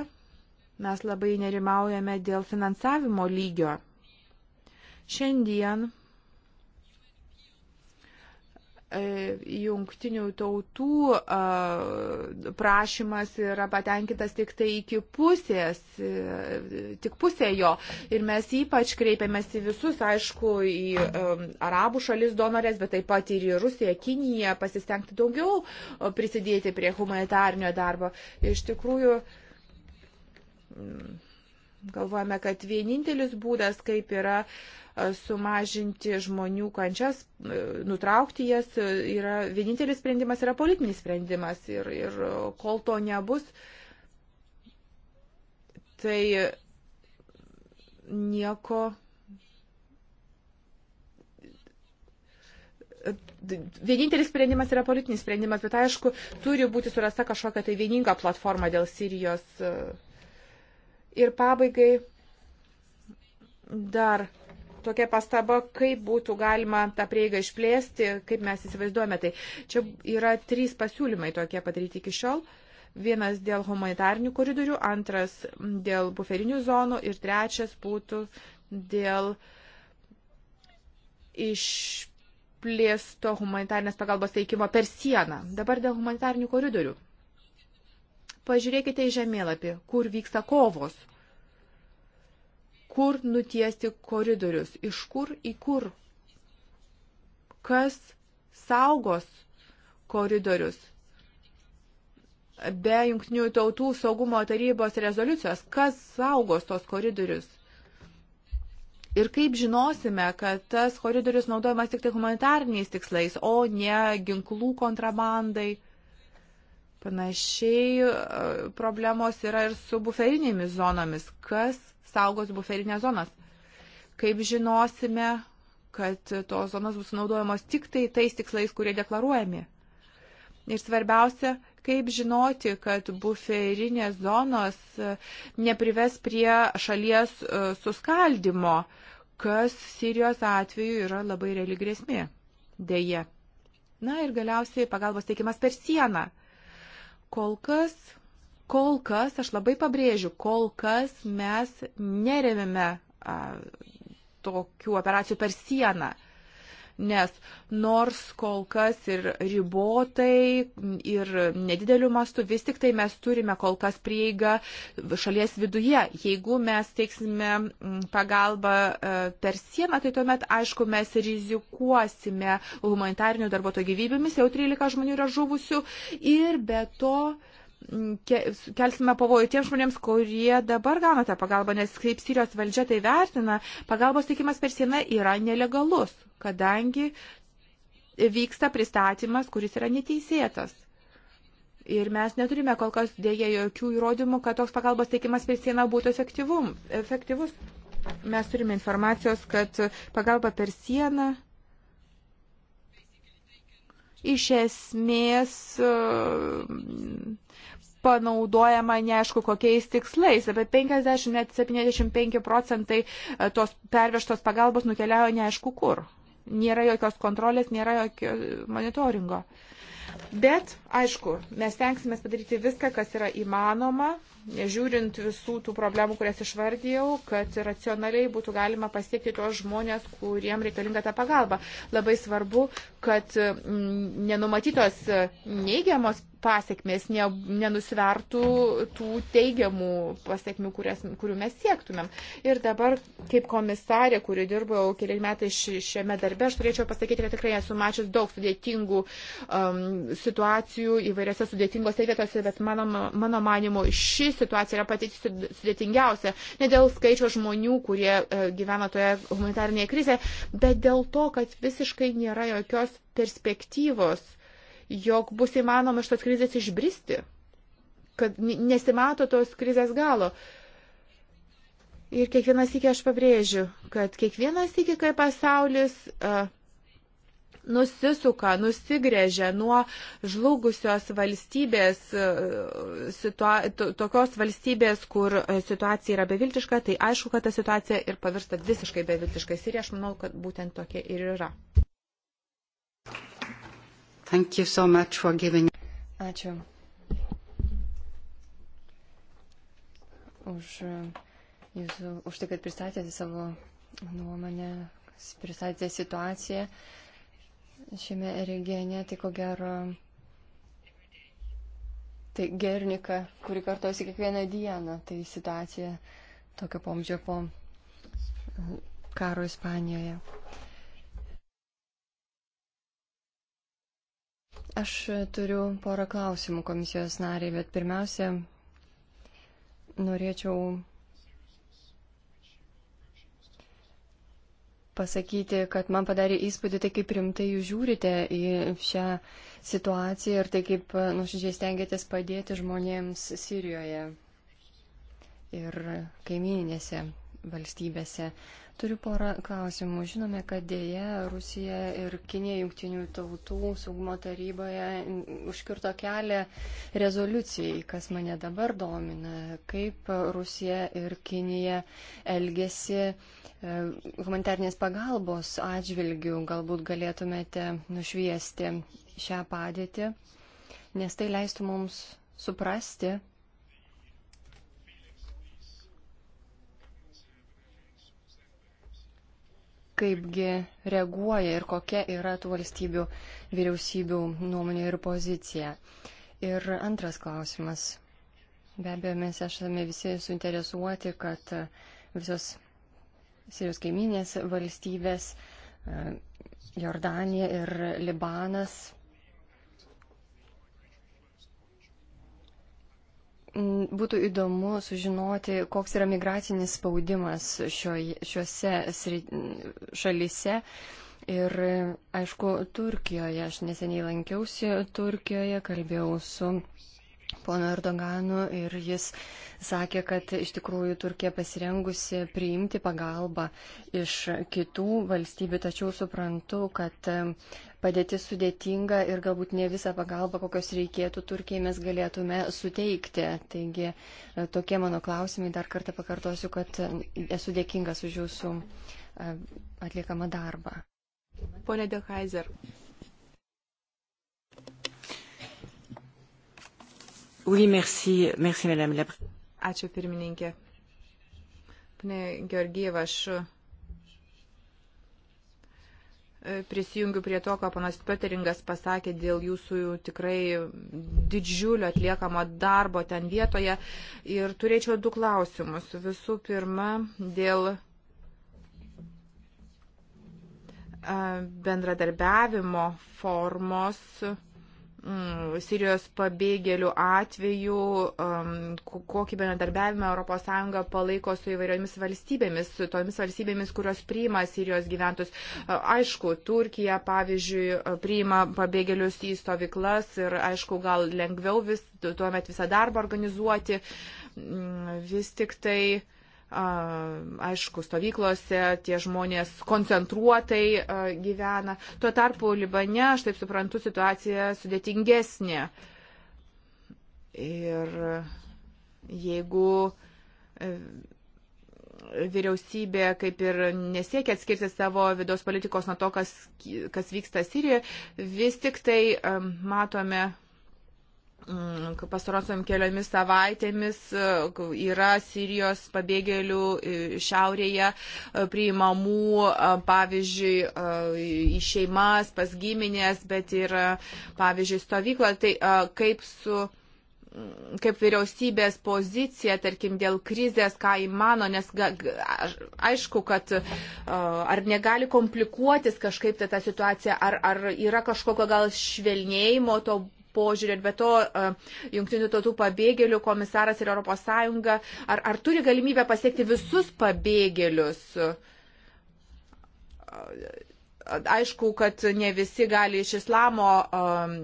mes labai nerimaujame dėl finansavimo lygio. Šiandien E, jungtinių tautų prašymas yra patenkintas tik tai iki pusės, e, tik pusė jo. Ir mes ypač kreipiamės į visus, aišku, į e, arabų šalis donorės, bet taip pat ir į Rusiją, Kiniją, pasistengti daugiau prisidėti prie humanitarnio darbo. Iš tikrųjų, galvojame, kad vienintelis būdas, kaip yra uh, sumažinti žmonių kančias, nutraukti jas, yra vienintelis sprendimas yra politinis sprendimas ir, ir kol to nebus, tai nieko. Vienintelis sprendimas yra politinis sprendimas, bet aišku, turi būti surasta kažkokia tai vieninga platforma dėl Sirijos. Ir pabaigai dar tokia pastaba, kaip būtų galima tą prieigą išplėsti, kaip mes įsivaizduojame. Tai čia yra trys pasiūlymai tokie padaryti iki šiol. Vienas dėl humanitarnių koridorių, antras dėl buferinių zonų ir trečias būtų dėl išplėsto humanitarnės pagalbos teikimo per sieną. Dabar dėl humanitarnių koridorių. Pažiūrėkite į žemėlapį, kur vyksta kovos kur nutiesti koridorius, iš kur į kur, kas saugos koridorius. Be jungtinių tautų saugumo tarybos rezoliucijos, kas saugos tos koridorius. Ir kaip žinosime, kad tas koridorius naudojamas tik tai humanitarniais tikslais, o ne ginklų kontrabandai. Panašiai e, problemos yra ir su buferinėmis zonomis. Kas saugos buferinės zonas. Kaip žinosime, kad tos zonos bus naudojamos tik tai tais tikslais, kurie deklaruojami. Ir svarbiausia, kaip žinoti, kad buferinės zonos e, neprives prie šalies e, suskaldimo, kas Sirijos atveju yra labai reali grėsmė. Deja. Na ir galiausiai pagalbos teikimas per sieną. Kol kas Kol kas, aš labai pabrėžiu, kol kas mes neremėme a, tokių operacijų per sieną. Nes nors kol kas ir ribotai, ir nedideliu mastu, vis tik tai mes turime kol kas prieigą šalies viduje. Jeigu mes teiksime pagalbą e, per sieną, tai tuomet, aišku, mes rizikuosime humanitarinių darbuotojų gyvybėmis, jau 13 žmonių yra žuvusių. Ir be to kelsime pavojų tiems žmonėms, kurie dabar gauna tą pagalbą, nes kaip Sirijos valdžia tai vertina, pagalbos teikimas per sieną yra nelegalus, kadangi vyksta pristatymas, kuris yra neteisėtas. Ir mes neturime kol kas dėja jokių įrodymų, kad toks pagalbos teikimas per sieną būtų efektyvum, efektyvus. Mes turime informacijos, kad pagalba per sieną iš esmės panaudojama neaišku kokiais tikslais. Apie 50, net 75 procentai e, tos pervežtos pagalbos nukeliavo neaišku kur. Nėra jokios kontrolės, nėra jokio monitoringo. Bet, aišku, mes tenksime padaryti viską, kas yra įmanoma, nežiūrint visų tų problemų, kurias išvardėjau, kad racionaliai būtų galima pasiekti tuos žmonės, kuriem reikalinga ta pagalba. Labai svarbu, kad mm, nenumatytos e, neigiamos pasiekmės ne, nenusvertų tų teigiamų pasiekmių, kurias, kurių mes siektumėm. Ir dabar, kaip komisarė, kuri dirbo jau keli metai šiame darbe, aš turėčiau pasakyti, kad tikrai esu mačius daug sudėtingų um, situacijų įvairiose sudėtingose vietose, bet mano, mano manimo ši situacija yra pati sudėtingiausia. Ne dėl skaičio žmonių, kurie uh, gyvena toje humanitarnėje krizėje, bet dėl to, kad visiškai nėra jokios perspektyvos jog bus įmanoma iš tos krizės išbristi, kad nesimato tos krizės galo. Ir kiekvienas iki aš pabrėžiu, kad kiekvienas iki, kai pasaulis uh, nusisuka, nusigrėžia nuo žlugusios valstybės, situa, tokios valstybės, kur situacija yra beviltiška, tai aišku, kad ta situacija ir pavirsta visiškai beviltiškai. Sirija, aš manau, kad būtent tokia ir yra. Thank you so much for giving. Ačiū. Už, e, jūsų, už tai, kad pristatėte savo nuomonę, pristatėte situaciją šiame regione, tai ko gero, tai gernika, kuri kartuosi kiekvieną dieną, tai situacija tokio pomdžio po karo Ispanijoje. Aš turiu porą klausimų komisijos nariai, bet pirmiausia, norėčiau pasakyti, kad man padarė įspūdį tai, kaip rimtai jūs žiūrite į šią situaciją ir tai, kaip nuoširdžiai stengiatės padėti žmonėms Sirijoje ir kaimininėse valstybėse. Turiu porą klausimų. Žinome, kad dėja Rusija ir Kinė jungtinių tautų saugumo taryboje užkirto kelią rezoliucijai, kas mane dabar domina, kaip Rusija ir Kinija elgesi e, humanitarnės pagalbos atžvilgių. Galbūt galėtumėte nušviesti šią padėtį, nes tai leistų mums suprasti, kaipgi reaguoja ir kokia yra tų valstybių vyriausybių nuomonė ir pozicija. Ir antras klausimas. Be abejo, mes esame visi suinteresuoti, kad visos Sirijos kaiminės valstybės, e, Jordanija ir Libanas būtų įdomu sužinoti, koks yra migracinis spaudimas šio, šiuose šalyse. Ir aišku, Turkijoje, aš neseniai lankiausi Turkijoje, kalbėjau su pono Erdoganu ir jis sakė, kad iš tikrųjų Turkija pasirengusi priimti pagalbą iš kitų valstybių, tačiau suprantu, kad padėtis sudėtinga ir galbūt ne visą pagalbą, kokios reikėtų Turkijai mes galėtume suteikti. Taigi e, tokie mano klausimai, dar kartą pakartosiu, kad esu dėkingas už jūsų e, atliekamą darbą. Pone Dekaiser. Oui, merci, merci, madame la. Ačiū pirmininkė. Pane Georgieva, aš prisijungiu prie to, ką panas Peteringas pasakė dėl jūsų tikrai didžiulio atliekamo darbo ten vietoje. Ir turėčiau du klausimus. Visų pirma, dėl bendradarbiavimo formos Mm, Sirijos pabėgėlių atveju, um, kokį bendradarbiavimą ES palaiko su įvairiomis valstybėmis, su tomis valstybėmis, kurios priima Sirijos gyventus. Aišku, Turkija, pavyzdžiui, priima pabėgėlius į stovyklas ir, aišku, gal lengviau vis, tuomet visą darbą organizuoti. Mm, vis tik tai aišku, stovyklose tie žmonės koncentruotai gyvena. Tuo tarpu Libane, aš taip suprantu, situacija sudėtingesnė. Ir jeigu e, vyriausybė kaip ir nesiekia atskirti savo vidaus politikos nuo to, kas, kas vyksta Sirijoje, vis tik tai e, matome Mm, pastarosiam keliomis savaitėmis e, yra Sirijos pabėgėlių e, šiaurėje e, priimamų, pavyzdžiui, į šeimas, pas giminės, bet ir, pavyzdžiui, stovyklą. Tai kaip su mm, kaip vyriausybės pozicija, tarkim, dėl krizės, ką įmano, nes ga, ga, aišku, kad ar negali komplikuotis kažkaip tai ta situacija, ar, ar yra kažkokio gal švelnėjimo to požiūrį ir be to e, Junktinių tautų pabėgėlių komisaras ir ES, ar, ar turi galimybę pasiekti visus pabėgėlius? Aišku, kad ne visi gali iš islamo um,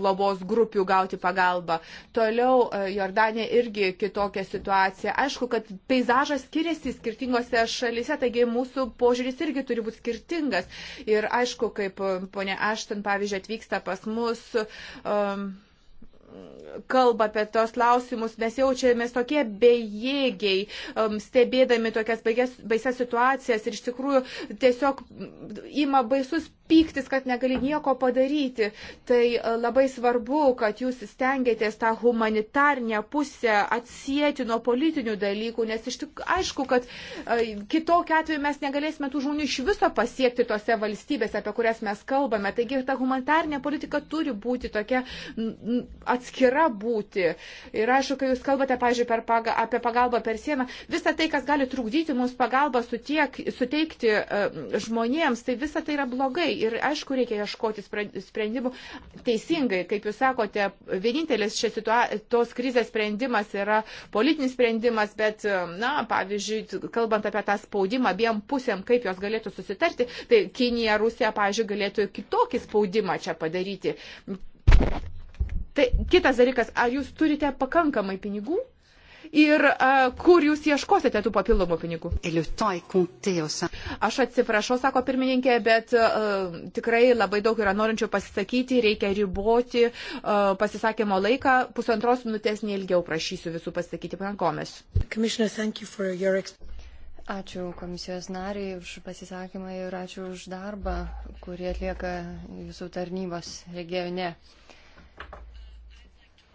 globos grupių gauti pagalbą. Toliau uh, Jordanija irgi kitokia situacija. Aišku, kad peizažas skiriasi skirtingose šalise, taigi mūsų požiūris irgi turi būti skirtingas. Ir aišku, kaip um, ponė Ašten, pavyzdžiui, atvyksta pas mus. Um, kalba apie tos klausimus, mes jaučiamės tokie bejėgiai, um, stebėdami tokias baigias, baises situacijas ir iš tikrųjų tiesiog ima baisus pyktis, kad negali nieko padaryti. Tai e, labai svarbu, kad jūs stengiatės tą humanitarnę pusę atsijėti nuo politinių dalykų, nes iš tikrųjų aišku, kad e, kitokiu atveju mes negalėsime tų žmonių iš viso pasiekti tose valstybėse, apie kurias mes kalbame. Taigi ta humanitarnė politika turi būti tokia atskira būti. Ir aišku, kai jūs kalbate, pavyzdžiui, paga, apie pagalbą per sieną, visa tai, kas gali trukdyti mums pagalbą sutiek, suteikti e, žmonėms, tai visa tai yra blogai. Ir aišku, reikia ieškoti sprendimų. Teisingai, kaip jūs sakote, vienintelis situa... tos krizės sprendimas yra politinis sprendimas, bet, na, pavyzdžiui, kalbant apie tą spaudimą abiem pusėm, kaip jos galėtų susitarti, tai Kinija, Rusija, pavyzdžiui, galėtų kitokį spaudimą čia padaryti. Tai kitas dalykas, ar jūs turite pakankamai pinigų ir a, kur jūs ieškosite tų papildomų pinigų? Aš atsiprašau, sako pirmininkė, bet a, tikrai labai daug yra norinčių pasisakyti, reikia riboti a, pasisakymo laiką, pusantros minutės neilgiau prašysiu visų pasisakyti, pankomis. Ačiū komisijos nariai už pasisakymą ir ačiū už darbą, kurį atlieka jūsų tarnybos regione,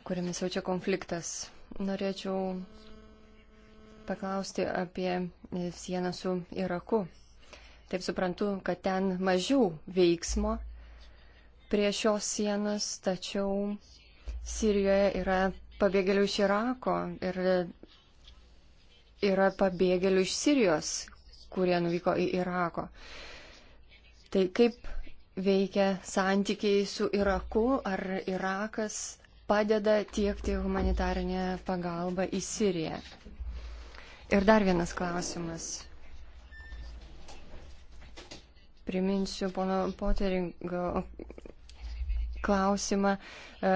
kuriamis jaučia konfliktas norėčiau paklausti apie sieną su Iraku. Taip suprantu, kad ten mažiau veiksmo prie šios sienos, tačiau Sirijoje yra pabėgėlių iš Irako ir yra pabėgėlių iš Sirijos, kurie nuvyko į Irako. Tai kaip veikia santykiai su Iraku, ar Irakas padeda tiekti humanitarinę pagalbą į Siriją. Ir dar vienas klausimas. Priminsiu pono Poteringo klausimą. E,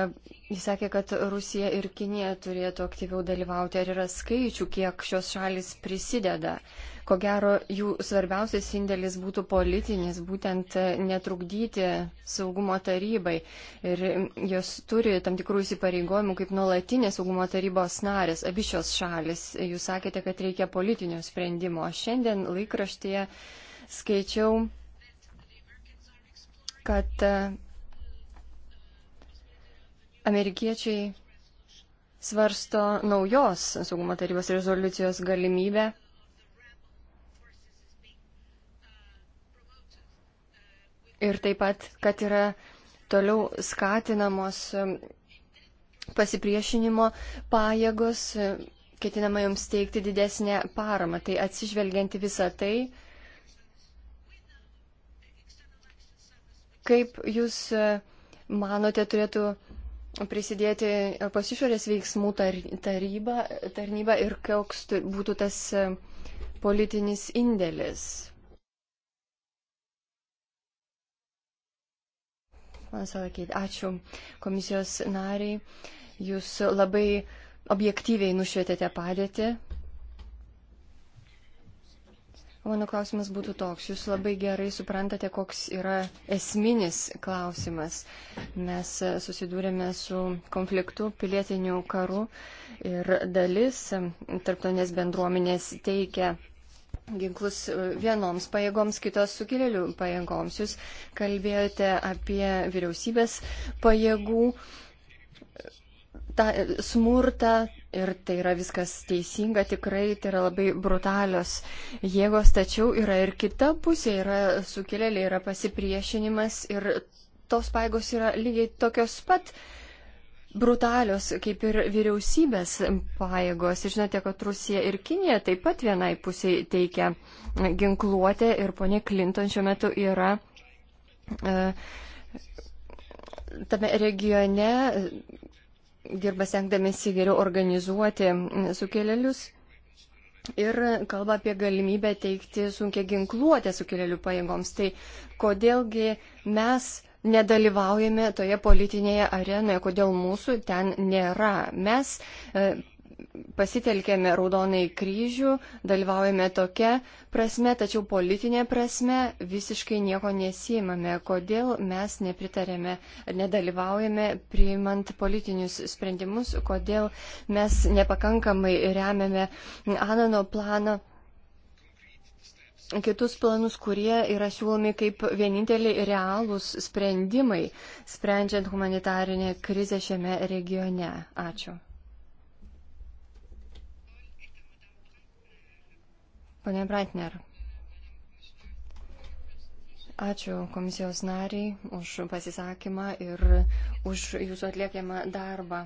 jis sakė, kad Rusija ir Kinė turėtų aktyviau dalyvauti. Ar yra skaičių, kiek šios šalis prisideda? Uh, Ko gero, jų svarbiausias indėlis būtų politinis, būtent e, netrukdyti saugumo tarybai. Ir jos turi tam tikrų įsipareigojimų kaip nuolatinė saugumo tarybos narės, abi šios šalis. Jūs sakėte, kad reikia politinio sprendimo. Šiandien laikraštyje skaičiau, kad e, amerikiečiai svarsto naujos saugumo tarybos rezoliucijos galimybę ir taip pat, kad yra toliau skatinamos um, pasipriešinimo pajėgos, um, ketinama joms teikti didesnę paramą. Tai atsižvelgianti visą tai, kaip jūs um, manote turėtų prisidėti pas išorės veiksmų taryba, tarnyba ir koks būtų tas politinis indėlis Manas Alakėt, ačiū komisijos nariai. Jūs labai objektyviai nušvietėte padėtį. Mano klausimas būtų toks. Jūs labai gerai suprantate, koks yra esminis klausimas. Mes susidūrėme su konfliktu, pilietiniu karu ir dalis tarptautinės bendruomenės teikia ginklus e, vienoms pajėgoms, kitos sukilėlių pajėgoms. Jūs kalbėjote apie vyriausybės pajėgų ta, smurtą ir tai yra viskas teisinga, tikrai tai yra labai brutalios jėgos, tačiau yra ir kita pusė, yra sukilėliai, yra pasipriešinimas ir tos paėgos yra lygiai tokios pat brutalios kaip ir vyriausybės pajėgos. Žinote, kad Rusija ir Kinija taip pat vienai pusiai teikia ginkluotę ir ponė Clinton šiuo metu yra e, tame regione, dirba sengdamėsi geriau organizuoti sukėlelius. Ir kalba apie galimybę teikti sunkia ginkluotė sukėlėlių pajėgoms. Tai kodėlgi mes nedalyvaujame toje politinėje arenoje, kodėl mūsų ten nėra. Mes e, pasitelkėme raudonai kryžių, dalyvaujame tokia prasme, tačiau politinė prasme visiškai nieko nesijimame. Kodėl mes nepritarėme, nedalyvaujame priimant politinius sprendimus, kodėl mes nepakankamai remiame Anano planą kitus planus, kurie yra siūlomi kaip vieninteliai realūs sprendimai, sprendžiant humanitarinę krizę šiame regione. Ačiū. Pane Breitner. Ačiū komisijos nariai už pasisakymą ir už jūsų atliekiamą darbą.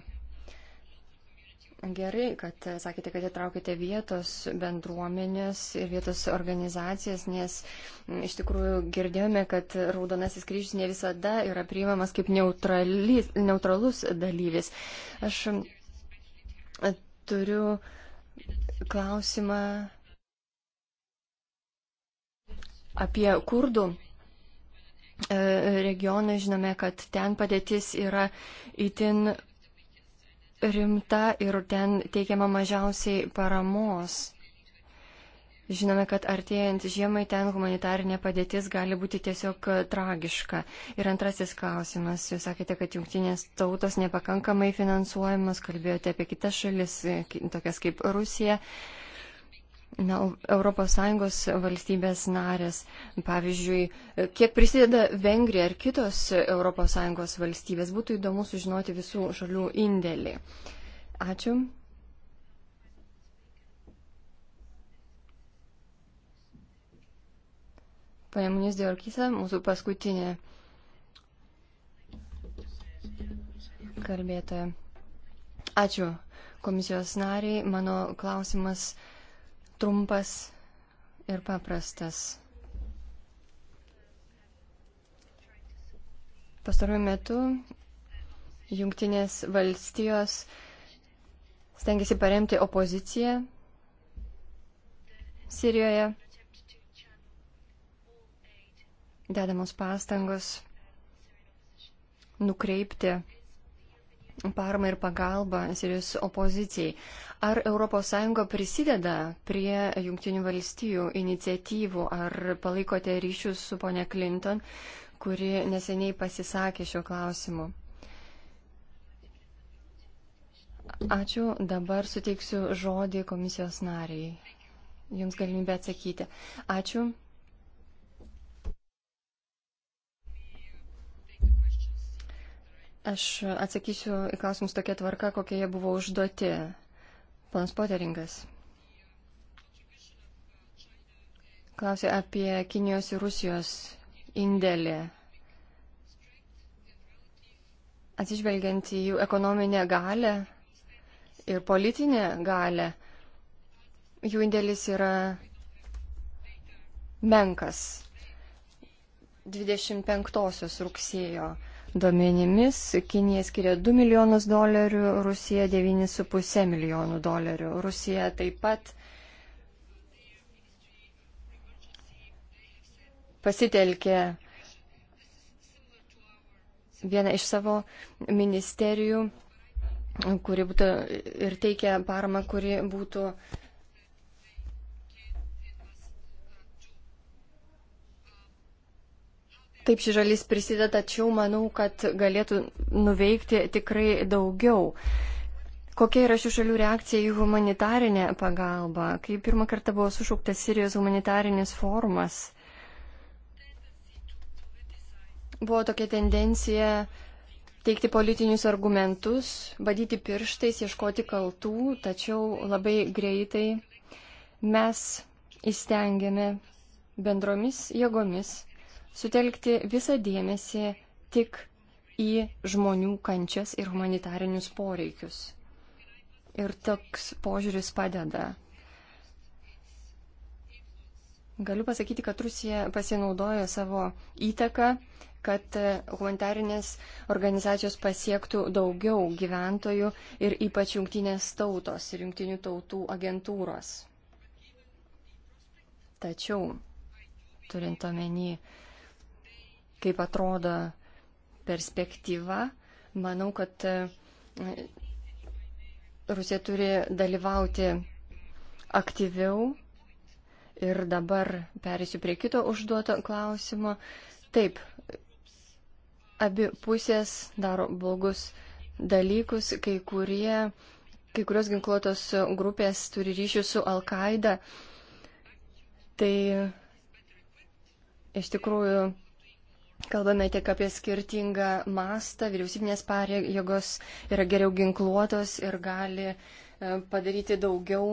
Gerai, kad e, sakėte, kad įtraukite vietos bendruomenės ir vietos organizacijas, nes iš tikrųjų girdėjome, kad Raudonasis kryžius ne visada yra priimamas kaip neutralus dalyvis. Aš turiu klausimą apie kurdų e, regioną. Žinome, kad ten padėtis yra itin rimta ir ten teikiama mažiausiai paramos. Žinome, kad artėjant žiemai ten humanitarinė padėtis gali būti tiesiog tragiška. Ir antrasis klausimas. Jūs sakėte, kad jungtinės tautos nepakankamai finansuojamos, kalbėjote apie kitas šalis, tokias kaip Rusija. Uh, Na, ES valstybės narės, pavyzdžiui, kiek prisideda Vengrija ar kitos ES valstybės, būtų įdomu sužinoti visų šalių indėlį. Ačiū. Pane Munis Diorkisa, mūsų paskutinė kalbėtoja. Ačiū komisijos nariai. Mano klausimas trumpas ir paprastas. Pastaruoju metu Junktinės valstijos stengiasi paremti opoziciją Sirijoje. Dedamos pastangos nukreipti paramą ir pagalbą Sirijos opozicijai. Ar ES prisideda prie Junktinių valstijų iniciatyvų, ar palaikote ryšius su ponia Clinton, kuri neseniai pasisakė šiuo klausimu? Ačiū. Dabar suteiksiu žodį komisijos nariai. Jums galimybę atsakyti. Ačiū. Aš atsakysiu į klausimus tokia tvarka, kokie jie buvo užduoti. Panas Poteringas klausė apie Kinijos ir Rusijos indėlį. Atsižvelgiant į jų ekonominę galę ir politinę galę, jų indėlis yra menkas. 25 rugsėjo duomenimis Kinija skiria 2 milijonus dolerių, Rusija 9,5 milijonų dolerių. Rusija taip pat pasitelkė vieną iš savo ministerijų, kuri būtų ir teikia paramą, kuri būtų uh, Taip ši žalis prisideda, tačiau manau, kad galėtų nuveikti tikrai daugiau. Kokia yra šių šalių reakcija į humanitarinę pagalbą? Kai pirmą kartą buvo sušauktas Sirijos humanitarinis forumas, buvo tokia tendencija teikti politinius argumentus, badyti pirštais, ieškoti kaltų, tačiau labai greitai mes įstengėme bendromis jėgomis sutelkti visą dėmesį tik į žmonių kančias ir humanitarinius poreikius. Ir toks požiūris padeda. Galiu pasakyti, kad Rusija pasinaudojo savo įtaką, kad humanitarinės organizacijos pasiektų daugiau gyventojų ir ypač jungtinės tautos ir jungtinių tautų agentūros. Tačiau, turint omeny kaip atrodo perspektyva, manau, kad e, Rusija turi dalyvauti aktyviau. Ir dabar perėsiu prie kito užduoto klausimo. Taip, abi pusės daro blogus dalykus, kai, kurie, kai kurios ginkluotos grupės turi ryšių su Al-Qaeda. Tai iš tikrųjų Kalbame tiek apie skirtingą mastą, vyriausybinės pareigos yra geriau ginkluotos ir gali e, padaryti daugiau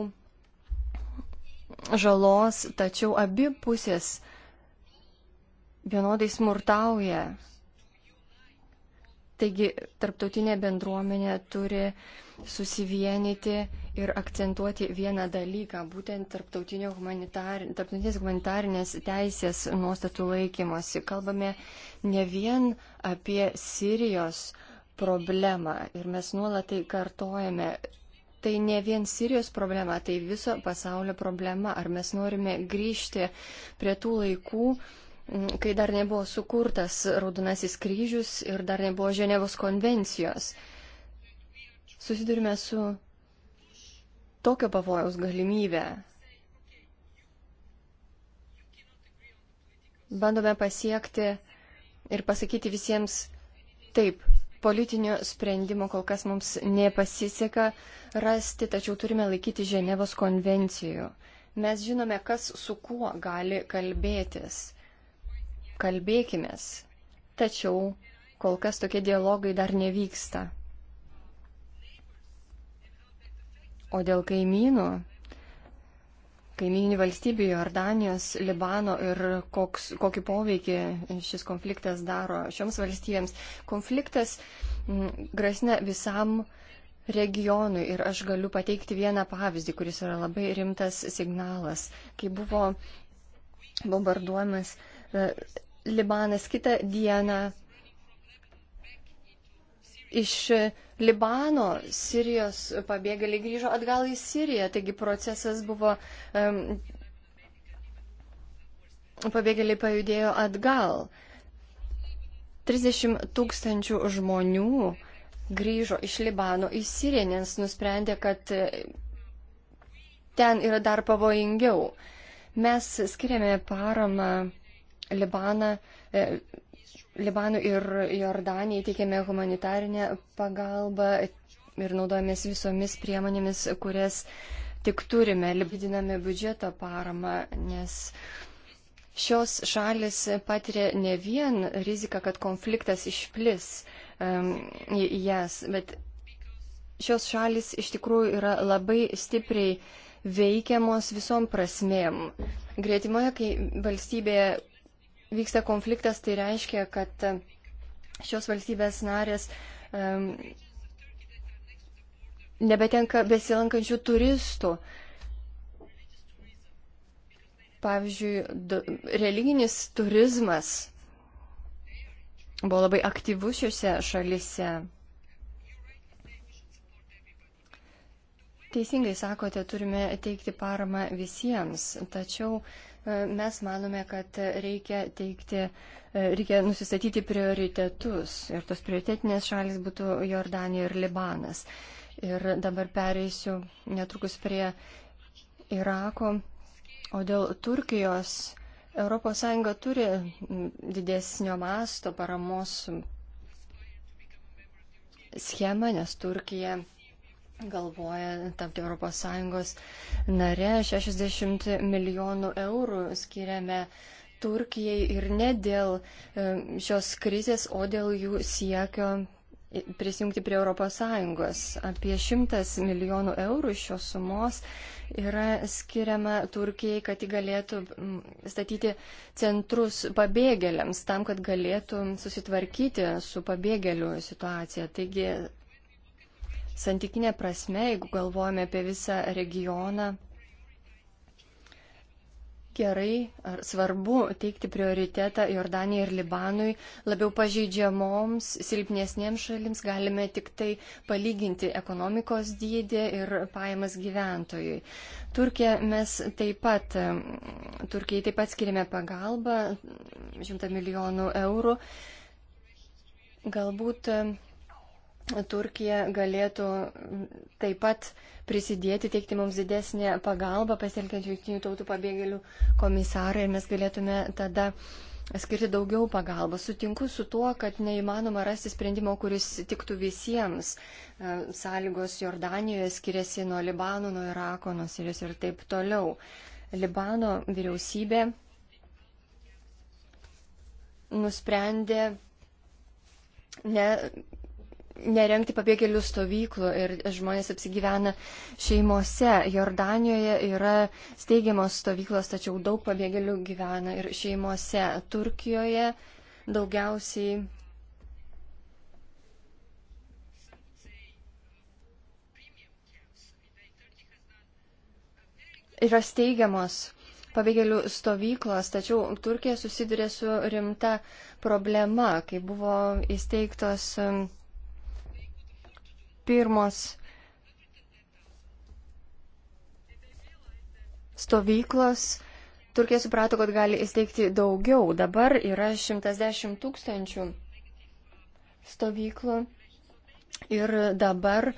žalos, tačiau abi pusės vienodai smurtauja Taigi tarptautinė bendruomenė turi susivienyti ir akcentuoti vieną dalyką, būtent humanitar, tarptautinės humanitarinės teisės nuostatų laikymosi. Kalbame ne vien apie Sirijos problemą ir mes nuolatai kartojame. Tai ne vien Sirijos problema, tai viso pasaulio problema. Ar mes norime grįžti prie tų laikų, Mm, kai dar nebuvo sukurtas Raudonasis kryžius ir dar nebuvo Ženevos konvencijos. Susidurime su tokio pavojaus galimybę. Bandome pasiekti ir pasakyti visiems taip. Politinio sprendimo kol kas mums nepasiseka rasti, tačiau turime laikyti Ženevos konvencijų. Mes žinome, kas su kuo gali kalbėtis kalbėkimės. Tačiau kol kas tokie dialogai dar nevyksta. O dėl kaimynų, kaimyninių valstybių Jordanijos, Libano ir koks, kokį poveikį šis konfliktas daro šioms valstybėms, konfliktas mm, grasina visam regionui ir aš galiu pateikti vieną pavyzdį, kuris yra labai rimtas signalas, kai buvo bombarduojamas e, Libanas kitą dieną iš Libano Sirijos pabėgėliai grįžo atgal į Siriją, taigi procesas buvo. Um, pabėgėliai pajudėjo atgal. 30 tūkstančių žmonių grįžo iš Libano į Siriją, nes nusprendė, kad e, ten yra dar pavojingiau. Mes skiriame paramą Libaną, e, Libanui ir Jordanijai teikiame humanitarinę pagalbą ir naudojamės visomis priemonėmis, kurias tik turime. Libidiname biudžeto paramą, nes šios šalis patiria ne vien riziką, kad konfliktas išplis um, į jas, bet šios šalis iš tikrųjų yra labai stipriai veikiamos visom prasmėm. Greitimoje kai valstybėje vyksta konfliktas, tai reiškia, kad e, šios valstybės narės um, nebetenka besilankančių turistų. Pavyzdžiui, du, religinis turizmas buvo labai aktyvus šiuose šalise. Teisingai sakote, turime teikti paramą visiems, tačiau uh, mes manome, kad reikia teikti, e, reikia nusistatyti prioritetus ir tos prioritetinės šalis būtų Jordanija ir Libanas. Ir dabar pereisiu netrukus prie Irako. O dėl Turkijos ES turi didesnio masto paramos schemą, nes Turkija galvoja tapti ES nare. 60 milijonų eurų skiriame Turkijai ir ne dėl e, šios krizės, o dėl jų siekio prisijungti prie ES. Apie 100 milijonų eurų šios sumos yra skiriama Turkijai, kad ji galėtų statyti centrus pabėgėliams, tam, kad galėtų susitvarkyti su pabėgėlių situacija. Taigi santykinė prasme, jeigu galvojame apie visą regioną, gerai ar svarbu teikti prioritetą Jordanijai ir Libanui labiau pažeidžiamoms, silpnesniems šalims galime tik tai palyginti ekonomikos dydį ir pajamas gyventojui. Turkija mes taip pat, Turkijai taip pat skiriame pagalbą, 100 milijonų eurų. Galbūt Turkija galėtų taip pat prisidėti, teikti mums didesnį pagalbą, pasitelkiant Junktinių tautų pabėgėlių komisarą ir mes galėtume tada skirti daugiau pagalbos. Sutinku su tuo, kad neįmanoma rasti sprendimo, kuris tiktų visiems. E, sąlygos Jordanijoje skiriasi nuo Libano, nuo Irako, nuo Sirijos ir taip toliau. Libano vyriausybė nusprendė ne nerengti pabėgėlių stovyklų ir žmonės apsigyvena šeimose. Jordanijoje yra steigiamos stovyklos, tačiau daug pabėgėlių gyvena ir šeimose. Turkijoje daugiausiai. Yra steigiamos pabėgėlių stovyklos, tačiau Turkija susiduria su rimta problema, kai buvo įsteigtos um, pirmos stovyklos. Turkija suprato, kad gali įsteigti daugiau. Dabar yra 110 tūkstančių stovyklų. Ir dabar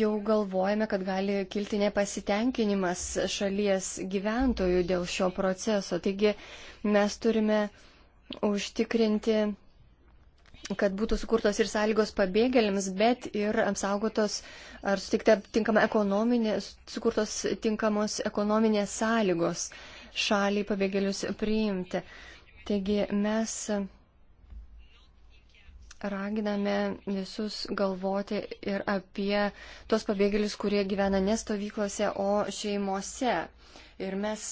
jau galvojame, kad gali kilti nepasitenkinimas šalies gyventojų dėl šio proceso. Taigi mes turime užtikrinti kad būtų sukurtos ir sąlygos pabėgėliams, bet ir apsaugotos ar sutikta tinkama ekonominė, sukurtos tinkamos ekonominės sąlygos šaliai pabėgėlius priimti. Taigi mes raginame visus galvoti ir apie tos pabėgėlius, kurie gyvena ne stovyklose, o šeimose ir mes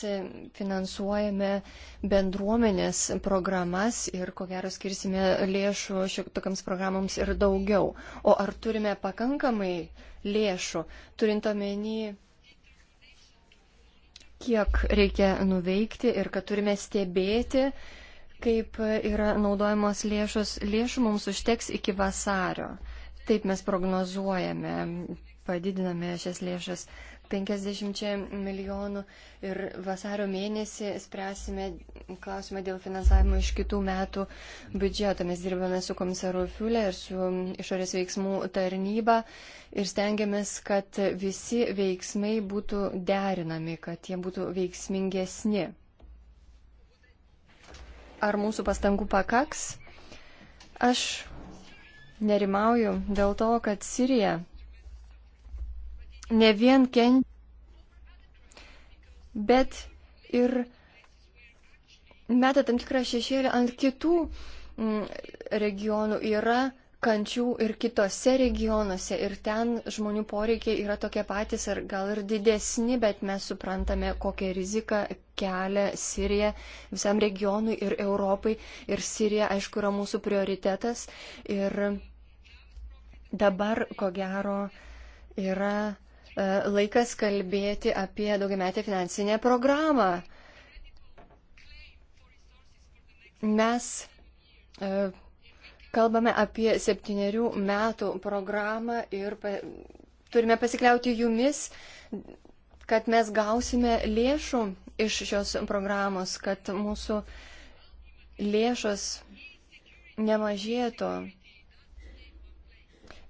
finansuojame bendruomenės programas ir ko gero skirsime lėšų tokiams programams ir daugiau. O ar turime pakankamai lėšų, turint omeny, kiek reikia nuveikti ir kad turime stebėti, kaip yra naudojamos lėšos. Lėšų mums užteks iki vasario. Taip mes prognozuojame, padidiname šias lėšas. 50 milijonų ir vasario mėnesį spręsime klausimą dėl finansavimo iš kitų metų biudžeto. Mes dirbame su komisaru Fiulė ir su išorės veiksmų tarnyba ir stengiamės, kad visi veiksmai būtų derinami, kad jie būtų veiksmingesni. Ar mūsų pastangų pakaks? Aš nerimauju dėl to, kad Sirija ne vien kenčia, bet ir meta tam tikrą šešėlį ant kitų mm, regionų. Yra kančių ir kitose regionuose ir ten žmonių poreikiai yra tokie patys ar gal ir didesni, bet mes suprantame, kokią riziką kelia Sirija visam regionui ir Europai. Ir Sirija, aišku, yra mūsų prioritetas. Ir dabar, ko gero, yra E, laikas kalbėti apie daugiametę finansinę programą. Mes e, kalbame apie septyniarių metų programą ir pa, turime pasikliauti jumis, kad mes gausime lėšų iš šios programos, kad mūsų lėšos nemažėtų.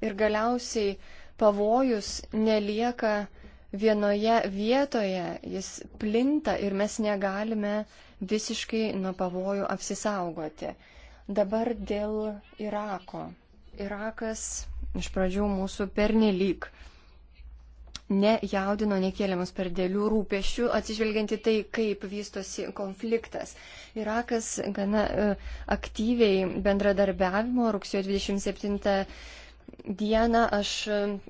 Ir galiausiai pavojus nelieka vienoje vietoje, jis plinta ir mes negalime visiškai nuo pavojų apsisaugoti. Dabar dėl Irako. Irakas iš pradžių mūsų pernelyg nejaudino, nekėlėmas per dėlių rūpešių, atsižvelgianti tai, kaip vystosi konfliktas. Irakas gana e, aktyviai bendradarbiavimo rugsėjo 27 dieną aš mm,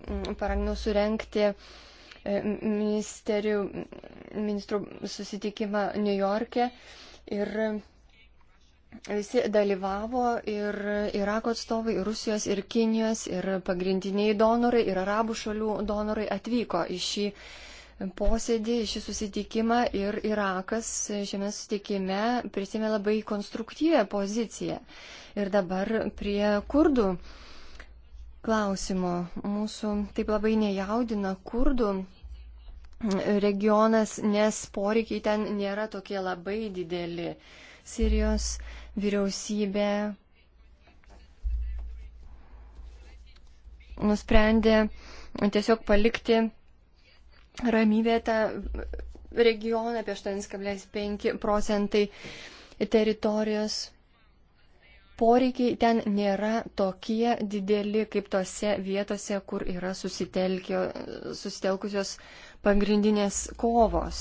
paraginau surenkti e, ministerių, ministrų susitikimą New York'e ir visi dalyvavo ir Irako atstovai, ir Rusijos, ir Kinijos, ir pagrindiniai donorai, ir arabų šalių donorai atvyko į šį posėdį, šį susitikimą ir Irakas šiame susitikime prisėmė labai konstruktyvę poziciją. Ir dabar prie kurdų klausimo. Mūsų taip labai nejaudina kurdų regionas, nes poreikiai ten nėra tokie labai dideli. Sirijos vyriausybė nusprendė tiesiog palikti ramybę tą regioną apie 8,5 procentai teritorijos poreikiai ten nėra tokie dideli kaip tose vietose, kur yra susitelkusios pagrindinės kovos.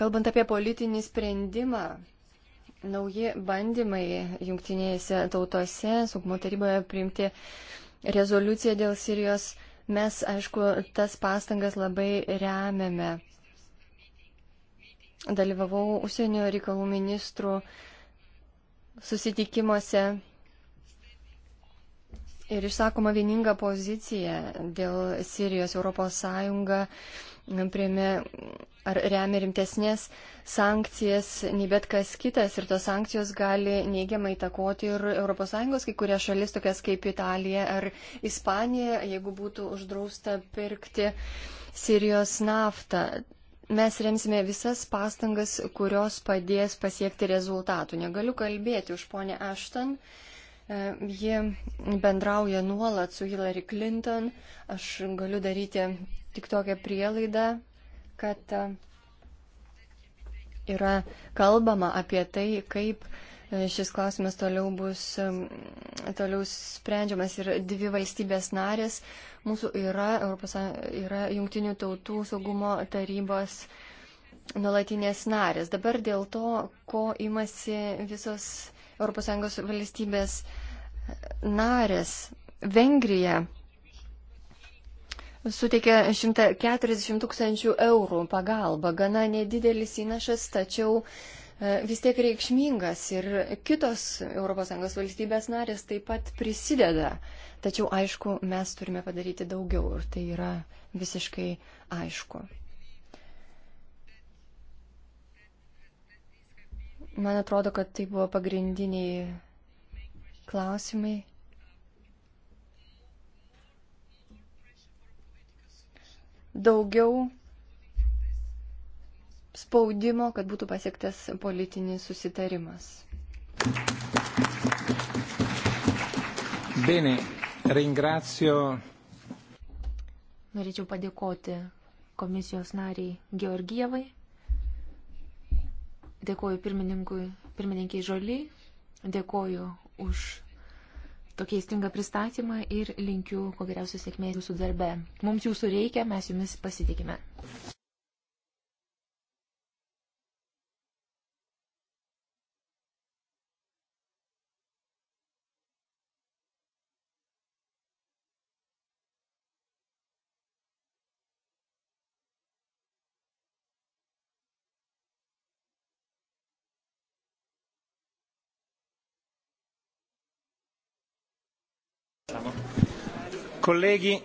Kalbant apie politinį sprendimą, nauji bandymai jungtinėse tautose, saugumo taryboje priimti rezoliuciją dėl Sirijos, mes, aišku, tas pastangas labai remiame. Dalyvavau užsienio reikalų ministrų uh, susitikimuose ir išsakoma vieninga pozicija dėl Sirijos Europos Sąjunga mm, priėmė ar remia rimtesnės sankcijas nei bet kas kitas ir tos sankcijos gali neigiamai takoti ir ES kai kurias šalis, tokias kaip Italija ar Ispanija, jeigu būtų uždrausta pirkti Sirijos naftą mes remsime visas pastangas, kurios padės pasiekti rezultatų. Negaliu kalbėti už ponę Ashton. E, ji bendrauja nuolat su Hillary Clinton. Aš galiu daryti tik tokią prielaidą, kad e, yra kalbama apie tai, kaip uh, šis klausimas toliau bus toliau sprendžiamas ir dvi valstybės narės. Mūsų yra, Europos, yra Junktinių tautų saugumo tarybos nuolatinės narės. Dabar dėl to, ko imasi visos ES valstybės narės. Vengrija suteikė 140 tūkstančių eurų pagalbą, gana nedidelis įnašas, tačiau vis tiek reikšmingas ir kitos ES valstybės narės taip pat prisideda. Tačiau, aišku, mes turime padaryti daugiau ir tai yra visiškai aišku. Man atrodo, kad tai buvo pagrindiniai klausimai. Daugiau spaudimo, kad būtų pasiektas politinis susitarimas. Bene, ringrazio. Norėčiau padėkoti komisijos nariai Georgievai. Dėkoju pirmininkiai Žoliai. Dėkoju už tokį įstingą pristatymą ir linkiu kuo geriausios sėkmės jūsų darbe. Mums jūsų reikia, mes jumis pasitikime. Kolegi.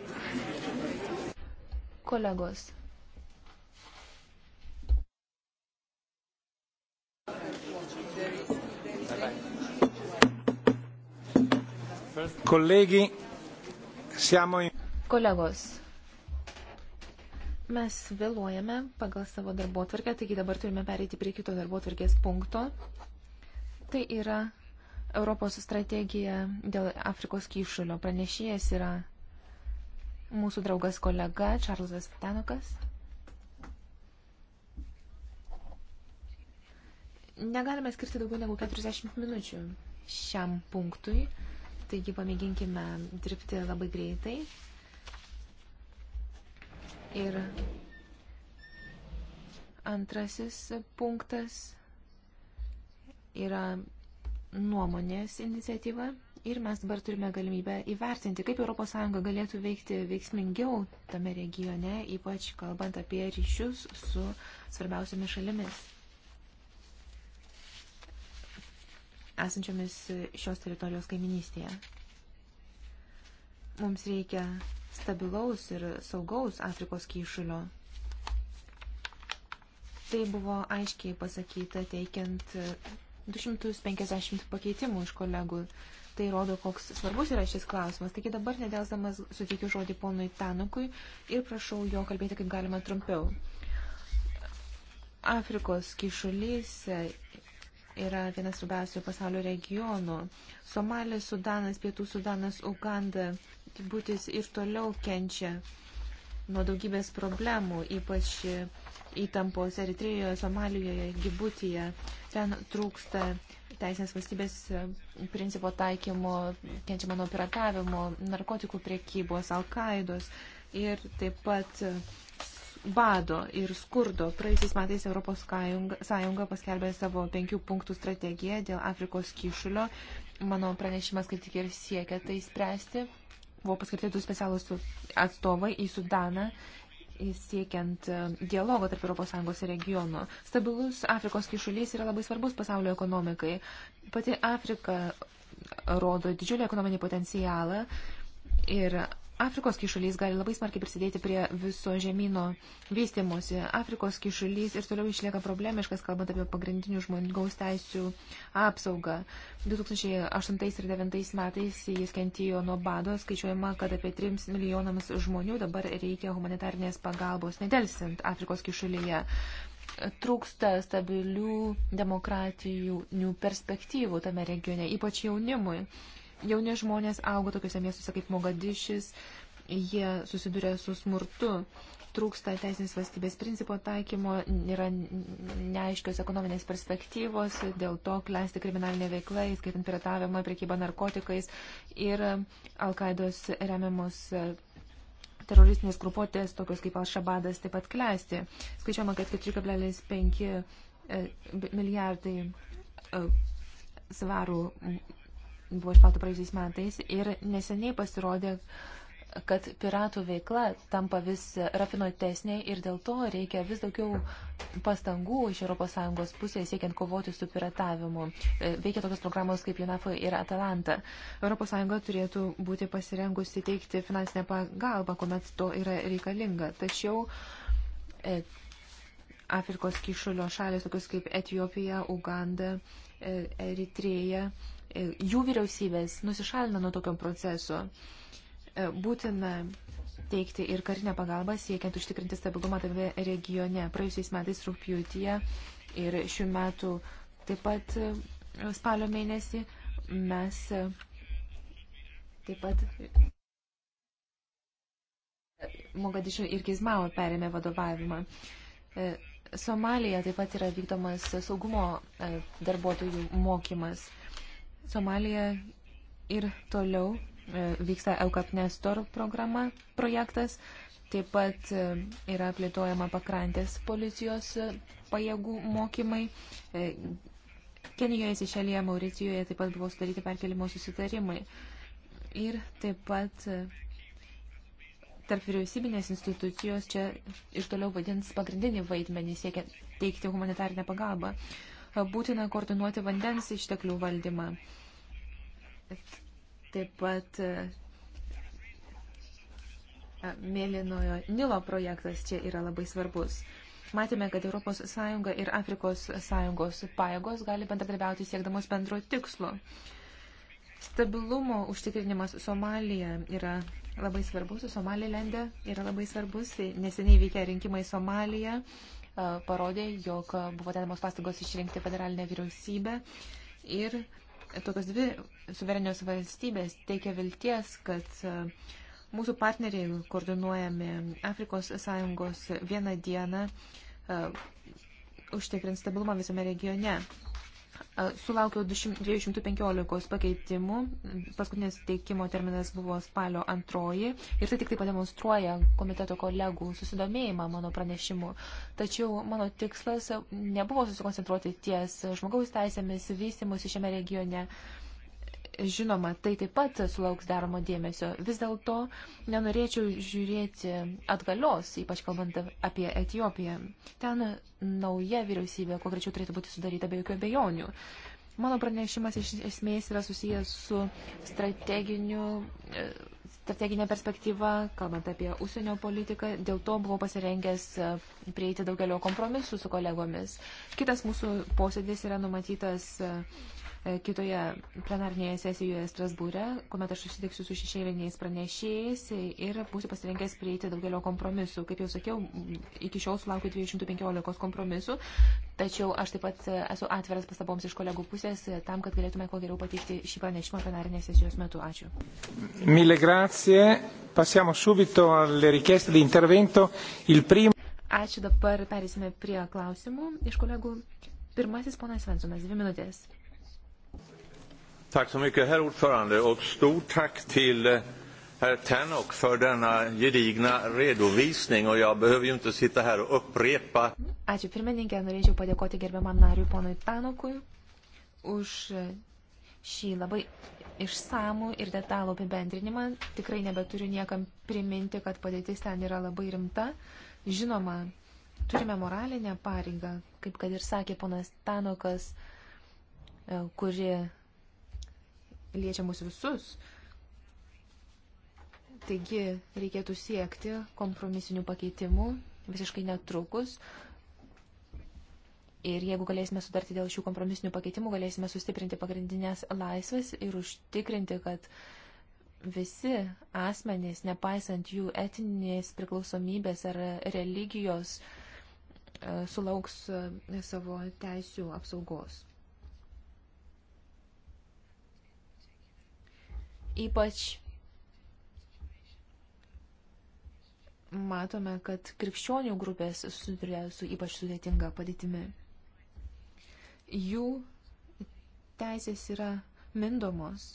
Kolegos. Kolegi, siamo in... Kolegos. Mes vėluojame pagal savo darbo tvarkę, taigi dabar turime pereiti prie kito darbo tvarkės punkto. Tai yra Europos strategija dėl Afrikos kyšulio. Pranešėjas yra mūsų draugas kolega Čarlzas Tenukas. Negalime skirti daugiau negu 40 minučių šiam punktui, taigi pamėginkime dirbti labai greitai. Ir antrasis punktas yra nuomonės iniciatyva ir mes dabar turime galimybę įvertinti, kaip ES galėtų veikti veiksmingiau tame regione, ypač kalbant apie ryšius su svarbiausiamis šalimis. esančiomis šios teritorijos kaiminystėje. Mums reikia stabilaus ir saugaus Afrikos kyšulio. Tai buvo aiškiai pasakyta teikiant 250 pakeitimų iš kolegų. Tai rodo, koks svarbus yra šis klausimas. Taigi dabar nedėlzamas suteikiu žodį ponui Tanukui ir prašau jo kalbėti kaip galima trumpiau. Afrikos kišulys yra vienas svarbiausių pasaulio regionų. Somalis, Sudanas, Pietų Sudanas, Uganda, būtis ir toliau kenčia nuo daugybės problemų, ypač įtampos Eritrijoje, Somalijoje, Gibutyje. Ten trūksta teisinės valstybės e, principo taikymo, kenčiama nuo piratavimo, narkotikų priekybos, Alkaidos ir taip pat e, bado ir skurdo. Praėjusiais metais Europos Sąjunga paskelbė savo penkių punktų strategiją dėl Afrikos kyšulio. Mano pranešimas kaip tik ir siekia tai spręsti. Buvo paskirti du specialūs atstovai į Sudaną siekiant e, dialogo tarp ES ir regionų. Stabilus Afrikos kišulys yra labai svarbus pasaulio ekonomikai. Pati Afrika rodo didžiulį ekonominį potencialą ir Afrikos kišulys gali labai smarkiai prisidėti prie viso žemynų vystimosi. Afrikos kišulys ir toliau išlieka problemiškas, kalbant apie pagrindinių žmogaus teisų apsaugą. 2008 ir 2009 metais jis kentijo nuo bado, skaičiuojama, kad apie 3 milijonams žmonių dabar reikia humanitarnės pagalbos, nedelsint Afrikos kišulyje. Trūksta stabilių demokratijų perspektyvų tame regione, ypač jaunimui. Jauni žmonės auga tokiuose miestuose kaip Mogadišis, jie susiduria su smurtu, trūksta teisinės valstybės principo taikymo, yra neaiškios ekonominės perspektyvos, dėl to klesti kriminalinė veikla, įskaitant piratavimą, priekybą narkotikais ir Alkaidos remiamos teroristinės grupuotės, tokios kaip Al-Shabadas, taip pat klesti. Skaičiuojama, kad 4,5 e, milijardai e, svarų buvo išpelta praėjusiais metais ir neseniai pasirodė, kad piratų veikla tampa vis rafinuotesnė ir dėl to reikia vis daugiau pastangų iš ES pusės siekiant kovoti su piratavimu. E, veikia tokios programos kaip UNAFO ir Atalanta. ES turėtų būti pasirengusi teikti finansinę pagalbą, kuomet to yra reikalinga. Tačiau e, Afrikos kišulio šalis, tokios kaip Etijopija, Uganda, e, Eritreja, E, jų vyriausybės nusišalina nuo tokio proceso. E, būtina teikti ir karinę pagalbą siekiant užtikrinti stabilumą tame regione. Praėjusiais metais rūpjūtyje ir šių metų taip pat e, spalio mėnesį mes taip pat Mogadišio ir Kizmao perėmė vadovavimą. Somalija taip pat yra vykdomas saugumo darbuotojų mokymas. Somalija ir toliau e, vyksta EUCAP Nestor programa projektas. Taip pat e, yra plėtojama pakrantės policijos e, pajėgų mokymai. Kenijoje, Sišelėje, Mauricijoje taip pat buvo sudaryti perkelimo susitarimai. Ir taip pat tarp vyriausybinės institucijos čia iš toliau vadins pagrindinį vaidmenį siekiant teikti humanitarinę pagalbą. Uh, būtina koordinuoti vandens išteklių valdymą. Taip pat e, Mėlynojo Nilo projektas čia yra labai svarbus. Matėme, kad ES ir Afrikos sąjungos pajėgos gali bendradarbiauti siekdamos bendro tikslo. Stabilumo užtikrinimas Somalija yra labai svarbus, Somalilende yra labai svarbus, neseniai vykę rinkimai Somalija parodė, jog buvo dedamos pastangos išrinkti federalinę vyriausybę ir tokios dvi suverenios valstybės teikia vilties, kad e, mūsų partneriai koordinuojami Afrikos sąjungos vieną dieną e, užtikrins stabilumą visame regione. Sulaukiau 215 pakeitimų, paskutinis teikimo terminas buvo spalio antroji ir tai tik tai pademonstruoja komiteto kolegų susidomėjimą mano pranešimu. Tačiau mano tikslas nebuvo susikoncentruoti ties žmogaus teisėmis, vystimus šiame regione. Uh, žinoma, tai taip pat sulauks daromo dėmesio. Vis dėlto nenorėčiau žiūrėti atgalios, ypač kalbant apie Etijopiją. Ten nauja vyriausybė, kuo greičiau turėtų būti sudaryta be jokių abejonių. Mano pranešimas iš esmės yra susijęs su e, strateginė perspektyva, kalbant apie užsienio politiką. Dėl to buvau pasirengęs e, prieiti daugelio kompromisų su kolegomis. Kitas mūsų posėdis yra numatytas e, E, kitoje plenarnėje sesijoje Strasbūre, kuomet aš susitiksiu su šešėliniais pranešėjais ir būsiu pasirengęs prieiti daugelio kompromisų. Kaip jau sakiau, iki šiol sulaukiu 215 kompromisų, tačiau aš taip pat esu atviras pastaboms iš kolegų pusės tam, kad galėtume kuo geriau pateikti šį pranešimą plenarinės sesijos metu. Ačiū. Mille grazie. Passiamo subito alle richieste di intervento. Il primo... Ačiū dabar perėsime prie klausimų iš kolegų. Pirmasis ponas Vensonas, dvi minutės. Tack så mycket, herr ordförande, och stort tack till eh, herr Tannock för denna gedigna redovisning. Och jag behöver ju inte sitta här och upprepa. Ačiū pirmininkė, norėčiau padėkoti gerbiamam nariui ponui Tanokui už e, šį labai išsamų ir detalų apibendrinimą. Tikrai nebeturiu niekam priminti, kad padėtis ten yra labai rimta. Žinoma, turime moralinę pareigą, kaip kad ir sakė ponas Tanokas, e, kuri liečia mus visus. Taigi reikėtų siekti kompromisinių pakeitimų visiškai netrukus. Ir jeigu galėsime sudarti dėl šių kompromisinių pakeitimų, galėsime sustiprinti pagrindinės laisvės ir užtikrinti, kad visi asmenys, nepaisant jų etinės priklausomybės ar religijos, e, sulauks e, savo teisių apsaugos. Ypač matome, kad krikščionių grupės susiduria su ypač sudėtinga padėtimi. Jų teisės yra mindomos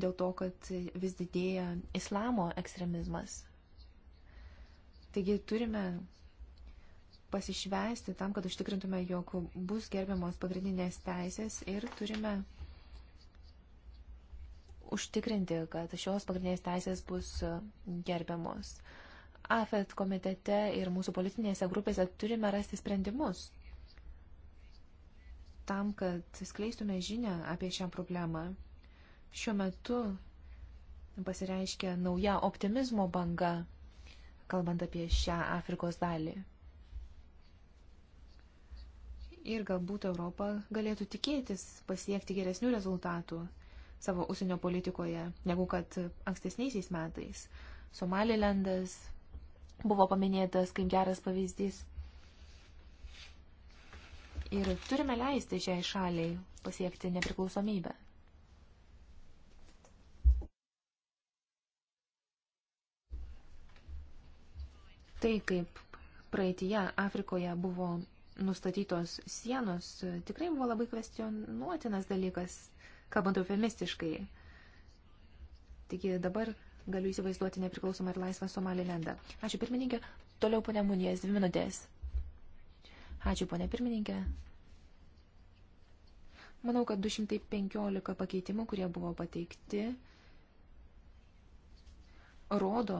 dėl to, kad vis didėja islamo ekstremizmas. Taigi turime pasišvesti tam, kad užtikrintume, jog bus gerbiamos pagrindinės teisės ir turime užtikrinti, kad šios pagrindinės teisės bus e, gerbiamos. AFET komitete ir mūsų politinėse grupėse turime rasti sprendimus tam, kad skleistume žinę apie šią problemą. Šiuo metu pasireiškia nauja optimizmo banga, kalbant apie šią Afrikos dalį. Ir galbūt Europa galėtų tikėtis pasiekti geresnių rezultatų savo užsienio politikoje negu kad ankstesniaisiais metais. Somalilendas buvo paminėtas kaip geras pavyzdys. Ir turime leisti šiai šaliai pasiekti nepriklausomybę. Tai kaip praeitie Afrikoje buvo nustatytos sienos, tikrai buvo labai kvestionuotinas dalykas kalbant eufemistiškai. Taigi dabar galiu įsivaizduoti nepriklausomą ir laisvą Somalilendą. Ačiū pirmininkė. Toliau ponė Munijas, dvi minutės. Ačiū ponė pirmininkė. Manau, kad 215 pakeitimų, kurie buvo pateikti, rodo,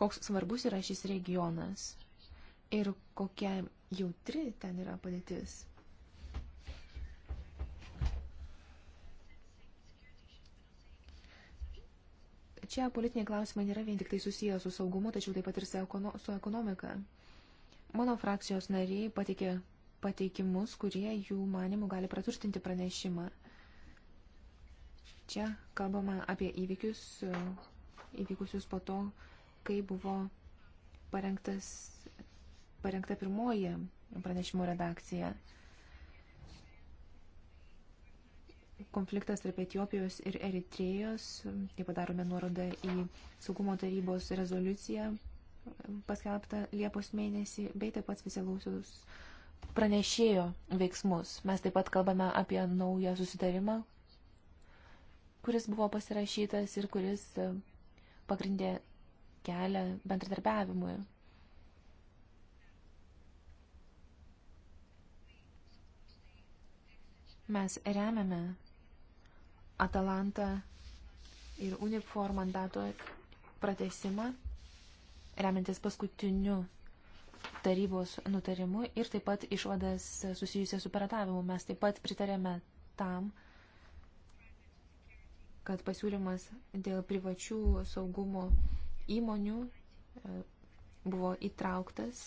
koks svarbus yra šis regionas ir kokia jautri ten yra padėtis. Čia politiniai klausimai nėra vien tik tai susiję su saugumu, tačiau taip pat ir su, ekono, su ekonomika. Mano frakcijos nariai pateikė pateikimus, kurie jų manimų gali praturtinti pranešimą. Čia kalbama apie įvykius, įvykusius po to, kai buvo parengtas, parengta pirmoji pranešimo redakcija. konfliktas tarp Etijopijos ir Eritrėjos, taip pat darome nuorodą į saugumo tarybos rezoliuciją paskelbtą Liepos mėnesį, bei taip pat specialusius pranešėjo veiksmus. Mes taip pat kalbame apie naują susitarimą, kuris buvo pasirašytas ir kuris e, pagrindė kelią bendradarbiavimui. Mes remiame Atalanta ir UNIFOR mandato pratesimą, remiantis paskutiniu tarybos nutarimu ir taip pat išvadas susijusias su piratavimu. Mes taip pat pritarėme tam, kad pasiūlymas dėl privačių saugumo įmonių e, buvo įtrauktas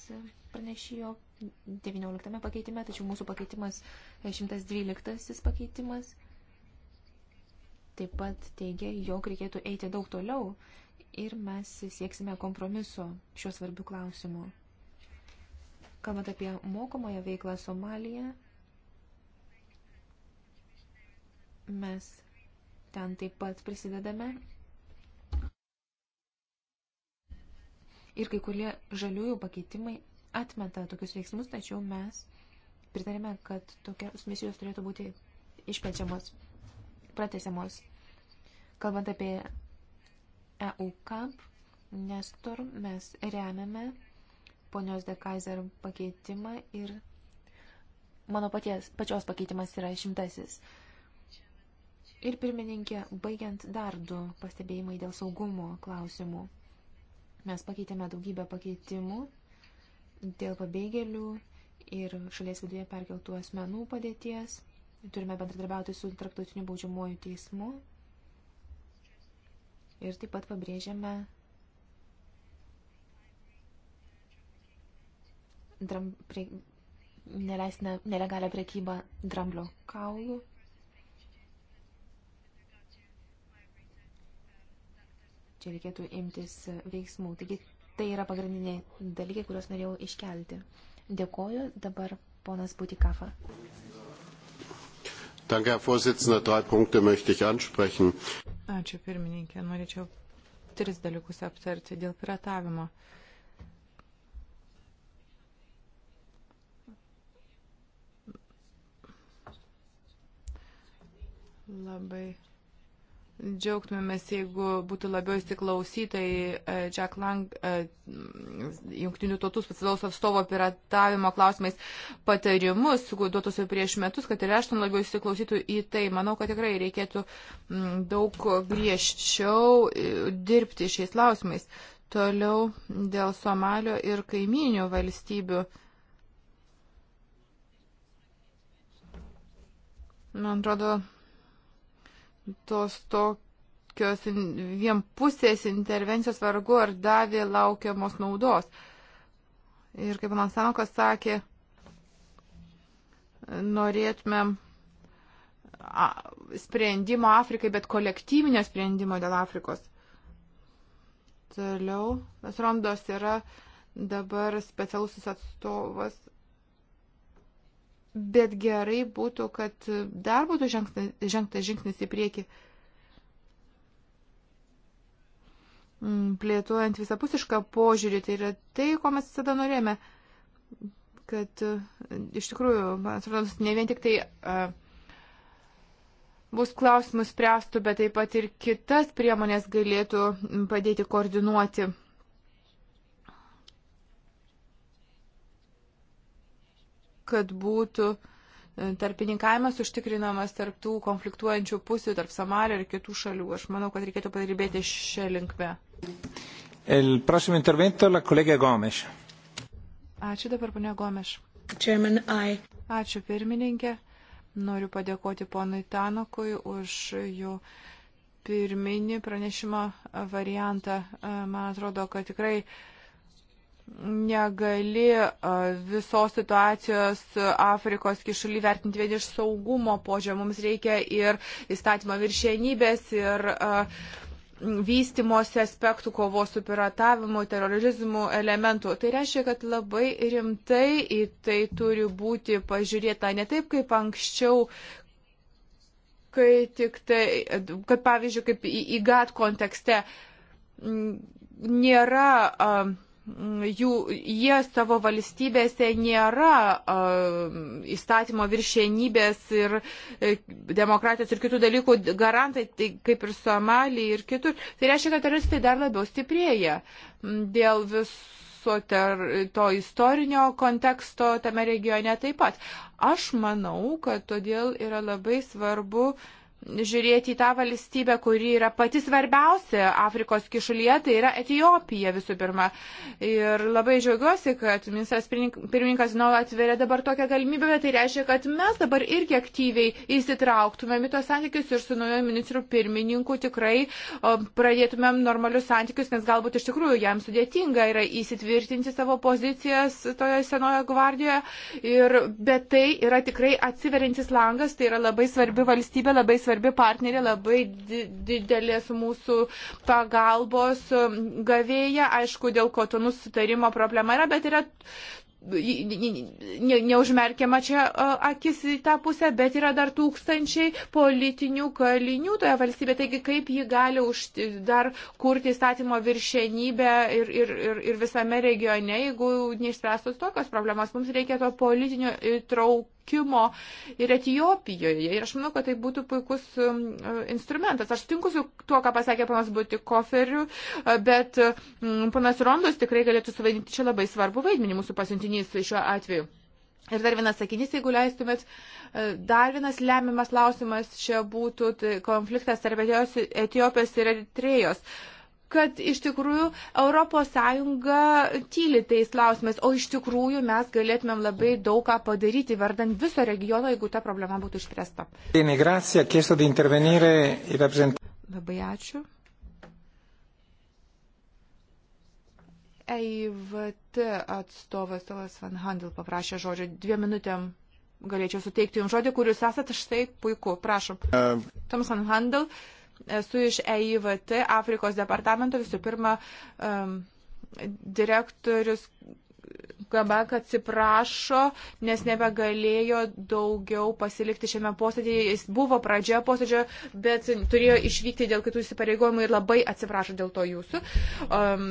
pranešėjo 19 pakeitime, tačiau mūsų pakeitimas 112 e, pakeitimas taip pat teigia, jog reikėtų eiti daug toliau ir mes sieksime kompromiso šiuo svarbiu klausimu. Kalbant apie mokomąją veiklą Somalija, mes ten taip pat prisidedame. Ir kai kurie žaliųjų pakeitimai atmeta tokius veiksmus, tačiau mes pritarėme, kad tokios misijos turėtų būti išpečiamos pratesiamos. Kalbant apie EU Camp, nes tur mes remiame ponios de Kaiser pakeitimą ir mano paties, pačios pakeitimas yra šimtasis. Ir pirmininkė, baigiant dar du pastebėjimai dėl saugumo klausimų. Mes pakeitėme daugybę pakeitimų dėl pabėgėlių ir šalies viduje perkeltų asmenų padėties. Turime bendradarbiauti su tarptautiniu baudžiamuoju teismu. Ir taip pat pabrėžiame dram, prie, neleisnę, nelegalią prekybą dramblio kaulų. Čia reikėtų imtis veiksmų. Taigi tai yra pagrindiniai dalykai, kuriuos norėjau iškelti. Dėkoju dabar ponas Butikafa. Danke, Herr Vorsitzender. Drei Punkte möchte ich ansprechen. Ačiū, pirmininkė. Norėčiau tris dalykus aptarti dėl piratavimo. Labai Džiaugtumėmės, jeigu būtų labiau įsiklausyta į e, Jack Lang, e, jungtinių tautų specialaus atstovo piratavimo klausimais patarimus, duotus jau prieš metus, kad ir aš ten labiau įsiklausytų į tai. Manau, kad tikrai reikėtų daug griežčiau e, dirbti šiais klausimais. Toliau dėl Somalio ir kaiminių valstybių. Man atrodo, tos tokios vienpusės intervencijos vargu ar davė laukiamos naudos. Ir kaip man Sanokas sakė, norėtumėm sprendimo Afrikai, bet kolektyvinio sprendimo dėl Afrikos. Toliau, tas rondos yra dabar specialusis atstovas Bet gerai būtų, kad dar būtų žengtas, žengtas žingsnis į priekį, mm, plėtojant visapusišką požiūrį. Tai yra tai, ko mes visada norėjome, kad e, iš tikrųjų, man atrodo, ne vien tik tai a, e, bus klausimus spręstų, bet taip pat ir kitas priemonės galėtų padėti koordinuoti kad būtų e, tarpininkavimas užtikrinamas tarp tų konfliktuojančių pusių, tarp Samalio ir kitų šalių. Aš manau, kad reikėtų padirbėti šią linkmę. El próximo intervento la kolegė Gomes. Ačiū dabar, ponia Gomes. Chairman, I. Ačiū pirmininkė. Noriu padėkoti ponui Tanokui už jų pirminį pranešimo variantą. E, man atrodo, kad tikrai uh, negali visos situacijos Afrikos kišulį vertinti vien iš saugumo požiūrio. Mums reikia ir įstatymo viršienybės, ir vystimosi aspektų, kovos su piratavimu, terorizmu elementų. Tai reiškia, kad labai rimtai į tai turi būti pažiūrėta ne taip kaip anksčiau, kai tik tai, kad pavyzdžiui, kaip į, į GAT kontekste nėra uh, Mm, jų, jie savo valstybėse nėra uh, įstatymo viršienybės ir uh, demokratijos ir kitų dalykų garantai, tai kaip ir Somalija ir kitur. Tai reiškia, kad teroristai dar labiau stiprėja mm, dėl viso ter, to istorinio konteksto tame regione taip pat. Aš manau, kad todėl yra labai svarbu uh, žiūrėti į tą valstybę, kuri yra pati svarbiausia Afrikos kišulyje, tai yra Etijopija visų pirma. Ir labai džiaugiuosi, kad ministras pirmininkas nuolat atveria dabar tokią galimybę, bet tai reiškia, kad mes dabar irgi aktyviai įsitrauktumėm į tos santykius ir su naujoju ministru pirmininku tikrai pradėtumėm normalius santykius, nes galbūt iš tikrųjų jam sudėtinga yra įsitvirtinti savo pozicijas toje senojo gvardijoje. Ir, bet tai yra tikrai atsiverintis langas, tai yra labai svarbi valstybė, labai svarbi svarbi partnerė, labai didelės mūsų pagalbos um, gavėja. Aišku, dėl kotonų sutarimo problema yra, bet yra neužmerkiama čia akis į tą pusę, bet yra dar tūkstančiai politinių kalinių toje valstybėje. Taigi kaip ji gali užti, dar kurti įstatymo viršenybę ir, ir, ir, ir visame regione, jeigu neišspręstos tokios problemos. Mums reikia to politinio įtraukimo veikimo ir Etijopijoje. Ir aš manau, kad tai būtų puikus um, instrumentas. Aš sutinku su tuo, ką pasakė panas būti koferiu, bet um, panas Rondos tikrai galėtų suvaidinti čia labai svarbu vaidmenį mūsų pasiuntinys šiuo atveju. Ir dar vienas sakinys, jeigu leistumėt, e, dar vienas lemiamas klausimas čia būtų tai konfliktas tarp Etijopijos ir Eritrejos. Etiopijos kad iš tikrųjų ES tyli tais klausimais, o iš tikrųjų mes galėtumėm labai daug ką padaryti vardant viso regiono, jeigu ta problema būtų išspręsta. Labai ačiū. EIVT atstovas Tolas Van Handel paprašė žodžio dviem minutėm galėčiau suteikti jums žodį, kur jūs esate, štai puiku, prašom. Uh. E. Tomas Van Handel, uh, Esu iš EIVT Afrikos departamento, visų pirma, um, direktorius Gabek atsiprašo, nes nebegalėjo daugiau pasilikti šiame posėdėje. Jis buvo pradžioje posėdžio, bet turėjo išvykti dėl kitų įsipareigojimų ir labai atsiprašo dėl to jūsų. Um,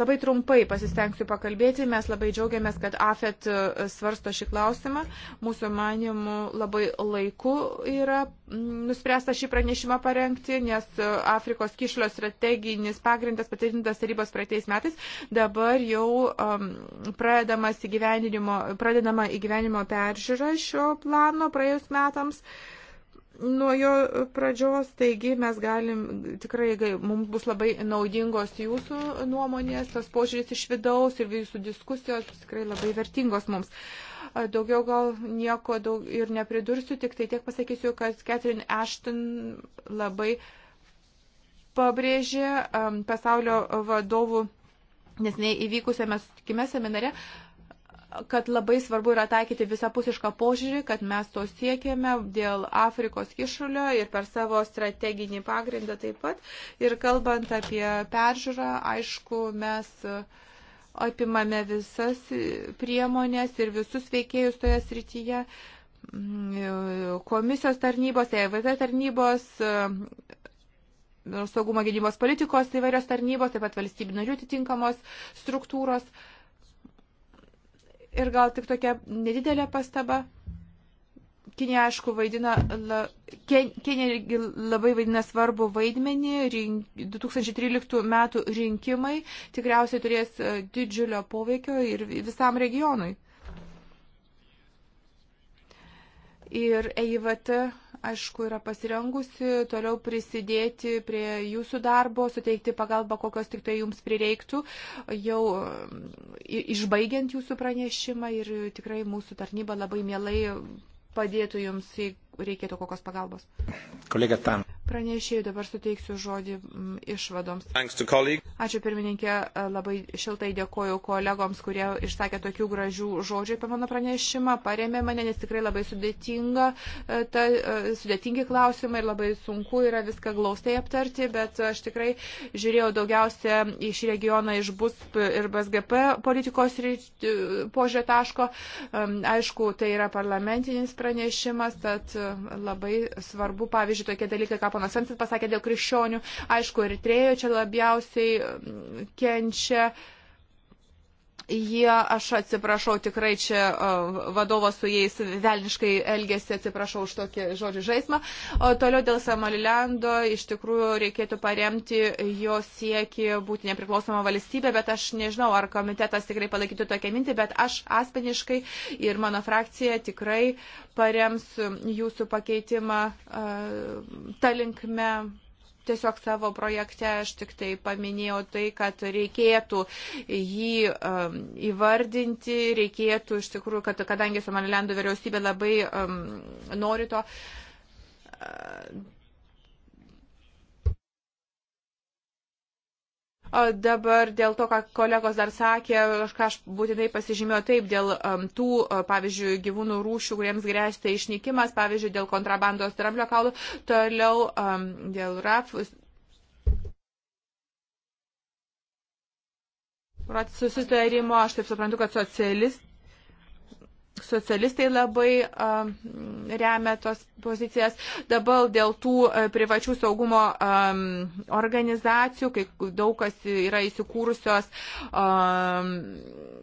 labai trumpai pasistengsiu pakalbėti. Mes labai džiaugiamės, kad AFET svarsto šį klausimą. Mūsų manimų labai laiku yra nuspręsta šį pranešimą parengti, nes e, Afrikos kišlio strateginis pagrindas patvirtintas tarybos praeitais metais dabar jau um, pradedama įgyvenimo peržiūra šio plano praėjus metams. Nuo jo pradžios, taigi mes galim, tikrai mums bus labai naudingos jūsų nuomonės, tas požiūris iš vidaus ir jūsų diskusijos tikrai labai vertingos mums. Uh, Daugiau gal nieko daug ir nepridursiu, tik tai tiek pasakysiu, kad Catherine Ashton labai pabrėžė pasaulio vadovų nesnei įvykusiame sutikime seminare, kad labai svarbu yra taikyti visapusišką požiūrį, kad mes to siekėme dėl Afrikos kišulio ir per savo strateginį pagrindą taip pat. Ir kalbant apie peržiūrą, aišku, mes uh, apimame visas priemonės ir visus veikėjus toje srityje. Mm, komisijos tarnybos, EVT tarnybos, e, saugumo gynybos politikos įvairios tarnybos, taip pat valstybių narių atitinkamos struktūros. Ir gal tik tokia nedidelė pastaba. Kinija, aišku, vaidina, la, Kinija irgi labai vaidina svarbu vaidmenį, rink, 2013 metų rinkimai tikriausiai turės e, didžiulio poveikio ir visam regionui. Ir EIVT, aišku, yra pasirengusi toliau prisidėti prie jūsų darbo, suteikti pagalbą, kokios tik tai jums prireiktų, jau e, išbaigiant jūsų pranešimą ir tikrai mūsų tarnyba labai mielai padėtų jums, jei reikėtų kokios pagalbos. Kolega Tan pranešėjų, dabar suteiksiu žodį mm, išvadoms. Ačiū pirmininkė, e, labai šiltai dėkoju kolegoms, kurie išsakė tokių gražių žodžių apie mano pranešimą, paremė mane, nes tikrai labai sudėtinga, e, ta, e, sudėtingi klausimai ir labai sunku yra viską glaustai aptarti, bet aš tikrai žiūrėjau daugiausia iš regioną, iš BUSP ir BSGP politikos požiūrė taško. Aišku, tai yra parlamentinis pranešimas, tad labai svarbu, pavyzdžiui, tokie dalykai, ką pamatysime ponas Sensit pasakė dėl krikščionių, aišku, Eritrėjo čia labiausiai mm, kenčia. Uh, jie, aš atsiprašau, tikrai čia vadovas su jais velniškai elgėsi, atsiprašau už tokį žodžių žaismą. O toliau dėl Somalilando iš tikrųjų reikėtų paremti jo sieki būti nepriklausoma valstybė, bet aš nežinau, ar komitetas tikrai palaikytų tokią mintį, bet aš asmeniškai ir mano frakcija tikrai parems jūsų pakeitimą e, tą linkme tiesiog savo projekte aš tik tai paminėjau tai, kad reikėtų jį um, įvardinti, reikėtų iš tikrųjų, kad kadangi Somalilando vyriausybė labai um, nori to. Uh, Dabar dėl to, ką kolegos dar sakė, ką aš būtinai pasižymėjau taip, dėl um, tų, pavyzdžiui, gyvūnų rūšių, kuriems grėsia išnykimas, pavyzdžiui, dėl kontrabandos dramblio kaulų, toliau um, dėl RAF. Susitarimo, aš taip suprantu, kad socialistai socialistai labai a, remia tos pozicijas. Dabar dėl tų e, privačių saugumo a, organizacijų, kai daug kas yra įsikūrusios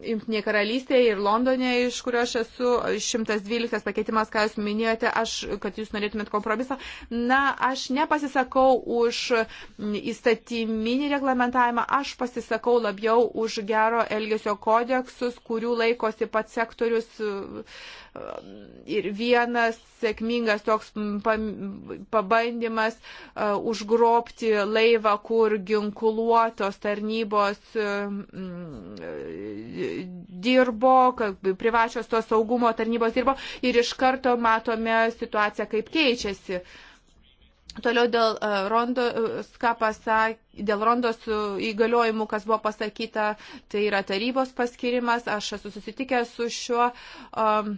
Junktinėje karalystėje ir Londone, iš kurio aš esu, 112 pakeitimas, ką jūs minėjote, aš, kad jūs norėtumėt kompromiso. Na, aš nepasisakau už įstatyminį reglamentavimą, aš pasisakau labiau už gero elgesio kodeksus, kurių laikosi pats sektorius ir vienas sėkmingas toks pabandymas e, užgrobti laivą, kur ginkluotos tarnybos e, dirbo, privačios tos saugumo tarnybos dirbo ir iš karto matome situaciją, kaip keičiasi. Uh, Toliau dėl e, Rondo, e, ką pasakė, dėl Rondos įgaliojimų, kas buvo pasakyta, tai yra tarybos paskirimas. Aš esu susitikęs su šiuo um,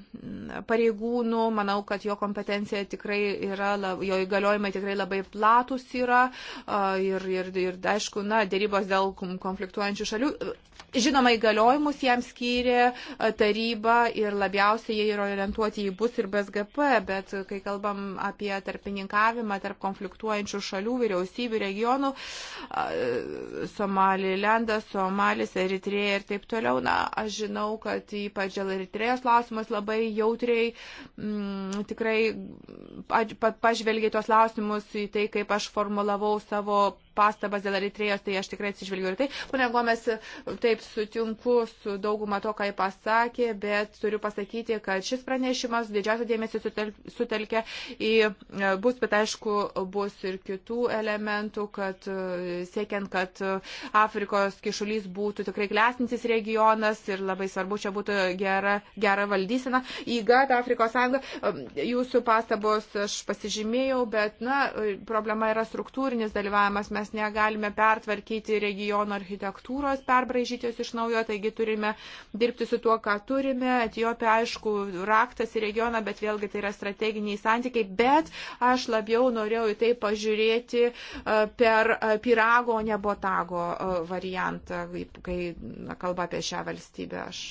pareigūnu, manau, kad jo kompetencija tikrai yra, jo įgaliojimai tikrai labai platus yra uh, ir, ir, ir, aišku, na, dėrybos dėl konfliktuojančių šalių Žinoma, įgaliojimus jam skyrė e, taryba ir labiausiai jie yra orientuoti į bus ir BSGP, bet kai kalbam apie tarpininkavimą tarp konfliktuojančių šalių, vyriausybių, regionų, Somalilendas, Somalis, Eritrėja ir taip toliau, na, aš žinau, kad ypač dėl Eritrėjos klausimas labai jautriai m, mm, tikrai pažvelgiai tos klausimus į tai, kaip aš formulavau savo pastabas dėl Eritrėjos, tai aš tikrai atsižvelgiu ir tai. Pone Gomes, taip sutinku su dauguma to, ką jį pasakė, bet turiu pasakyti, kad šis pranešimas didžiausią dėmesį sutel, sutelkia į, e, bus, bet aišku, bus ir kitų elementų, kad e, siekiant, kad Afrikos kišulys būtų tikrai klesnintis regionas ir labai svarbu čia būtų gera, gera valdysena. Įgat Afrikos sąjunga, e, jūsų pastabos aš pasižymėjau, bet, na, problema yra struktūrinis dalyvavimas. Mes mes negalime pertvarkyti regiono architektūros, perbražyti jos iš naujo, taigi turime dirbti su tuo, ką turime. Etijopija, aišku, raktas į regioną, bet vėlgi tai yra strateginiai santykiai, bet aš labiau norėjau į tai pažiūrėti e, per e, pirago, o ne botago e, variantą, kai kalba apie šią valstybę. Aš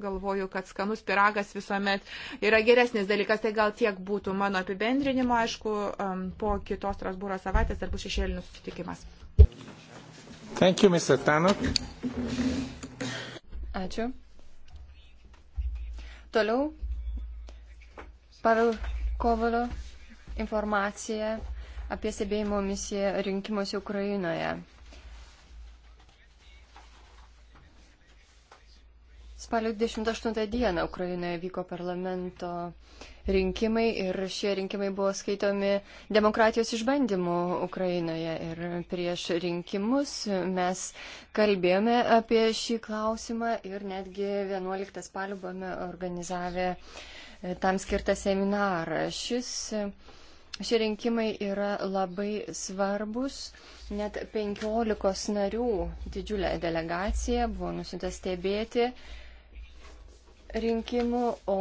galvoju, kad skanus piragas visuomet yra geresnis dalykas, tai gal tiek būtų mano apibendrinimo, aišku, um, po kitos Strasbūro savaitės dar bus šešėlinis susitikimas. Thank you, Mr. Tanok. Ačiū. Toliau Pavel Kovalio informacija apie stebėjimo misiją rinkimuose Ukrainoje. Spalio 28 dieną Ukrainoje vyko parlamento rinkimai ir šie rinkimai buvo skaitomi demokratijos išbandymu Ukrainoje. Ir prieš rinkimus mes kalbėjome apie šį klausimą ir netgi 11 spalio buvome organizavę e, tam skirtą seminarą. Šis Šie rinkimai yra labai svarbus. Net 15 narių didžiulė delegacija buvo nusinta stebėti rinkimų, o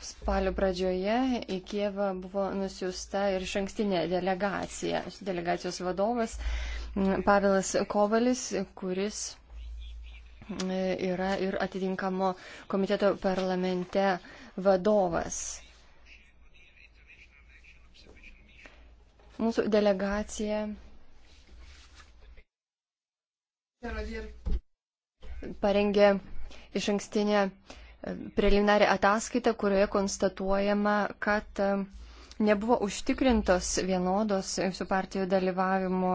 spalio pradžioje į Kievą buvo nusiusta ir šankstinė delegacija, delegacijos vadovas mm, Pavelas Kovalis, kuris mm, yra ir atitinkamo komiteto parlamente vadovas. Mūsų delegacija parengė iš ankstinę preliminarią ataskaitą, kurioje konstatuojama, kad e, nebuvo užtikrintos vienodos visų partijų dalyvavimo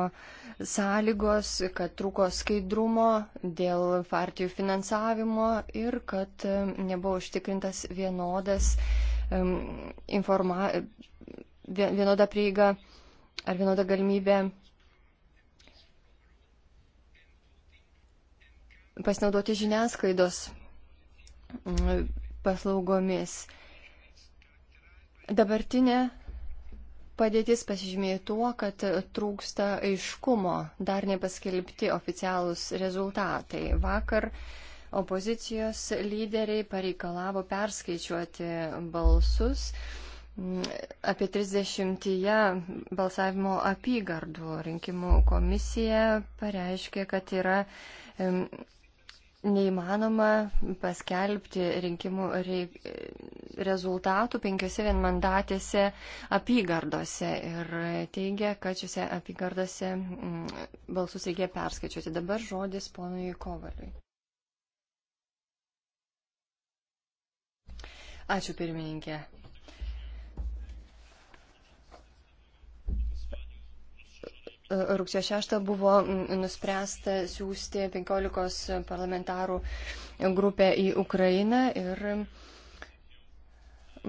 sąlygos, kad trūko skaidrumo dėl partijų finansavimo ir kad e, nebuvo užtikrintas vienodas e, informa, vienoda prieiga ar vienoda galimybė pasinaudoti žiniasklaidos paslaugomis. Dabartinė Padėtis pasižymėjo tuo, kad trūksta aiškumo, dar nepaskelbti oficialūs rezultatai. Vakar opozicijos lyderiai pareikalavo perskaičiuoti balsus apie 30 balsavimo apygardų. Rinkimų komisija pareiškė, kad yra neįmanoma paskelbti rinkimų reik... rezultatų penkiose vienmandatėse apygardose ir teigia, kad šiuose apygardose mm, balsus reikia perskaičiuoti. Dabar žodis ponui Kovaliui. Ačiū pirmininkė. Rūksio 6 buvo nuspręsta siūsti 15 parlamentarų grupę į Ukrainą ir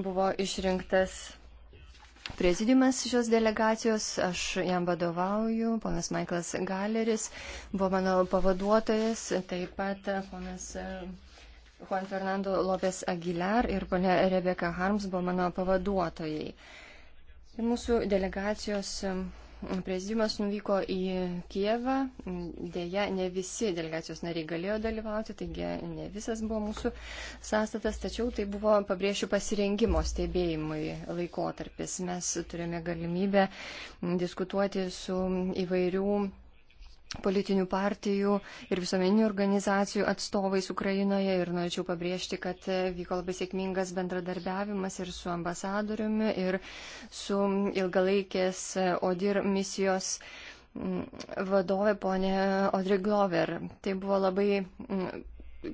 buvo išrinktas prezidiumas šios delegacijos. Aš jam vadovauju, ponas Michaelas Galeris buvo mano pavaduotojas, taip pat ponas e, Juan Fernando Lopes Aguilar ir ponia Rebeka Harms buvo mano pavaduotojai. Ir mūsų delegacijos Prezidiumas nuvyko į Kievą, dėja ne visi delegacijos nariai galėjo dalyvauti, taigi ne visas buvo mūsų sąstatas, tačiau tai buvo, pabrėšiu, pasirengimo stebėjimui laikotarpis. Mes turėjome galimybę diskutuoti su įvairių politinių partijų ir visuomeninių organizacijų atstovais Ukrainoje ir norėčiau pabrėžti, kad e, vyko labai sėkmingas bendradarbiavimas ir su ambasadoriumi, ir su ilgalaikės e, ODIR misijos vadovė ponė Odri Glover. Tai buvo labai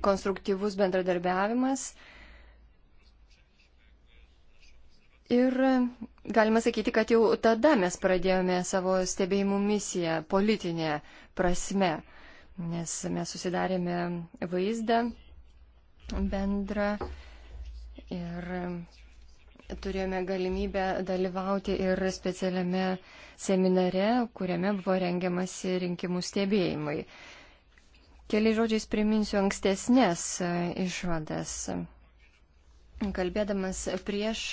konstruktyvus bendradarbiavimas. Ir galima sakyti, kad jau tada mes pradėjome savo stebėjimų misiją politinė prasme, nes mes susidarėme vaizdą bendrą ir turėjome galimybę dalyvauti ir specialiame seminare, kuriame buvo rengiamasi rinkimų stebėjimai. Keliai žodžiais priminsiu ankstesnės išvadas. Kalbėdamas prieš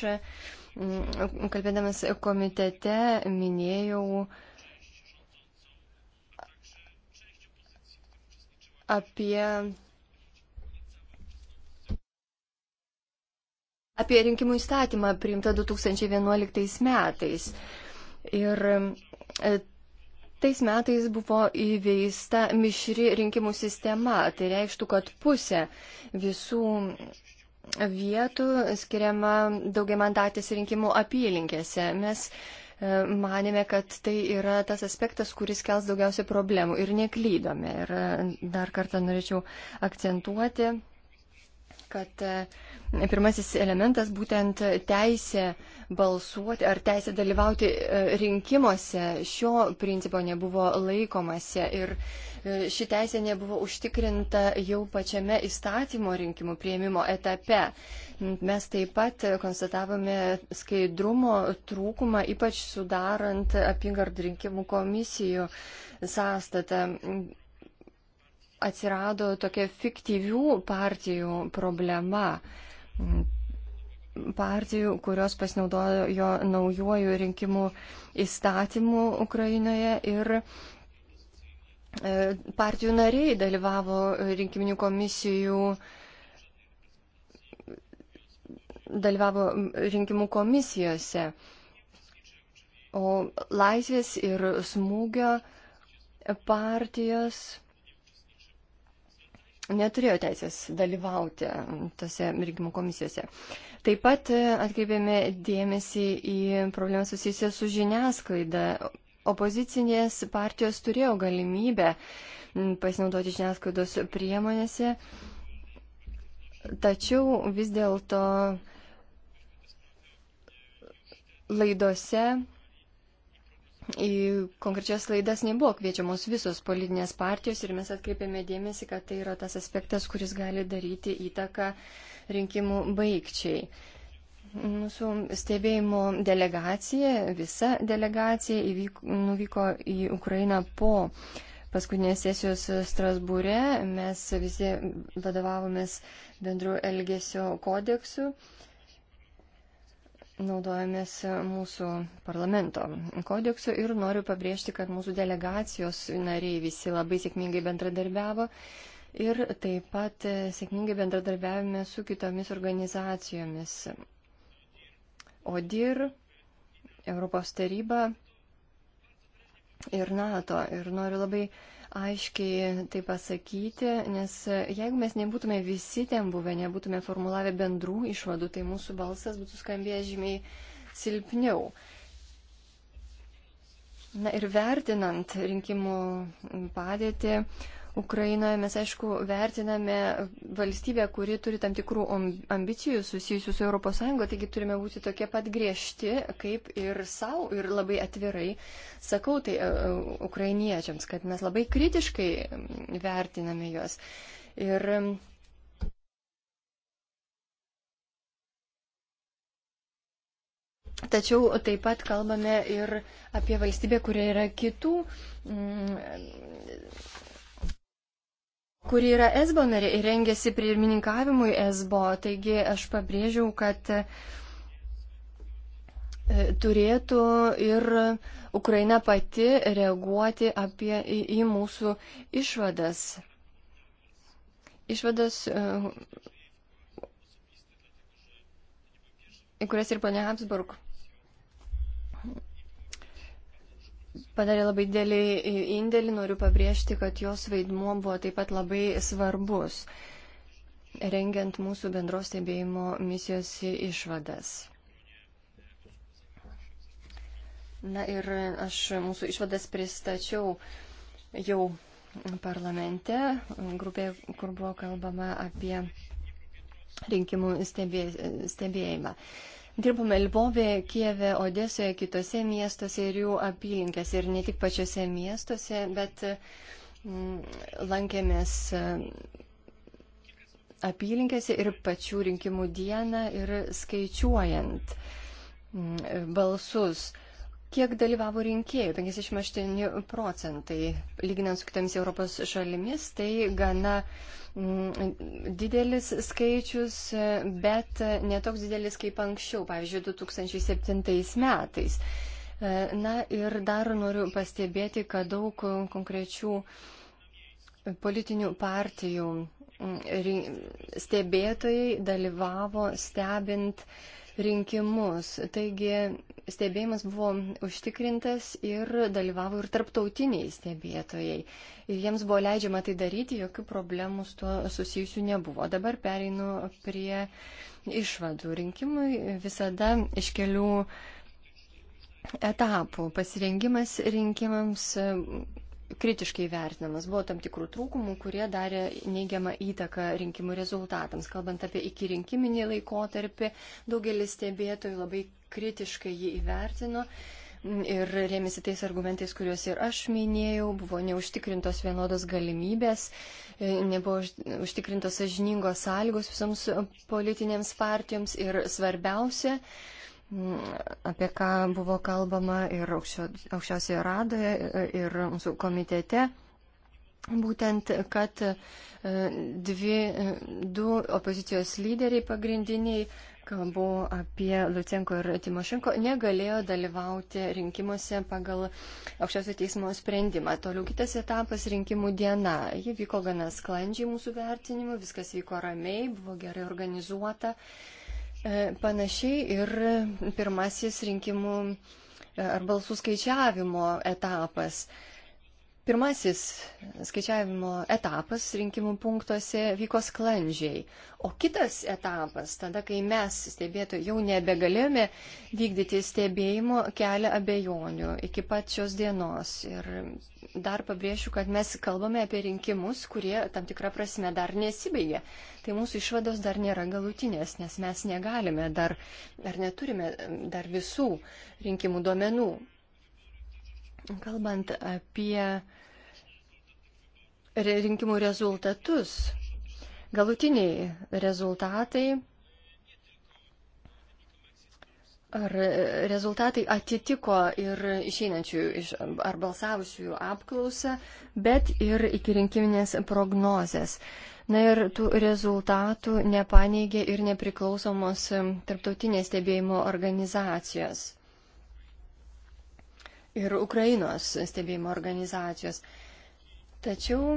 Mm, kalbėdamas komitete minėjau apie apie rinkimų įstatymą priimtą 2011 metais. Ir e, tais metais buvo įveista mišri rinkimų sistema. Tai reikštų, kad pusė visų vietų skiriama daugiamandatės rinkimų apylinkėse. Mes e, manėme, kad tai yra tas aspektas, kuris kels daugiausiai problemų ir neklydome. Ir e, dar kartą norėčiau akcentuoti, kad e, pirmasis elementas būtent teisė balsuoti ar teisė dalyvauti rinkimuose, šio principo nebuvo laikomasi. Ir E, ši teisė nebuvo užtikrinta jau pačiame įstatymo rinkimų prieimimo etape. Mes taip pat konstatavome skaidrumo trūkumą, ypač sudarant apygard rinkimų komisijų sąstatą. Atsirado tokia fiktyvių partijų problema partijų, kurios pasinaudojo naujuoju rinkimų įstatymu Ukrainoje ir E, partijų nariai dalyvavo rinkiminių komisijų, dalyvavo rinkimų komisijose. O laisvės ir smūgio partijos neturėjo teisės dalyvauti tose rinkimų komisijose. Taip pat atkreipėme dėmesį į problemą susijusią su žiniasklaida, opozicinės partijos turėjo galimybę pasinaudoti žiniasklaidos priemonėse, tačiau vis dėlto laidose į konkrečias laidas nebuvo kviečiamos visos politinės partijos ir mes atkreipėme dėmesį, kad tai yra tas aspektas, kuris gali daryti įtaką rinkimų baigčiai. Mūsų stebėjimo delegacija, visa delegacija įvyko, nuvyko į Ukrainą po paskutinės sesijos Strasbūre. Mes visi vadovavomės bendru elgesio kodeksu, naudojomės mūsų parlamento kodeksu ir noriu pabrėžti, kad mūsų delegacijos nariai visi labai sėkmingai bendradarbiavo ir taip pat sėkmingai bendradarbiavime su kitomis organizacijomis. ODIR, Europos taryba ir NATO. Ir noriu labai aiškiai tai pasakyti, nes jeigu mes nebūtume visi ten buvę, nebūtume formulavę bendrų išvadų, tai mūsų balsas būtų skambėjęs žymiai silpniau. Na ir vertinant rinkimų padėtį, Ukrainoje mes, aišku, vertiname valstybę, kuri turi tam tikrų ambicijų susijusių su ES, taigi turime būti tokie pat griežti, kaip ir savo, ir labai atvirai sakau tai e, e, ukrainiečiams, kad mes labai kritiškai vertiname juos. Ir Tačiau taip pat kalbame ir apie valstybę, kurioje yra kitų mm, kuri yra ESBO narė ir rengiasi pirmininkavimui ESBO. Taigi aš pabrėžiau, kad e, turėtų ir Ukraina pati reaguoti apie, į, į mūsų išvadas. Išvadas, e, į kurias ir ponia Habsburg padarė labai dėlį indėlį. Noriu pabrėžti, kad jos vaidmuo buvo taip pat labai svarbus, rengiant mūsų bendros stebėjimo misijos išvadas. Na ir aš mūsų išvadas pristačiau jau parlamente, grupėje, kur buvo kalbama apie rinkimų stebė, stebėjimą. Dirbame Lvovė, Kieve, Odesoje, kitose miestuose ir jų apylinkėse ir ne tik pačiose miestuose, bet mm, lankėmės e, apylinkėse ir pačių rinkimų dieną ir skaičiuojant mm, balsus. Kiek dalyvavo rinkėjų? 58 procentai. Lyginant su kitomis Europos šalimis, tai gana mm, didelis skaičius, bet netoks didelis kaip anksčiau, pavyzdžiui, 2007 metais. Na ir dar noriu pastebėti, kad daug konkrečių politinių partijų mm, stebėtojai dalyvavo stebint uh, rinkimus. Taigi stebėjimas buvo užtikrintas ir dalyvavo ir tarptautiniai stebėtojai. Ir jiems buvo leidžiama tai daryti, jokių problemų su tuo susijusių nebuvo. Dabar pereinu prie išvadų. Rinkimui visada iš kelių etapų. Pasirengimas rinkimams kritiškai vertinamas. Buvo tam tikrų trūkumų, kurie darė neigiamą įtaką rinkimų rezultatams. Kalbant apie iki rinkiminį laikotarpį, daugelis stebėtojų labai kritiškai jį įvertino. Ir rėmėsi tais argumentais, kuriuos ir aš minėjau, buvo neužtikrintos vienodos galimybės, e, nebuvo užtikrintos sažiningos sąlygos visoms politinėms partijoms ir svarbiausia, uh, apie ką buvo kalbama ir aukščio, aukščiausioje radoje, ir mūsų komitete. Būtent, kad e, dvi, du opozicijos lyderiai pagrindiniai, kalbu apie Lucenko ir Timošenko, negalėjo dalyvauti rinkimuose pagal aukščiausio teismo sprendimą. Toliau kitas etapas - rinkimų diena. Ji vyko gana sklandžiai mūsų vertinimu, viskas vyko ramiai, buvo gerai organizuota. Uh, E, panašiai ir pirmasis rinkimų e, ar balsų skaičiavimo etapas. Pirmasis skaičiavimo etapas rinkimų punktuose vyko sklandžiai, o kitas etapas, tada kai mes stebėtų jau nebegalėjome vykdyti stebėjimo, kelia abejonių iki pat šios dienos. Ir dar pabrėšiu, kad mes kalbame apie rinkimus, kurie tam tikrą prasme dar nesibaigė. Tai mūsų išvados dar nėra galutinės, nes mes negalime dar, dar neturime dar visų rinkimų duomenų. Kalbant apie rinkimų rezultatus, galutiniai rezultatai Ar rezultatai atitiko ir išeinančių iš, ar balsavusiųjų apklausą, bet ir iki rinkiminės prognozės. Na ir tų rezultatų nepaneigė ir nepriklausomos tarptautinės stebėjimo organizacijos ir Ukrainos stebėjimo organizacijos. Tačiau,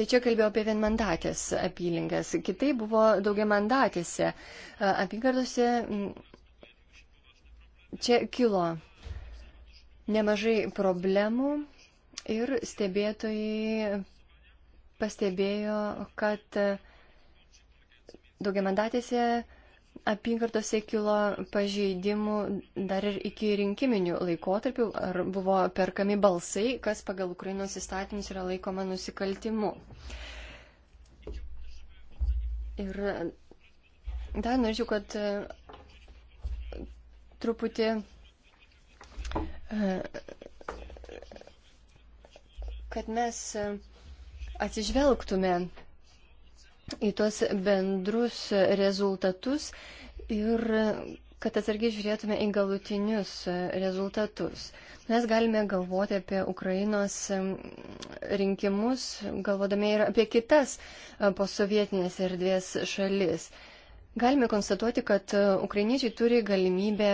tai čia kalbėjau apie vienmandatės apylinkės, kitai buvo daugiamandatėse e, apygardose. Čia kilo nemažai problemų ir stebėtojai pastebėjo, kad daugiamandatėse apygardose kilo pažeidimų dar ir iki rinkiminių laikotarpių, ar buvo perkami balsai, kas pagal Ukrainos įstatymus yra laikoma nusikaltimu. Ir dar norėčiau, kad e, truputį e, kad mes e, atsižvelgtume į tuos bendrus rezultatus ir kad atsargiai žiūrėtume į galutinius rezultatus. Mes galime galvoti apie Ukrainos rinkimus, galvodami ir apie kitas posovietinės erdvės šalis. Galime konstatuoti, kad ukrainiečiai turi galimybę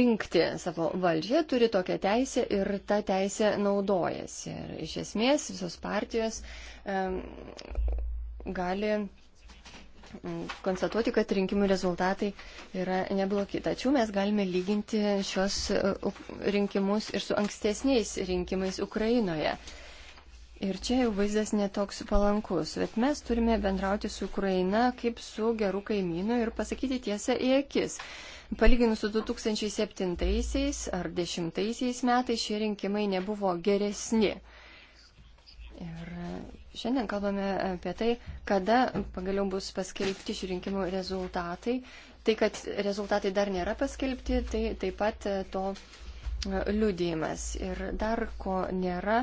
rinkti savo valdžią, turi tokią teisę ir tą teisę naudojasi. Ir iš esmės visos partijos um, gali mm, konstatuoti, kad rinkimų rezultatai yra neblogi. Tačiau mes galime lyginti šios e, rinkimus ir su ankstesniais rinkimais Ukrainoje. Ir čia jau vaizdas netoks palankus, bet mes turime bendrauti su Ukraina kaip su geru kaimynu ir pasakyti tiesą į akis. Palyginus su 2007 ar 2010 metais šie rinkimai nebuvo geresni. Ir Šiandien kalbame apie tai, kada pagaliau bus paskelbti šių rinkimų rezultatai. Tai, kad rezultatai dar nėra paskelbti, tai taip pat to e, liudijimas. Ir dar ko nėra,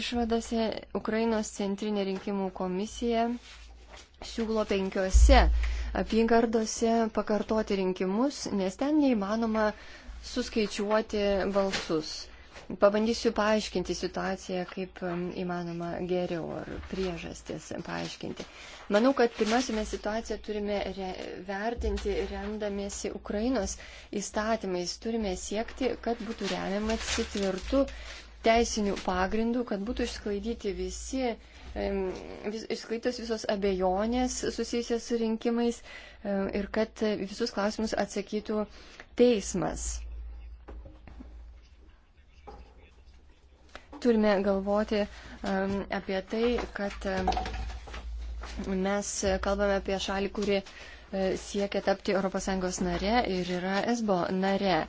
išvadose Ukrainos centrinė rinkimų komisija siūlo penkiose apygardose pakartoti rinkimus, nes ten neįmanoma suskaičiuoti balsus. Pabandysiu paaiškinti situaciją, kaip įmanoma geriau ar priežastis paaiškinti. Manau, kad pirmiausia, mes situaciją turime re vertinti remdamiesi Ukrainos įstatymais. Turime siekti, kad būtų remiamas tvirtų teisinių pagrindų, kad būtų išsklaidyti visi, vis, išsklaidytos visos abejonės susijusios su rinkimais ir kad visus klausimus atsakytų teismas. Turime galvoti um, apie tai, kad um, mes kalbame apie šalį, kuri uh, siekia tapti ES nare ir yra ESBO nare.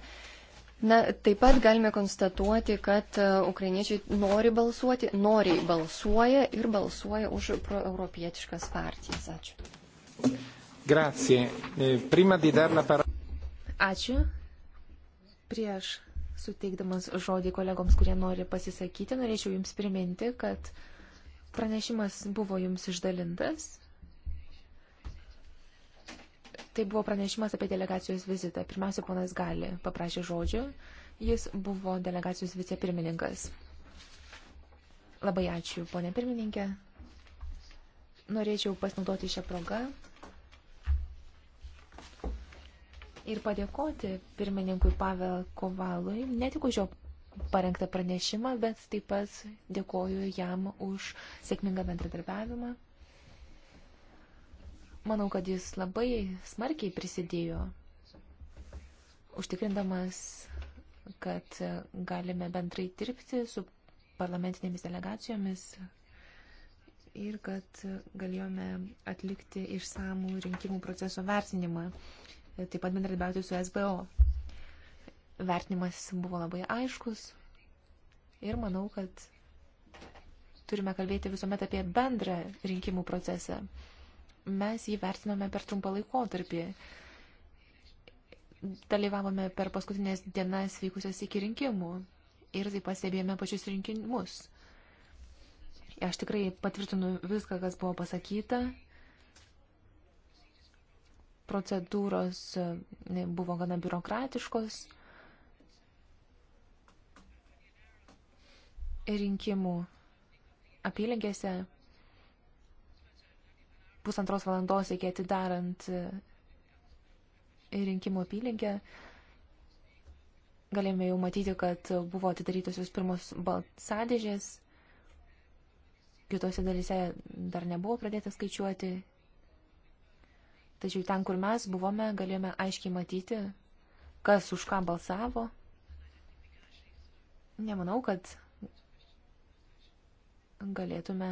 Na, taip pat galime konstatuoti, kad uh, ukrainiečiai nori balsuoti, noriai balsuoja ir balsuoja už proeuropietiškas partijas. Ačiū. Grazie. Eh, prima di dar la parola. Ačiū. Prieš Suteikdamas žodį kolegoms, kurie nori pasisakyti, norėčiau Jums priminti, kad pranešimas buvo Jums išdalintas. Tai buvo pranešimas apie delegacijos vizitą. Pirmiausia, ponas Gali paprašė žodžio. Jis buvo delegacijos vicepirmininkas. Labai ačiū, ponė pirmininkė. Norėčiau pasinaudoti šią progą ir padėkoti pirmininkui Pavel Kovalui ne tik už jo parengtą pranešimą, bet taip pat dėkoju jam už sėkmingą bendradarbiavimą. Manau, kad jis labai smarkiai prisidėjo, užtikrindamas, kad galime bendrai dirbti su parlamentinėmis delegacijomis ir kad galėjome atlikti išsamų rinkimų proceso vertinimą taip pat bendradarbiauti su SBO. Vertinimas buvo labai aiškus ir manau, kad turime kalbėti visuomet apie bendrą rinkimų procesą. Mes jį vertiname per trumpą laikotarpį. Dalyvavome per paskutinės dienas vykusias iki rinkimų ir taip pastebėjome pačius rinkimus. Aš tikrai patvirtinu viską, kas buvo pasakyta procedūros e, buvo gana biurokratiškos. Rinkimų apylinkėse pusantros valandos iki atidarant e, rinkimų apylinkę galėjome jau matyti, kad buvo atidarytos jūs pirmos balsadėžės, kitose dalyse dar nebuvo pradėta skaičiuoti Tačiau ten, kur mes buvome, galėjome aiškiai matyti, kas už ką balsavo. Nemanau, kad galėtume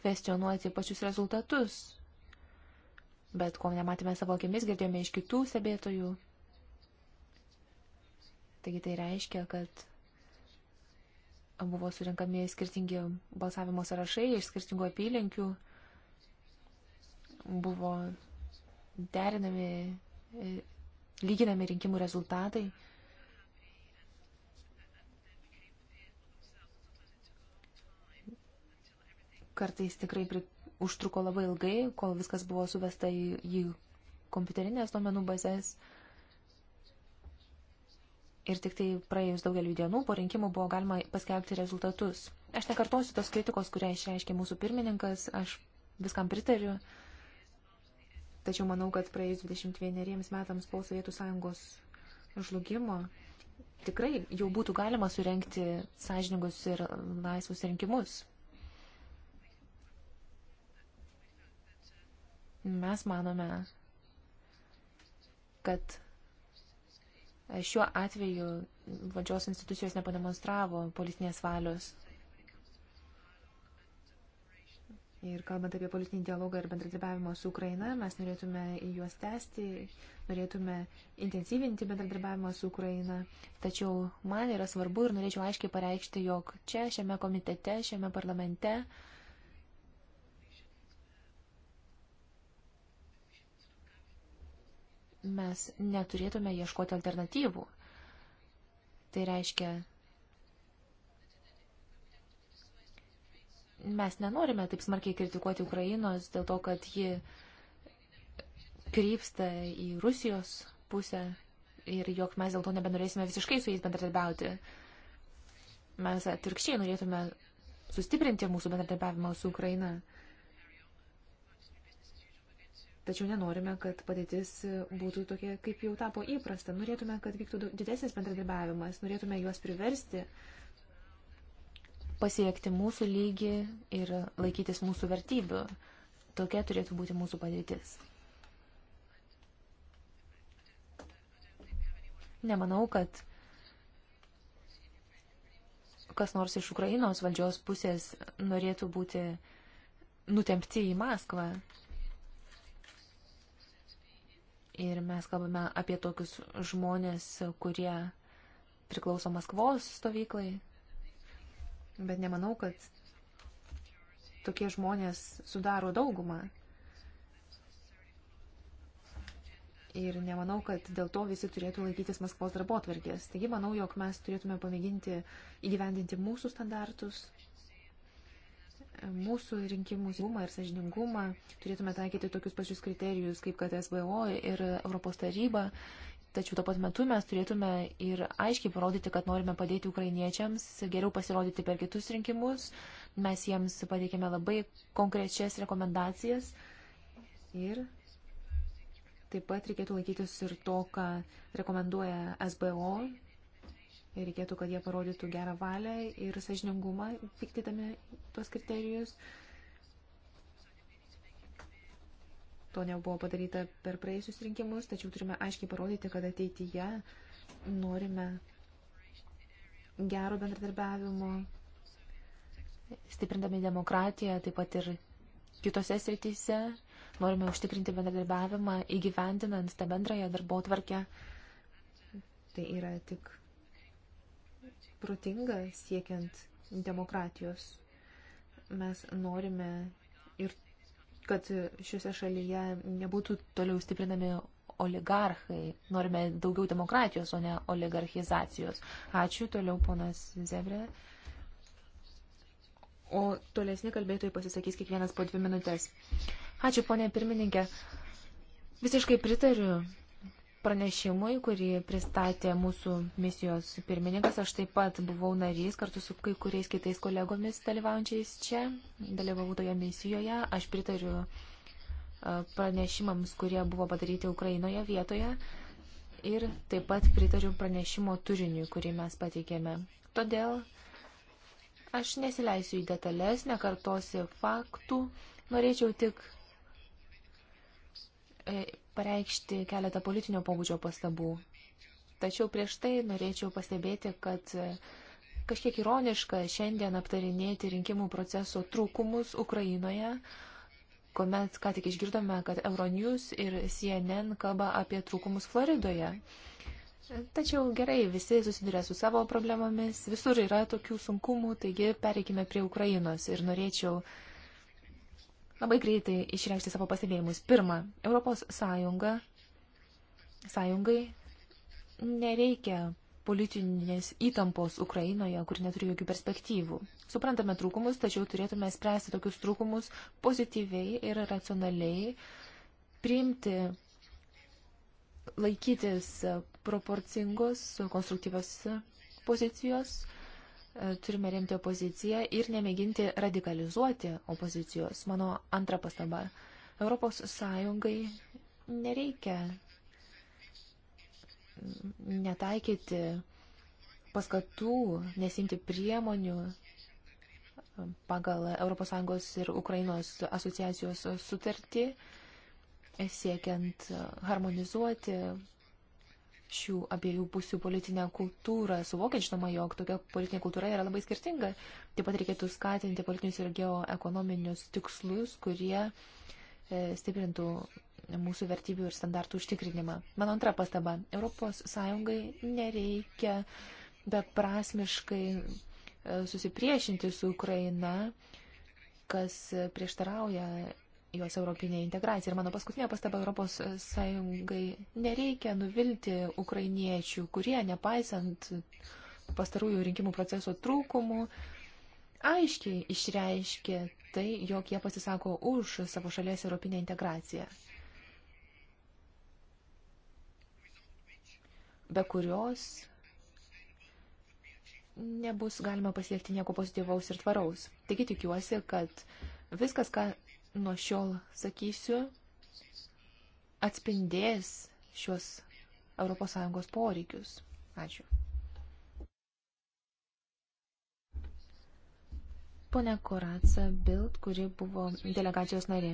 kvestionuoti pačius rezultatus. Bet ko nematėme savo akimis, girdėjome iš kitų stebėtojų. Taigi tai reiškia, kad buvo surinkami skirtingi balsavimo sąrašai iš skirtingų apylinkių buvo derinami, e, lyginami rinkimų rezultatai. Kartais tikrai pri... užtruko labai ilgai, kol viskas buvo suvesta į, į kompiuterinės duomenų bazės. Ir tik tai praėjus daugeliu dienų po rinkimų buvo galima paskelbti rezultatus. Aš nekartosiu tos kritikos, kurią išreiškė mūsų pirmininkas, aš viskam pritariu. Uh, Tačiau manau, kad praėjus 21 metams po Sovietų sąjungos žlugimo tikrai jau būtų galima surenkti sąžiningus ir laisvus rinkimus. Mes manome, kad šiuo atveju valdžios institucijos nepademonstravo politinės valios Ir kalbant apie politinį dialogą ir bendradarbiavimo su Ukraina, mes norėtume juos tęsti, norėtume intensyvinti bendradarbiavimą su Ukraina. Tačiau man yra svarbu ir norėčiau aiškiai pareikšti, jog čia, šiame komitete, šiame parlamente mes neturėtume ieškoti alternatyvų. Tai reiškia, mes nenorime taip smarkiai kritikuoti Ukrainos dėl to, kad ji krypsta į Rusijos pusę ir jog mes dėl to nebenorėsime visiškai su jais bendradarbiauti. Mes atvirkščiai norėtume sustiprinti mūsų bendradarbiavimą su Ukraina. Tačiau nenorime, kad padėtis būtų tokia, kaip jau tapo įprasta. Norėtume, kad vyktų didesnis bendradarbiavimas, norėtume juos priversti uh, pasiekti mūsų lygį ir laikytis mūsų vertybių. Tokia turėtų būti mūsų padėtis. Nemanau, kad kas nors iš Ukrainos valdžios pusės norėtų būti nutempti į Maskvą. Ir mes kalbame apie tokius žmonės, kurie priklauso Maskvos stovyklai, bet nemanau, kad tokie žmonės sudaro daugumą. Ir nemanau, kad dėl to visi turėtų laikytis Maskvos darbo atvarkės. Taigi manau, jog mes turėtume pamėginti įgyvendinti mūsų standartus, mūsų rinkimų saugumą ir sažiningumą. Turėtume taikyti tokius pačius kriterijus, kaip kad SBO ir Europos taryba. Tačiau tuo pat metu mes turėtume ir aiškiai parodyti, kad norime padėti ukrainiečiams geriau pasirodyti per kitus rinkimus. Mes jiems pateikėme labai konkrečias rekomendacijas. Ir taip pat reikėtų laikytis ir to, ką rekomenduoja SBO. Ir reikėtų, kad jie parodytų gerą valią ir sažiningumą, vykdydami tuos kriterijus. Uh, To nebuvo padaryta per praėjusius rinkimus, tačiau turime aiškiai parodyti, kad ateityje norime gero bendradarbiavimo, stiprindami demokratiją, taip pat ir kitose srityse. Norime užtikrinti bendradarbiavimą, įgyvendinant tą bendrąją darbo tvarkę. Tai yra tik protinga siekiant demokratijos. Mes norime ir kad šiuose šalyje nebūtų toliau stiprinami oligarchai. Norime daugiau demokratijos, o ne oligarchizacijos. Ačiū. Toliau ponas Zevrė. O tolesni kalbėtojai pasisakys kiekvienas po dvi minutės. Ačiū, ponė pirmininkė. Visiškai pritariu pranešimui, kurį pristatė mūsų misijos pirmininkas. Aš taip pat buvau narys kartu su kai kuriais kitais kolegomis dalyvaujančiais čia, dalyvavau toje misijoje. Aš pritariu e, pranešimams, kurie buvo padaryti Ukrainoje vietoje ir taip pat pritariu pranešimo turiniui, kurį mes pateikėme. Todėl aš nesileisiu į detalės, nekartosiu faktų, norėčiau tik e, pareikšti keletą politinio pobūdžio pastabų. Tačiau prieš tai norėčiau pastebėti, kad e, kažkiek ironiška šiandien aptarinėti rinkimų proceso trūkumus Ukrainoje, kuomet ką tik išgirdome, kad Euronews ir CNN kalba apie trūkumus Floridoje. Tačiau gerai, visi susiduria su savo problemomis, visur yra tokių sunkumų, taigi pereikime prie Ukrainos ir norėčiau uh, labai greitai išreikšti savo pastebėjimus. Pirma, Europos Sąjunga, Sąjungai nereikia politinės įtampos Ukrainoje, kur neturi jokių perspektyvų. Suprantame trūkumus, tačiau turėtume spręsti tokius trūkumus pozityviai ir racionaliai, priimti, laikytis proporcingos, konstruktyvios pozicijos E, turime remti opoziciją ir nemėginti radikalizuoti opozicijos. Mano antra pastaba. Europos Sąjungai nereikia netaikyti paskatų, nesimti priemonių pagal ES ir Ukrainos asociacijos sutartį, siekiant harmonizuoti šių abiejų pusių politinę kultūrą, suvokiant žinoma, jog tokia politinė kultūra yra labai skirtinga. Taip pat reikėtų skatinti politinius ir geoekonominius tikslus, kurie e, stiprintų mūsų vertybių ir standartų užtikrinimą. Mano antra pastaba. Europos Sąjungai nereikia beprasmiškai e, susipriešinti su Ukraina, kas prieštarauja jos europinė integracija. Ir mano paskutinė pastaba Europos Sąjungai nereikia nuvilti ukrainiečių, kurie, nepaisant pastarųjų rinkimų proceso trūkumų, aiškiai išreiškė tai, jog jie pasisako už savo šalies europinę integraciją, be kurios nebus galima pasiekti nieko pozityvaus ir tvaraus. Taigi tikiuosi, kad viskas, ką nuo šiol, sakysiu, atspindės šios ES poreikius. Ačiū. Pone Koratsa Bild, kuri buvo delegacijos narė.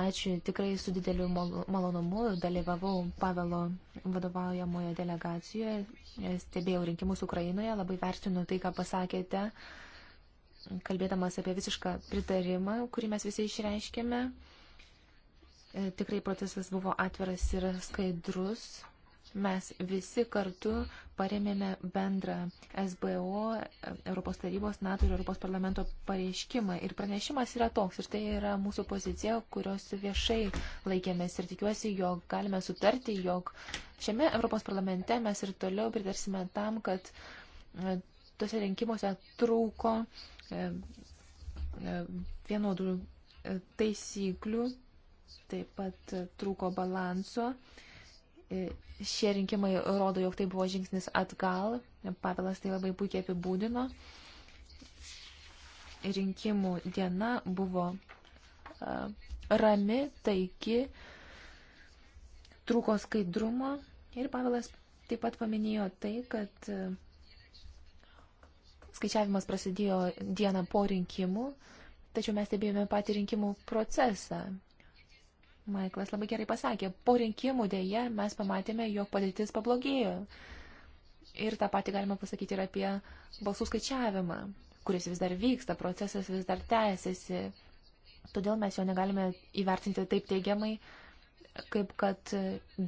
Ačiū, tikrai su dideliu malonumu dalyvavau Pavelo vadovaujamoje delegacijoje, stebėjau rinkimus Ukrainoje, labai vertinu tai, ką pasakėte. Uh, kalbėdamas apie visišką pritarimą, kurį mes visi išreiškėme. E, tikrai procesas buvo atviras ir skaidrus. Mes visi kartu paremėme bendrą SBO, Europos tarybos, NATO ir Europos parlamento pareiškimą. Ir pranešimas yra toks. Ir tai yra mūsų pozicija, kurios viešai laikėmės. Ir tikiuosi, jog galime sutarti, jog šiame Europos parlamente mes ir toliau pritarsime tam, kad e, tuose rinkimuose trūko uh, E, e, vienodų e, taisyklių, taip pat trūko balanso. Šie rinkimai rodo, jog tai buvo žingsnis atgal. Pavelas tai labai puikiai apibūdino. Rinkimų diena buvo rami, taiki, trūko skaidrumo ir Pavelas taip pat paminėjo tai, kad Skaičiavimas prasidėjo dieną po rinkimų, tačiau mes stebėjome patį rinkimų procesą. Maiklas labai gerai pasakė, po rinkimų dėje mes pamatėme, jog padėtis pablogėjo. Ir tą patį galima pasakyti ir apie balsų skaičiavimą, kuris vis dar vyksta, procesas vis dar tęsiasi. Todėl mes jo negalime įvertinti taip teigiamai, kaip kad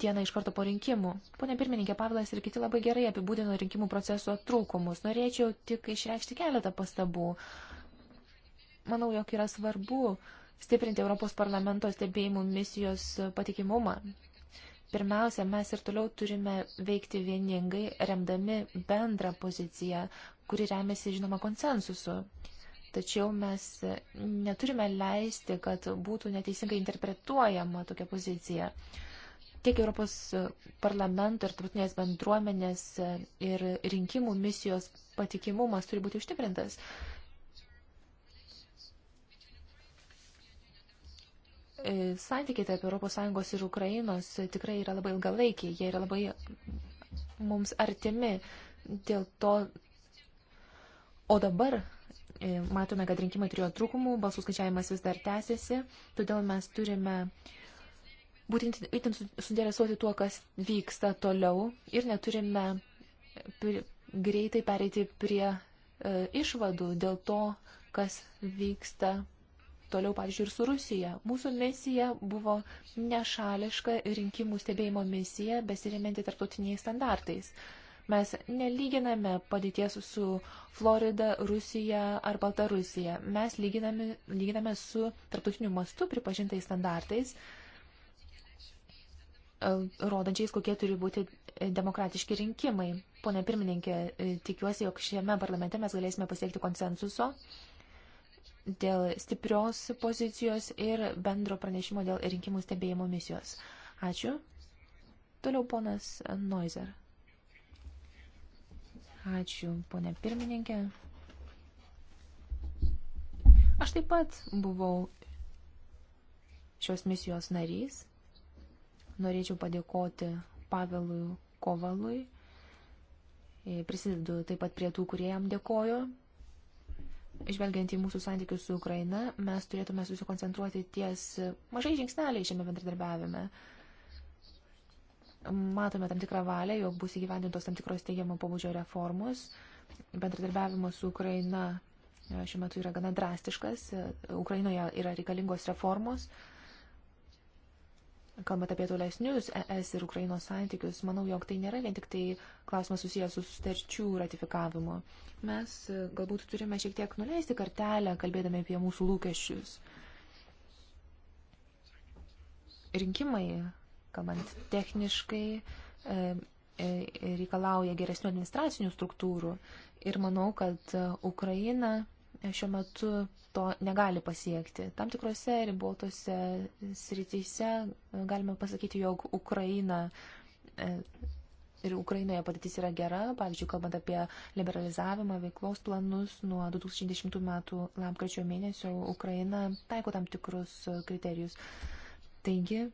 diena iš karto po rinkimų. Pone pirmininkė, Pavlas ir kiti labai gerai apibūdino rinkimų proceso trūkumus. Norėčiau tik išreikšti keletą pastabų. Manau, jog yra svarbu stiprinti Europos parlamento stebėjimų misijos patikimumą. Pirmiausia, mes ir toliau turime veikti vieningai, remdami bendrą poziciją, kuri remiasi, žinoma, konsensusu. Tačiau mes neturime leisti, kad būtų neteisingai interpretuojama tokia pozicija. Tiek Europos parlamento ir tarptautinės bendruomenės ir rinkimų misijos patikimumas turi būti užtikrintas. Santykiai tarp ES ir Ukrainos tikrai yra labai ilgalaikiai, jie yra labai mums artimi. Dėl to, o dabar E, matome, kad rinkimai turėjo trūkumų, balsų skaičiavimas vis dar tęsiasi, todėl mes turime būtent itin suinteresuoti tuo, kas vyksta toliau ir neturime greitai pereiti prie e, išvadų dėl to, kas vyksta toliau, pavyzdžiui, ir su Rusija. Mūsų misija buvo nešališka rinkimų stebėjimo misija, besiremianti tarptautiniais standartais. E, Mes nelyginame padėties su Florida, Rusija ar Baltarusija. Mes lyginame, lyginame su tarptautiniu mastu pripažintais standartais, e, rodančiais, kokie turi būti demokratiški rinkimai. Pone pirmininkė, e, tikiuosi, jog šiame parlamente mes galėsime pasiekti konsensuso dėl stiprios pozicijos ir bendro pranešimo dėl rinkimų stebėjimo misijos. Ačiū. Toliau ponas Noizer. Ačiū, ponė pirmininkė. Aš taip pat buvau šios misijos narys. Norėčiau padėkoti Pavelui Kovalui. E, prisidedu taip pat prie tų, kurie jam dėkojo. Žvelgiant į mūsų santykius su Ukraina, mes turėtume susikoncentruoti ties mažai žingsneliai šiame bendradarbiavime matome tam tikrą valią, jog bus įgyvendintos tam tikros teigiamo pobūdžio reformos. Bendradarbiavimas su Ukraina e, šiuo metu yra gana drastiškas. E, Ukrainoje yra reikalingos reformos. Kalbant apie tolesnius ES ir Ukrainos santykius, manau, jog tai nėra vien tik tai klausimas susijęs su sutarčių ratifikavimu. Mes e, galbūt turime šiek tiek nuleisti kartelę, kalbėdami apie mūsų lūkesčius. Rinkimai kalbant techniškai, e, e, reikalauja geresnių administracinių struktūrų. Ir manau, kad e, Ukraina šiuo metu to negali pasiekti. Tam tikrose ribotose srityse galime pasakyti, jog Ukraina ir Ukrainoje padėtis yra gera, pavyzdžiui, kalbant apie liberalizavimą, veiklos planus, nuo 2010 metų lapkričio mėnesio Ukraina taiko tam tikrus kriterijus. Taigi,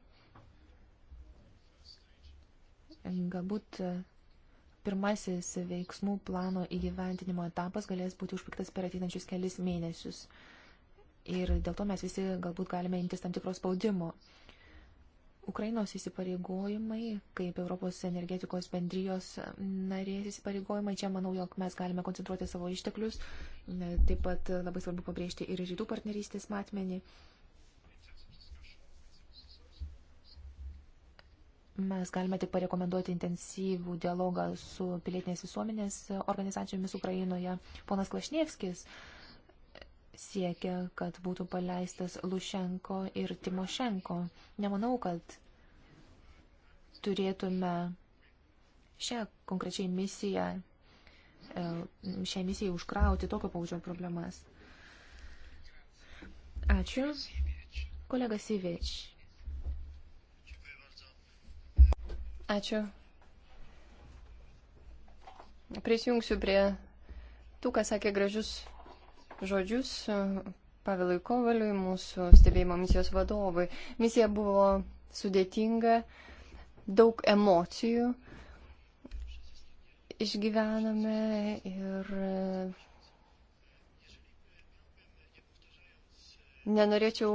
Galbūt e, pirmasis veiksmų plano įgyventinimo etapas galės būti užpiktas per ateinančius kelis mėnesius. Ir dėl to mes visi galbūt galime imtis tam tikros spaudimo. Ukrainos įsipareigojimai, kaip Europos energetikos bendrijos narės įsipareigojimai, čia manau, jog mes galime koncentruoti savo išteklius. Taip pat labai svarbu pabrėžti ir rytų partnerystės matmenį. Mes galime tik parekomenduoti intensyvų dialogą su pilietinės visuomenės organizacijomis Ukrainoje. Ponas Klašnievskis siekia, kad būtų paleistas Lušenko ir Timošenko. Nemanau, kad turėtume šią konkrečiai misiją, e, šią misiją užkrauti tokio paučio problemas. Ačiū. Kolega Sivič. Ačiū. Prisijungsiu prie tų, kas sakė gražius žodžius e, Pavilui Kovaliui, mūsų stebėjimo misijos vadovui. Misija buvo sudėtinga, daug emocijų išgyvename ir e, nenorėčiau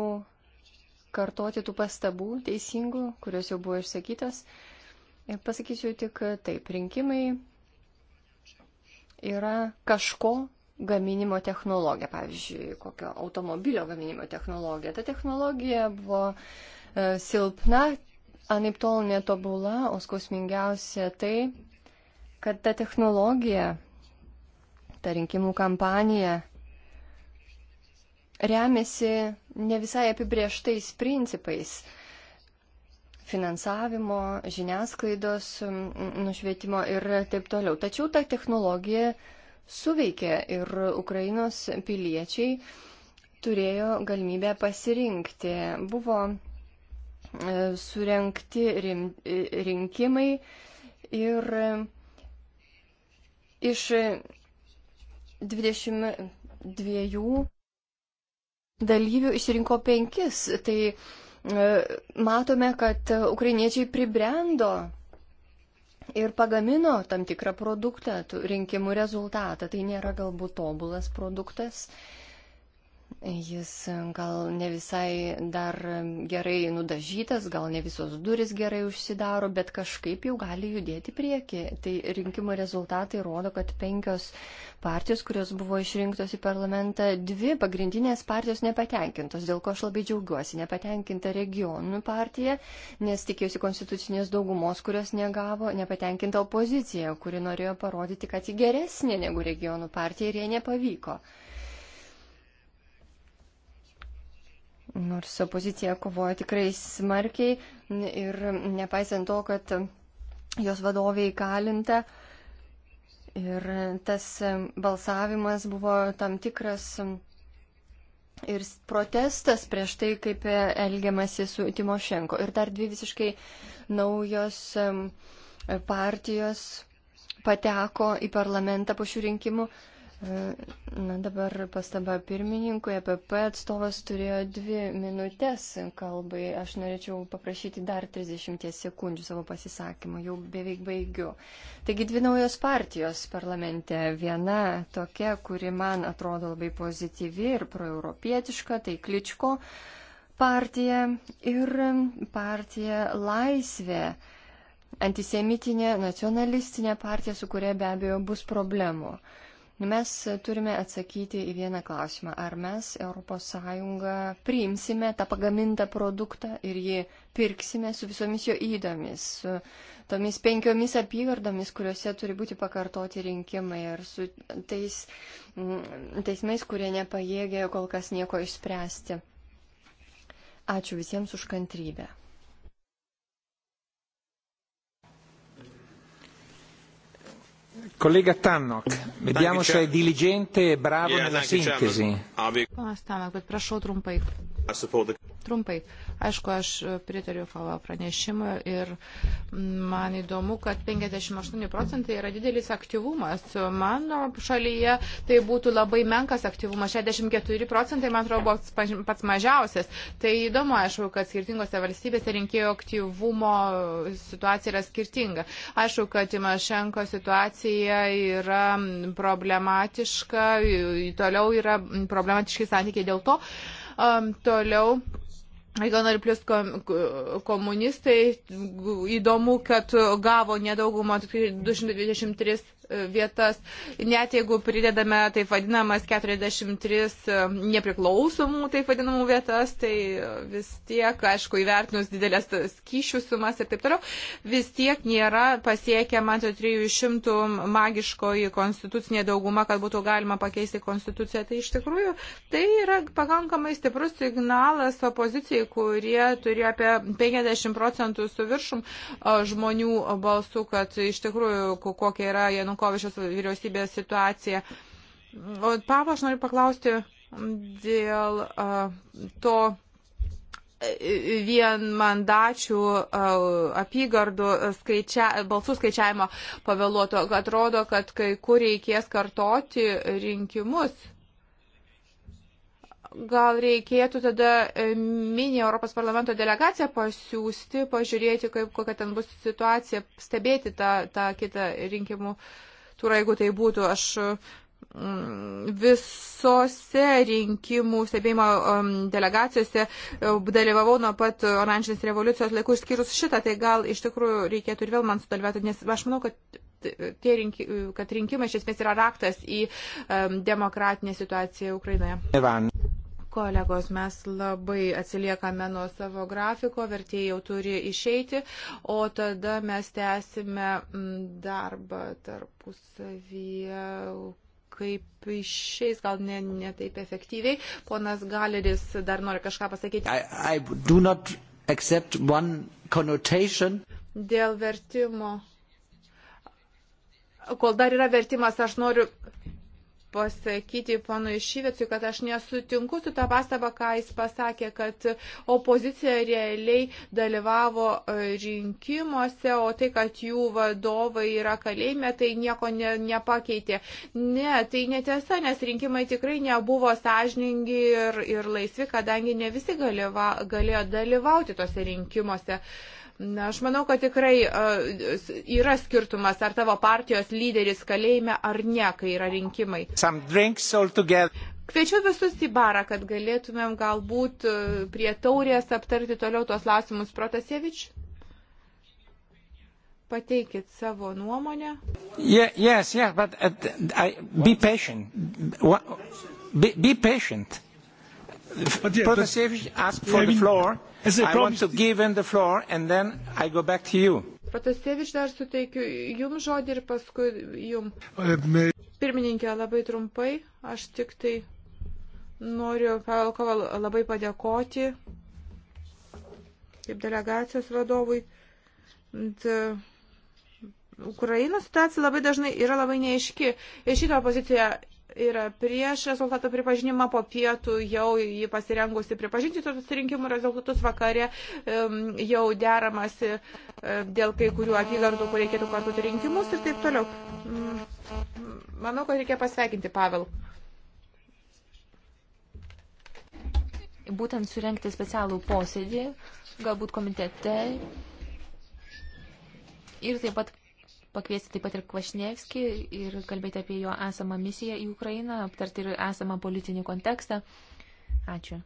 kartoti tų pastabų teisingų, kurios jau buvo išsakytas. Uh, Ir pasakysiu tik taip, rinkimai yra kažko gaminimo technologija, pavyzdžiui, kokio automobilio gaminimo technologija. Ta technologija buvo e, silpna, anaip tol netobula, o skausmingiausia tai, kad ta technologija, ta rinkimų kampanija remiasi ne visai apibrieštais principais finansavimo, žiniasklaidos nušvietimo ir taip toliau. Tačiau ta technologija suveikė ir Ukrainos piliečiai turėjo galimybę pasirinkti. Buvo e, surenkti e, rinkimai ir iš 22 dalyvių išrinko penkis. Tai E, matome, kad ukrainiečiai pribrendo ir pagamino tam tikrą produktą, rinkimų rezultatą. Tai nėra galbūt tobulas produktas, Jis e, gal ne visai dar e, gerai nudažytas, gal ne visos duris gerai užsidaro, bet kažkaip jau gali judėti prieki. Tai rinkimų rezultatai rodo, kad penkios partijos, kurios buvo išrinktos į parlamentą, dvi pagrindinės partijos nepatenkintos, dėl ko aš labai džiaugiuosi. Nepatenkinta regionų partija, nes tikėjusi konstitucinės daugumos, kurios negavo, nepatenkinta opozicija, kuri norėjo parodyti, kad ji geresnė negu regionų partija ir jie nepavyko. Nors opozicija kovoja tikrai smarkiai ir nepaisant to, kad jos vadovė įkalinta ir tas balsavimas buvo tam tikras ir protestas prieš tai, kaip elgiamasi su Timošenko. Ir dar dvi visiškai naujos partijos pateko į parlamentą po šių rinkimų Na dabar pastaba pirmininkui, EPP atstovas turėjo dvi minutės kalbai. Aš norėčiau paprašyti dar 30 sekundžių savo pasisakymą, jau beveik baigiu. Taigi dvi naujos partijos parlamente. Viena tokia, kuri man atrodo labai pozityvi ir proeuropietiška, tai Kličko partija ir partija Laisvė antisemitinė nacionalistinė partija, su kuria be abejo bus problemų. Mes turime atsakyti į vieną klausimą. Ar mes ES priimsime tą pagamintą produktą ir jį pirksime su visomis jo įdomis, su tomis penkiomis apygardomis, kuriuose turi būti pakartoti rinkimai ir su tais mm, teismais, kurie nepajėgė kol kas nieko išspręsti. Ačiū visiems už kantrybę. Collega Tannock, vediamo se è diligente e bravo yeah, nella sintesi. Ponas Tannock, bet prašau trumpai. Trumpai. Aišku, aš pritariu Fala pranešimui ir man įdomu, kad 58 procentai yra didelis aktyvumas. Mano šalyje tai būtų labai menkas aktyvumas. 64 procentai, man atrodo, buvo pats mažiausias. Tai įdomu, aišku, kad skirtingose valstybėse rinkėjo aktyvumo situacija yra skirtinga. Aišku, kad Timošenko situacija yra problematiška, toliau yra problematiški santykiai dėl to, Um, toliau. Gal ir plus komunistai, įdomu, kad gavo nedaugumą 223 vietas, net jeigu pridedame taip vadinamas 43 e, nepriklausomų taip vadinamų vietas, tai e, vis tiek, aišku, įvertinus didelės skyšių sumas ir taip toliau, vis tiek nėra pasiekiama 300 magiškoji konstitucinė dauguma, kad būtų galima pakeisti konstituciją. Tai iš tikrųjų tai yra pakankamai stiprus signalas opozicijai, kurie turi apie 50 procentų su viršum e, žmonių balsų, kad iš tikrųjų kokia yra Janukovičiaus Janukovičios vyriausybės situaciją. O Pavo, aš noriu paklausti dėl uh, to e, vienmandačių apygardų skaičia, balsų skaičiavimo pavėluoto. Atrodo, kad kai kur reikės kartoti rinkimus. Gal reikėtų tada e, mini Europos parlamento delegaciją pasiūsti, pažiūrėti, kaip, kokia ten bus situacija, stebėti tą, tą kitą rinkimų turą, jeigu tai būtų. Aš mm, visose rinkimų stebėjimo mm, delegacijose e, dalyvavau nuo pat oranžinės revoliucijos laikų išskyrus šitą, tai gal iš tikrųjų reikėtų ir vėl man sudalyvauti, nes aš manau, kad, tie rinki, kad rinkimai iš esmės yra raktas į mm, demokratinę situaciją Ukrainoje. Ivan. Kolegos, mes labai atsiliekame nuo savo grafiko, vertėjai jau turi išeiti, o tada mes tęsime mm, darbą tarpusavyje, kaip išeis, gal ne, ne taip efektyviai. Ponas Galeris dar nori kažką pasakyti. I, I Dėl vertimo. Kol dar yra vertimas, aš noriu pasakyti ponui Šyvecui, kad aš nesutinku su tą pastabą, ką jis pasakė, kad opozicija realiai dalyvavo e, rinkimuose, o tai, kad jų vadovai yra kalėjime, tai nieko ne, nepakeitė. Ne, tai netiesa, nes rinkimai tikrai nebuvo sąžiningi ir, ir laisvi, kadangi ne visi galėva, galėjo dalyvauti tose rinkimuose. Uh, Na, aš manau, kad tikrai uh, yra skirtumas, ar tavo partijos lyderis kalėjime ar ne, kai yra rinkimai. Kviečiu visus į barą, kad galėtumėm galbūt prie taurės aptarti toliau tuos lausimus. Protasievič, pateikit savo nuomonę. Yeah, yes, yeah, but, uh, I, be patient. Be, be patient yeah, Protasevich asked for I mean, the floor. I want to give him the floor and then I go back to you. Protasevich dar suteikiu jums žodį ir paskui jums. Uh, Pirmininkė, labai trumpai, aš tik tai noriu Pavelkovą labai padėkoti kaip delegacijos vadovui. Uh, Ukrainos situacija labai dažnai yra labai neaiški. Ir šitą opoziciją yra prieš rezultatų pripažinimą, po pietų jau jį pasirengusi pripažinti tos rinkimų rezultatus, vakare jau deramasi dėl kai kurių apygardų, kur reikėtų kartuoti rinkimus ir taip toliau. Mm, manau, kad reikia pasveikinti Pavel. Būtent surenkti specialų posėdį, galbūt komitete ir taip pat pakviesti taip pat ir Kvašnievski ir kalbėti apie jo esamą misiją į Ukrainą, aptarti ir esamą politinį kontekstą. Ačiū.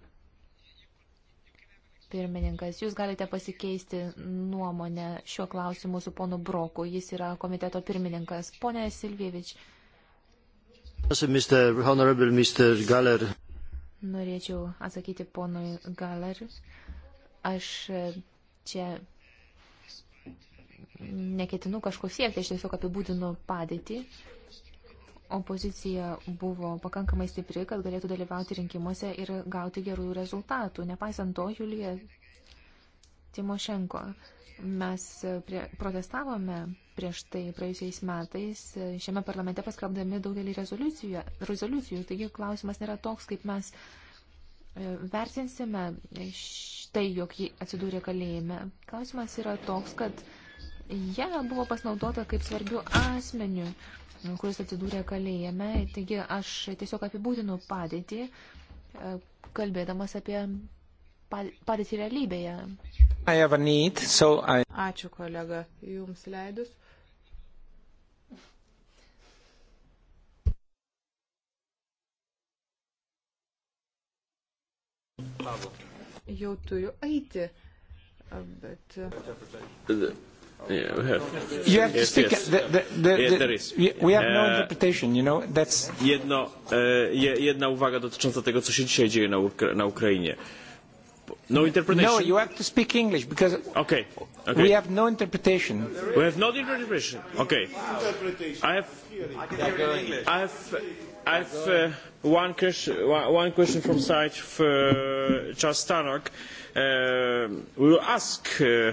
Pirmininkas, jūs galite pasikeisti nuomonę šiuo klausimu su ponu Broku. Jis yra komiteto pirmininkas. Pone Silvievič. Norėčiau atsakyti ponui Galer. Aš čia neketinu kažko siekti, aš tiesiog apibūdinu padėtį. Opozicija buvo pakankamai stipri, kad galėtų dalyvauti rinkimuose ir gauti gerų rezultatų. Nepaisant to, Julija Timošenko, mes prie, protestavome prieš tai praėjusiais metais šiame parlamente paskelbdami daugelį rezoliucijų, rezoliucijų. Taigi klausimas nėra toks, kaip mes e, vertinsime štai, jog ji atsidūrė kalėjime. Klausimas yra toks, kad ją ja buvo pasinaudota kaip svarbių asmenių, kuris atsidūrė kalėjime. Taigi aš tiesiog apibūdinu padėtį, e, kalbėdamas apie padėtį realybėje. Need, so I... Ačiū kolega, jums leidus. Jau turiu eiti, bet. Yeah, we have. You have yes, to speak. Yes. The, the, the, yeah, there is. We have no uh, interpretation, you know. That's... Jedno, e, jedna uwaga dotycząca tego, co się dzisiaj dzieje na, Ukra na Ukrainie. No interpretation. No, you have to speak English because okay, okay. we have no interpretation. We have no interpretation. Okay. Wow. I have. I have. I've uh, one question. One question from side for uh, Charles Tannock. Uh, we will ask uh,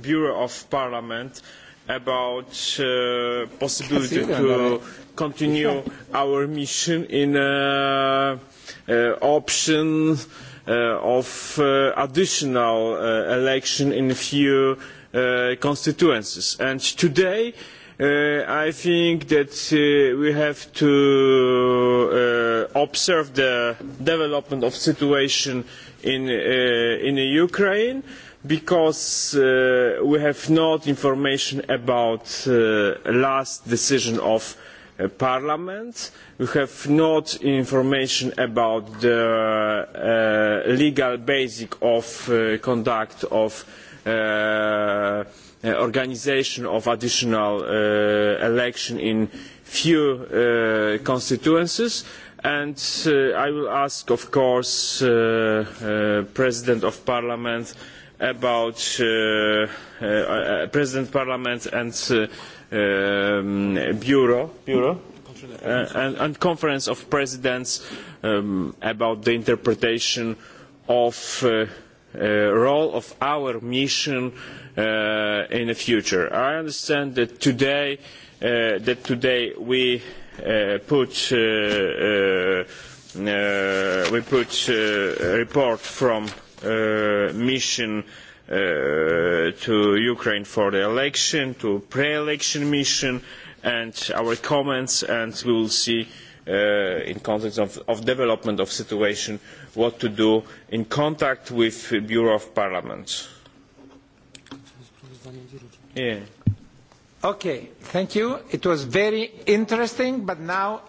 Bureau of Parliament about uh, possibility to continue our mission in uh, uh, option uh, of uh, additional uh, election in a few uh, constituencies. And today. Uh, Uh, I think that uh, we have to uh, observe the development of situation in, uh, in Ukraine because uh, we have not information about uh, last decision of uh, parliament. We have not information about the uh, legal basic of uh, conduct of uh, uh, organization of additional uh, election in few uh, constituencies and uh, I will ask of course uh, uh, President of Parliament about uh, uh, uh, President Parliament and uh, um, Bureau, Bureau? Uh, and, and Conference of Presidents um, about the interpretation of uh, uh, role of our mission uh, uh, in the future. I understand that today, uh, that today we uh, put uh, uh, uh, we put uh, a report from uh, mission uh, to Ukraine for the election, to pre-election mission, and our comments, and we will see uh, in context of, of development of situation what to do in contact with Bureau of Parliament. Uh, Yeah. Okay, thank you. It was very interesting, but now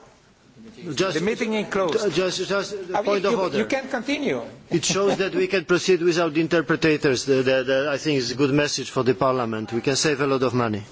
just, the meeting is closed. Just, just the I point mean, of you, order. You can continue. It shows that we can proceed without the interpreters. The, the, the, I think it's a good message for the Parliament. We can save a lot of money.